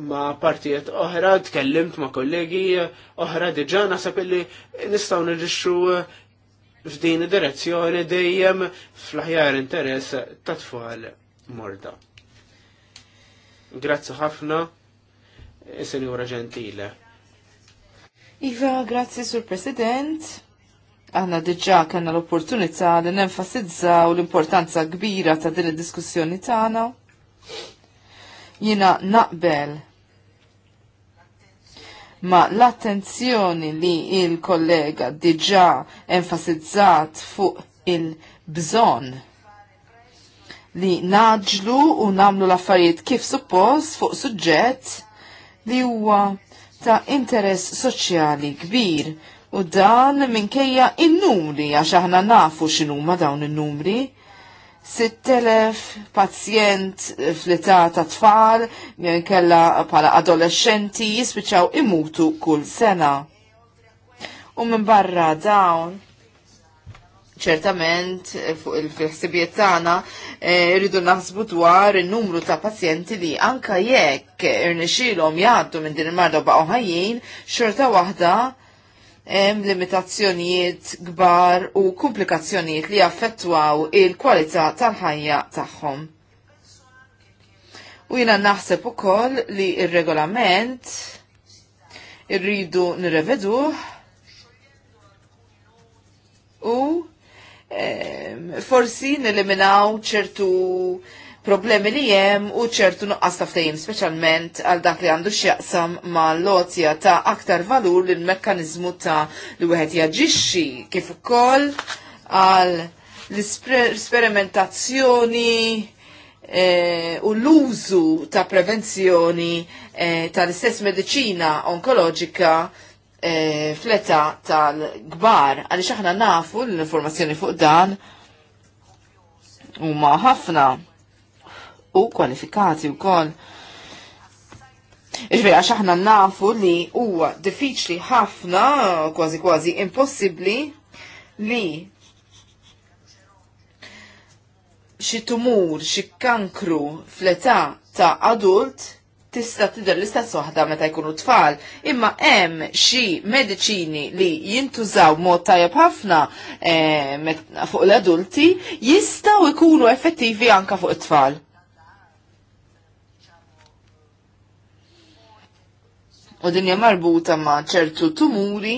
ma' partijiet oħra, tkellimt ma' kollegi oħra diġà naħseb li nistgħu nirixxu f'din id-direzzjoni dejjem fl-aħjar interess ta' tfal morda. Grazzi ħafna, Signora Gentile. Iva, grazzi Sur President. Għanna diġa kanna l-opportunità li nenfasizzaw l-importanza kbira ta' din id-diskussjoni tagħna. Jiena naqbel ma l-attenzjoni li il-kollega diġa enfasizzat fuq il-bżon li naġlu u namlu l-affarijiet kif suppost fuq suġġett li huwa ta' interess soċjali kbir u dan minkejja in-numri għax aħna nafu x'inhuma dawn in-numri. 6.000 pazjent fl-età ta' tfal, kella pala adolescenti jisbiċaw imutu kull sena. U minn barra dawn, ċertament fuq il-ħsibiet tagħna eh, rridu naħsbu dwar in-numru ta' pazjenti li anka jekk irnexxielhom jgħaddu minn din il-marda baqgħu ħajjin, xorta waħda hemm limitazzjonijiet kbar u komplikazzjonijiet li jaffettwaw il-kwalità tal-ħajja tagħhom. U jina naħseb ukoll li ir-regolament irridu nirrevedu u forsi neliminaw ċertu problemi li jem u ċertu nuqqas taftajim, specialment għal dak li għandu xjaqsam ma lozja ta' aktar valur l-mekkanizmu ta' li wieħed jaġixxi kif ukoll għal l-sperimentazzjoni e, u l-użu ta' prevenzjoni e, tal-istess medicina onkoloġika E, fleta tal-gbar, għalli xaħna nafu l-informazzjoni fuq dan u ħafna u kwalifikati u kol. Iġveri, għax aħna nafu li huwa diffiċli ħafna, kważi kważi impossibli, li xi tumur, xi kankru fl-età ta' adult tista' tidher l-istess waħda meta jkunu tfal, imma hemm xi mediċini li jintużaw mod tajjeb ħafna eh, fuq l-adulti jistgħu jkunu effettivi anka fuq it-tfal. u dinja marbuta ma' ċertu tumuri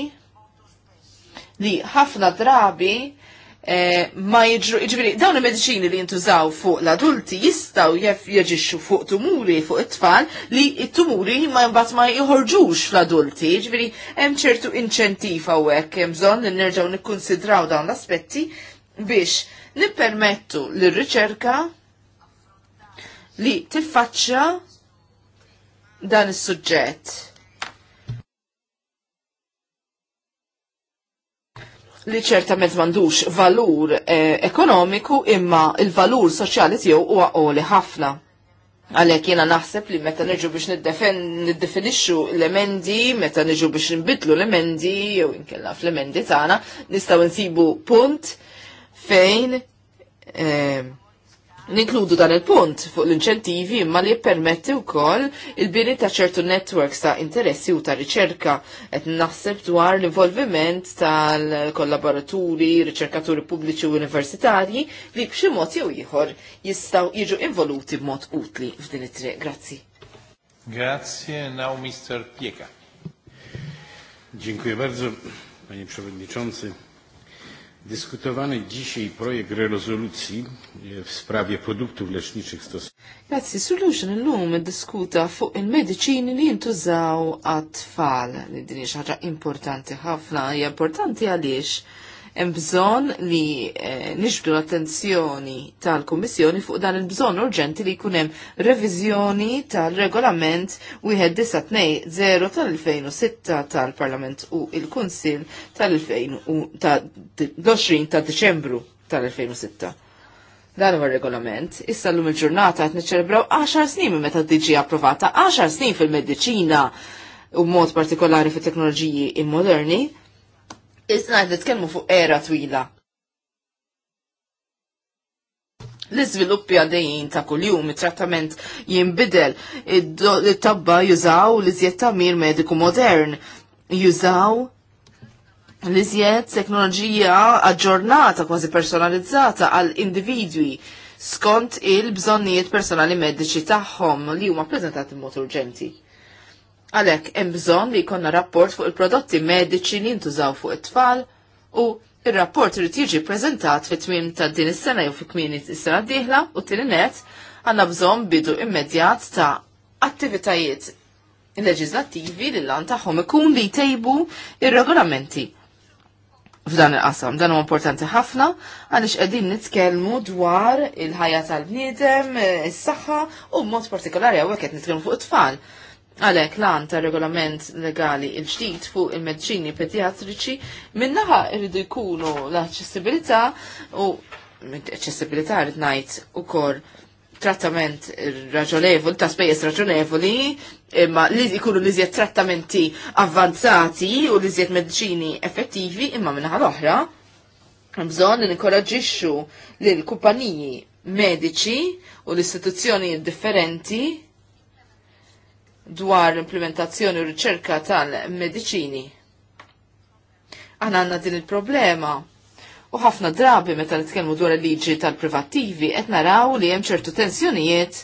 li ħafna drabi eh, ma jiġru, iġbiri, dawn il-medicini li jintużaw fuq l-adulti jistaw jieġiċu fuq tumuri, fuq it-tfal, li it-tumuri ma jimbat ma jħorġux fl-adulti, iġbiri, hemm ċertu inċentif għawek, hemm bżon li nerġaw nikkonsidraw dawn l-aspetti biex nippermettu l-riċerka li tiffaċċja dan is-suġġett li ċertament mandux valur eh, ekonomiku imma il-valur soċjali tiegħu huwa qoli ħafna. Għalhekk jiena naħseb li meta niġu biex niddefinixxu l-emendi, meta niġu biex nbidlu l-emendi jew inkella fl-emendi tagħna, nistgħu nsibu punt fejn eh, Ninkludu dan il-punt fuq l-inċentivi imma li permetti wkoll il-bini ta' ċertu networks ta' interessi u ta' riċerka qed naħseb dwar l-involviment tal-kollaboraturi, riċerkaturi pubbliċi u universitarji li b'xi mod jew ieħor jistgħu jiġu involuti b'mod utli f'din it-triq. Grazzi. Grazie, now Mr. Pieka. Dziękuję bardzo, panie przewodniczący. Dyskutowany dzisiaj projekt rezolucji e, w sprawie produktów leczniczych stosowanych. Grazie. solution l-lum diskuta fuq il-medicini li jintużaw għat-tfal. Din xaġa importanti ħafna, importanti għaliex hemm bżonn li eh, nixbdu l-attenzjoni tal-Kummissjoni fuq dan il-bżonn urġenti li jkun hemm reviżjoni tal-regolament wieħed 1920 tal-2006 tal-Parlament u il-Kunsill tal-2020 ta' Deċembru tal-2006 dan huwa regolament. Issa llum il-ġurnata qed niċċelebraw 10 snin minn meta diġi approvata, 10 snin fil-mediċina u mod partikolari fit teknoloġiji immoderni. Isnajt għed nitkellmu fuq era twila. L-iżviluppi għaddejjin ta' kuljum, it-trattament jinbidel, it-tabba jużaw l-iżjed mir mediku modern, jużaw l-iżjed teknoloġija aġġornata kważi personalizzata għal individwi skont il-bżonnijiet personali mediċi tagħhom li huma ppreżentati mod urġenti. Għalek, hemm bżonn li jkollna rapport fuq il-prodotti mediċi li jintużaw fuq it-tfal u ir-rapport irid jiġi preżentat fit tmiem ta' din is-sena jew fi kmieni is-sena d-dieħla u tilinet għandna bżonn bidu immedjat ta' attivitajiet leġislattivi li lan tagħhom ikun li jtejbu ir-regolamenti f'dan il-qasam. Dan huwa importanti ħafna għaliex qegħdin nitkellmu dwar il-ħajja tal-bniedem, is-saħħa u b'mod partikolari hawnhekk qed nitkellmu fuq it-tfal. Għalek lan ta' regolament legali il-ġdid fuq il-medċini pediatriċi minnaħa irridu jkunu l-aċċessibilità u aċċessibilità rrid ngħid ukoll trattament raġonevoli, ta' spejjeż raġonevoli, imma li jkunu li żjed trattamenti avvanzati u li żjed medċini effettivi imma minnaħa l-oħra. Bżon li nkoraġixxu lil kumpaniji mediċi u l-istituzzjoni differenti dwar l-implementazzjoni u riċerka tal-medicini. Aħna għanna din il-problema. U ħafna drabi meta nitkellmu dwar il-liġi tal-privattivi qed naraw li hemm ċertu tensjonijiet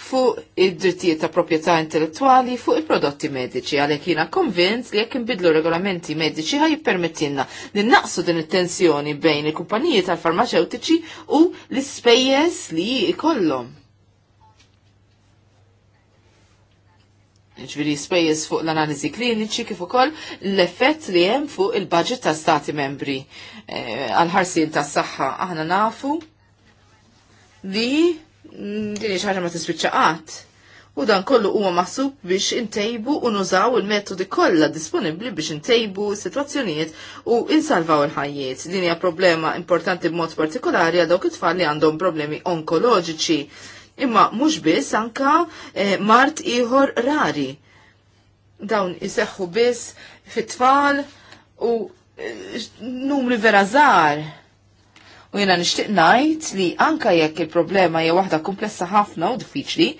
fuq id-drittijiet ta' proprjetà intellettwali fuq il-prodotti mediċi għalhekk jiena konvinz li jekk inbidlu regolamenti mediċi ħaj jippermettilna li naqsu din it-tensjoni bejn il-kumpaniji tal-farmaceutiċi u l-ispejjeż li jkollhom. ġviri spejjeż fuq l-analiżi kliniċi kif ukoll l-effett li hemm fuq il-budget ta' stati membri eh, għal ħarsien tas-saħħa aħna nafu li mm, din xi ħaġa ma tispiċċa qatt. U dan kollu huwa maħsub biex intejbu u nużaw il-metodi kollha disponibbli biex intejbu situazzjonijiet u insalvaw il-ħajjiet. Din hija problema importanti b'mod partikolari għal dawk it-tfal li għandhom problemi onkoloġiċi imma mhux biss anka eh, mart ieħor rari. Dawn iseħħu biss fit-tfal u eh, numri vera żgħar. U jena nishtiq najt li anka jekk il-problema hija waħda komplessa ħafna u diffiċli,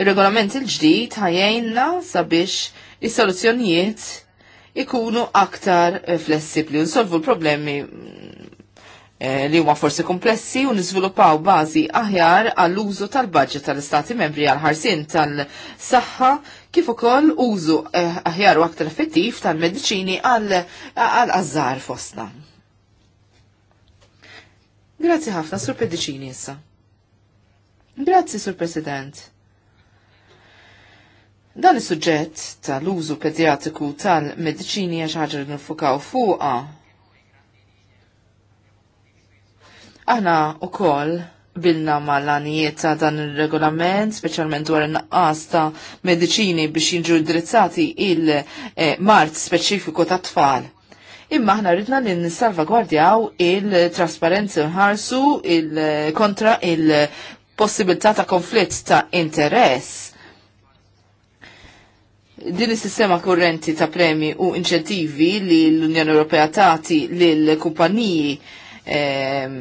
il-regolament il-ġdid ħajjajna sabiex is-soluzzjonijiet ikunu aktar eh, flessibli u nsolvu l-problemi Eh, li huma forsi komplessi u niżviluppaw bażi aħjar għall-użu tal-budget tal-Istati membri għal ħarsin tal-saħħa kif ukoll użu eh, aħjar u aktar effettiv tal-mediċini għall-azzar fostna. Grazzi ħafna, Sur Pedicini issa. Grazzi, Sur President. Dan is-suġġett tal-użu pediatriku tal-mediċini għax ħaġa nifukaw fuqa Aħna u koll bilna mal-għanijiet ta' dan il-regolament, specialment dwar il-naqqas ta' medicini biex jinġu indirizzati il-mart speċifiku ta' tfal. Imma aħna ridna li nissalvagwardjaw il-trasparenza nħarsu il-kontra il-possibilità ta' konflitt ta' interess din is-sistema kurrenti ta' premi u inċentivi li l-Unjoni Ewropea tagħti lil kumpaniji eh,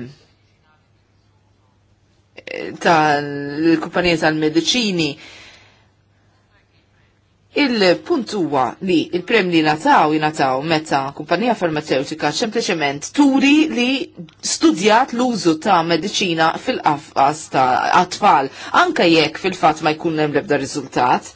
tal-kumpanija tal-medicini. Il-punt huwa li il-prem li nataw jinataw meta kumpanija farmaceutika ċempliċement turi li studjat l-użu ta' medicina fil-qafqas ta' atfal, anka jekk fil-fat ma jkun hemm l-ebda riżultat.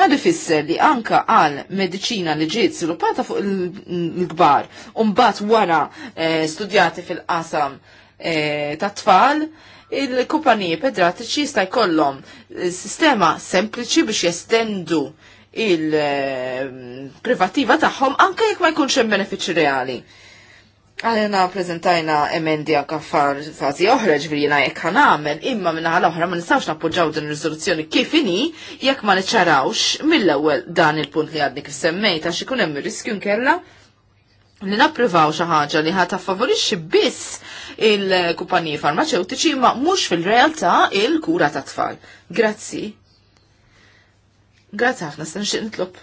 Għalli fisser li anka għal medicina li ġiet sviluppata fuq il-gbar, mbagħad wara eh, studjati fil-qasam eh, ta' tfal, il-kumpaniji pedratiċi jista' jkollhom eh, sistema sempliċi biex jestendu il-privativa tagħhom anke jekk ma jkunx hemm benefiċċji reali. Għalina prezentajna emendi għaffar fazi oħra ġvirina jek għamel, imma minna għal oħra ma nistawx nappoġġaw din il-rizoluzzjoni kifini jekk ma niċċarawx mill-ewel dan il-punt li għadni kif semmejt xikunem ikun hemm riskju nkella li napprivaw xi ħaġa li ħadd affavorixxi biss il-kumpaniji farmaceutiċi ma mhux fil-realtà il-kura ta' tfal. Grazzi. Grazzi ħafna se nixtieq nitlob.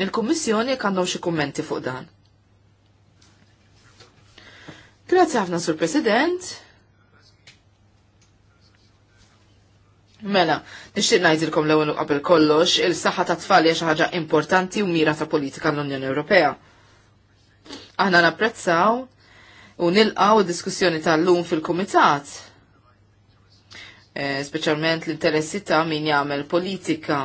Il-Kummissjoni jekk għandhom xi kummenti fuq dan. Grazzi ħafna Sur President. Mela, nixtieq ngħidilkom l-ewwel qabel kollox, il-saħħa tat-tfal hija xi ħaġa importanti u mira ta' politika l-Unjoni Ewropea Aħna napprezzaw u nilqaw diskussjoni tal-lum fil-Kumitat, eh, speċjalment l-interessi ta' min jagħmel politika.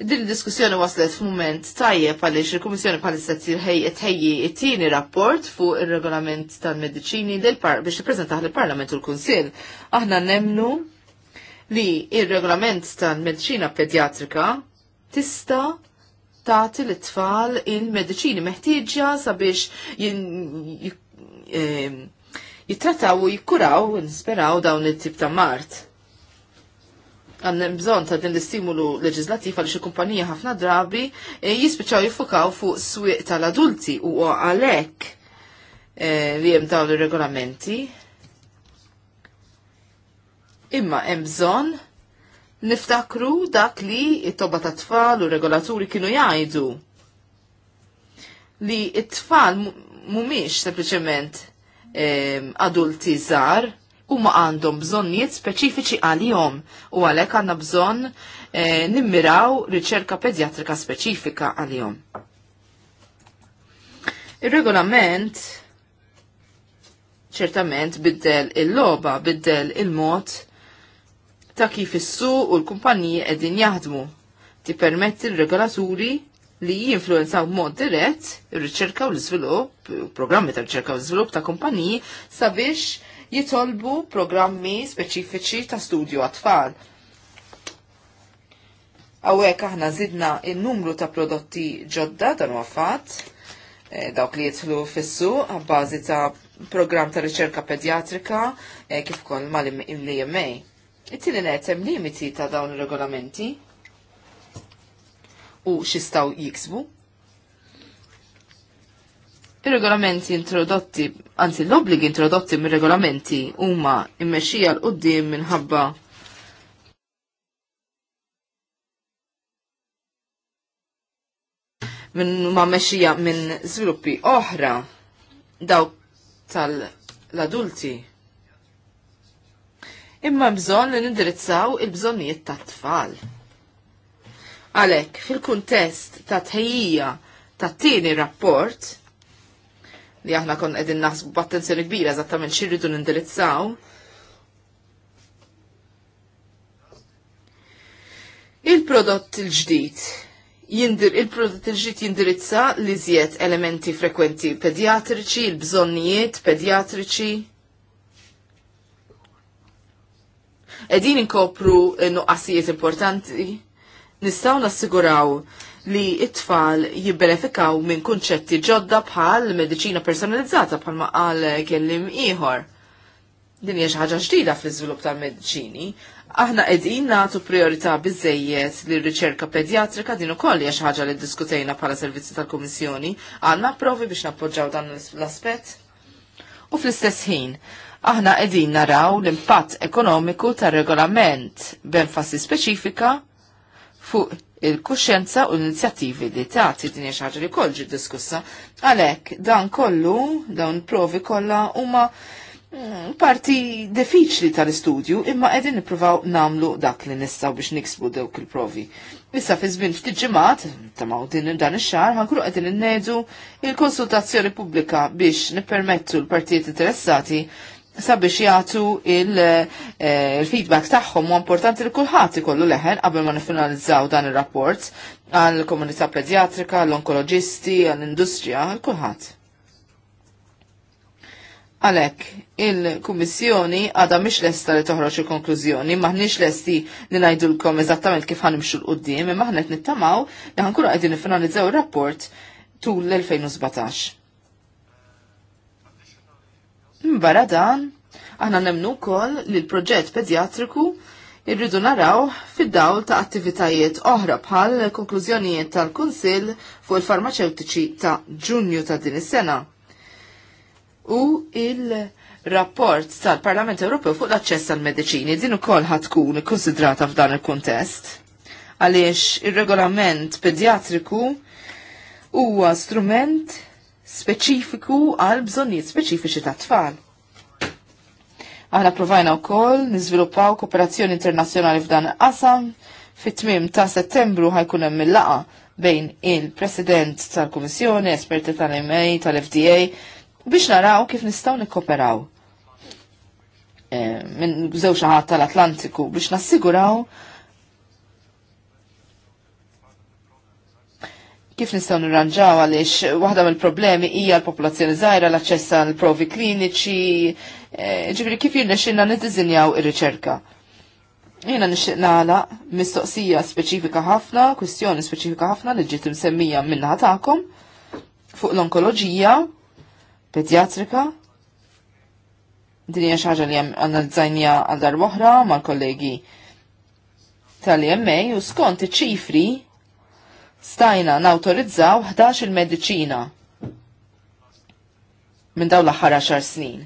Din id-diskussjoni waslet f'mument tajjeb għaliex il-Kummissjoni bħalissa tħejji t tieni rapport fuq ir-regolament tal-mediċini biex tippreżentaħ lill-Parlament u l-Kunsill. Aħna nemnu li ir-regolament tal-mediċina pedjatrika tista' tagħti l tfal il-mediċini meħtieġa sabiex jittrataw eh, u jikkuraw u nisperaw dawn it-tip ta' mart. Għannem bżon ta' din l-istimulu leġislativ li xi kumpanija ħafna drabi eh, jispiċaw jiffukaw fuq swieq tal-adulti u għalhekk eh, li hemm dawn ir-regolamenti imma hemm bżonn niftakru dak li it-toba ta' tfal u regolaturi kienu jgħidu li it-tfal mumiex sempliciment adulti zar u ma għandhom bżonniet speċifiċi għalihom u għalek għanna bżon e, nimmiraw riċerka pedjatrika speċifika għalihom. Il-regolament ċertament biddel il-loba, biddel il-mod il loba biddel il il loba biddel il mod ta' kif issu u l-kumpaniji qegħdin jaħdmu. Tippermetti l-regolaturi li jinfluenzaw mod dirett ir-riċerka u l-iżvilupp, programmi ta' riċerka u l-iżvilupp ta' kumpaniji sabiex jitolbu programmi speċifiċi ta' studju għat-tfal. Għawek aħna zidna il-numru ta' prodotti ġodda dan u e, eh, dawk li jitlu fissu għabbażi ta' program ta' riċerka pedjatrika eh, kif kol mal-IMA. It-tieni netem limiti ta' dawn ir-regolamenti u xistaw jiksbu. Ir-regolamenti introdotti, anzi l-obbligi introdotti mir-regolamenti huma immexija l qudiem minħabba minn ma mexxija minn żviluppi oħra daw tal-adulti imma bżonn li nindirizzaw il-bżonnijiet tat-tfal. Għalek, fil-kuntest ta' tħejija ta' tieni rapport, li aħna kon edin naħsbu b'attenzjoni kbira eżattament xirridu nindirizzaw, il-prodott il-ġdid il-prodott il-ġdid jindirizza li zjed elementi frekwenti pediatriċi, il-bżonnijiet pediatriċi, Edin inkopru eh, nuqqasijiet importanti. Nistaw nassiguraw li it-tfal jibbenefikaw minn kunċetti ġodda bħal medicina personalizzata bħal ma qal kellim ieħor. Din hija xi ħaġa ġdida fl-iżvilupp tal-mediċini. Aħna qegħdin nagħtu priorità biżejjed li r-riċerka pedjatrika din ukoll hija xi ħaġa li ddiskutejna bħala servizzi tal-Kummissjoni. Għandna provi biex nappoġġaw dan l-aspett. U fl-istess ħin, aħna qegħdin naraw l-impatt ekonomiku tar-regolament b'enfasi speċifika fuq il kuxenza u l-inizjattivi li tagħti din xaġa li wkoll ġi diskussa. Għalhekk dan kollu, dawn provi kollha huma mm, parti defiċli tal-istudju imma qegħdin nippruvaw namlu dak li nistgħu biex niksbu dawk il-provi. Issa fi żmien ftit ġimgħat ta' din dan ix-xahar ħankru qegħdin innedu il-konsultazzjoni pubblika biex nippermettu l-partijiet interessati sabiex jagħtu eh, il-feedback tagħhom u importanti li kulħadd ikollu leħen qabel ma nifinalizzaw dan ir-rapport għall komunità pedjatrika, l-onkoloġisti, għall-industrija, għal kulħadd. Għalek, il-Kummissjoni għada mish lesta li toħroċ il-konklużjoni, maħnix lesti li najdulkom eżattament kif ħanimxu l-qoddim, maħnet nittamaw li ħankunu għedin nifinalizzaw il-rapport tul l-2017. Mbara dan, aħna nemnu kol li l-proġett pediatriku irridu naraw fid-dawl ta' attivitajiet oħra bħal konklużjonijiet tal-Kunsill fuq il-farmaceutiċi ta' ġunju ta' din is-sena. U il-rapport tal-Parlament Ewropew fuq l-aċċess tal-mediċini din ukoll tkun ikkonsidrata f'dan il-kuntest għaliex ir-regolament pediatriku huwa strument speċifiku għal bżonnijiet speċifiċi ta' tfal. Aħna provajna wkoll niżviluppaw kooperazzjoni internazzjonali f'dan qasam fit-tmim ta' settembru ħajkun hemm il-laqa bejn il-President tal-Kummissjoni, esperti tal-MA, tal-FDA, biex naraw kif nistgħu nikkoperaw eh, minn żewġ ħadd tal-Atlantiku biex nassiguraw Kif nistgħu nirranġaw għaliex waħda mill-problemi hija l-popolazzjoni żgħira l-aċċess għall provi kliniċi, eh, ġifieri kif jirnexxinna niddiżinjaw ir-riċerka. Jiena nixtieq nagħlaq mistoqsija speċifika ħafna, kwistjoni speċifika ħafna li ġiet imsemmija minnaħa tagħkom fuq l-onkoloġija pedjatrika din hija xi ħaġa li hemm analizzajnija għal oħra mal-kollegi tal-EMA u skont iċ-ċifri stajna nautorizzaw 11 il-medicina minn daw l-aħħar 10 snin.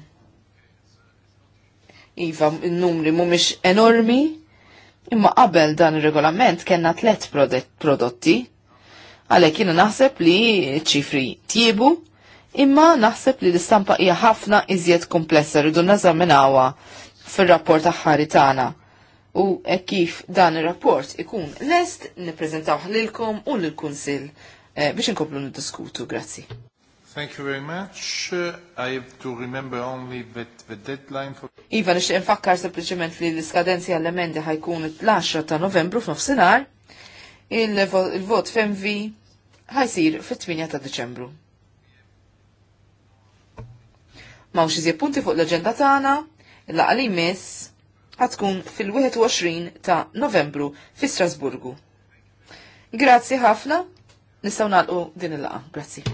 Iva, n-numri mumiex enormi, imma qabel dan il-regolament kena tlet prodotti, għalek jina naħseb li ċifri tjibu, imma naħseb li l-istampa hija ħafna iżjed komplessa rridu nażaminawa fil-rapport aħħari tagħna u e kif dan ir-rapport ikun lest nippreżentaw lilkom u lill-Kunsill eh, biex inkomplu diskutu Grazzi. Thank you very much. Uh, I have to remember only that the deadline for... Iva, nixtieq nfakkar sempliċement li l skadenzi għall-emendi ħajkun il-10 ta' novembru f'nofsinhar, il-vot FMV ħajsir fit-8 ta' Deċembru. Ma' iżjed punti fuq l-aġenda tagħna, il laqalimis tkun fil-21 ta' novembru fi Strasburgu. Grazzi ħafna, nistaw nalqu din il-laqa. Grazzi.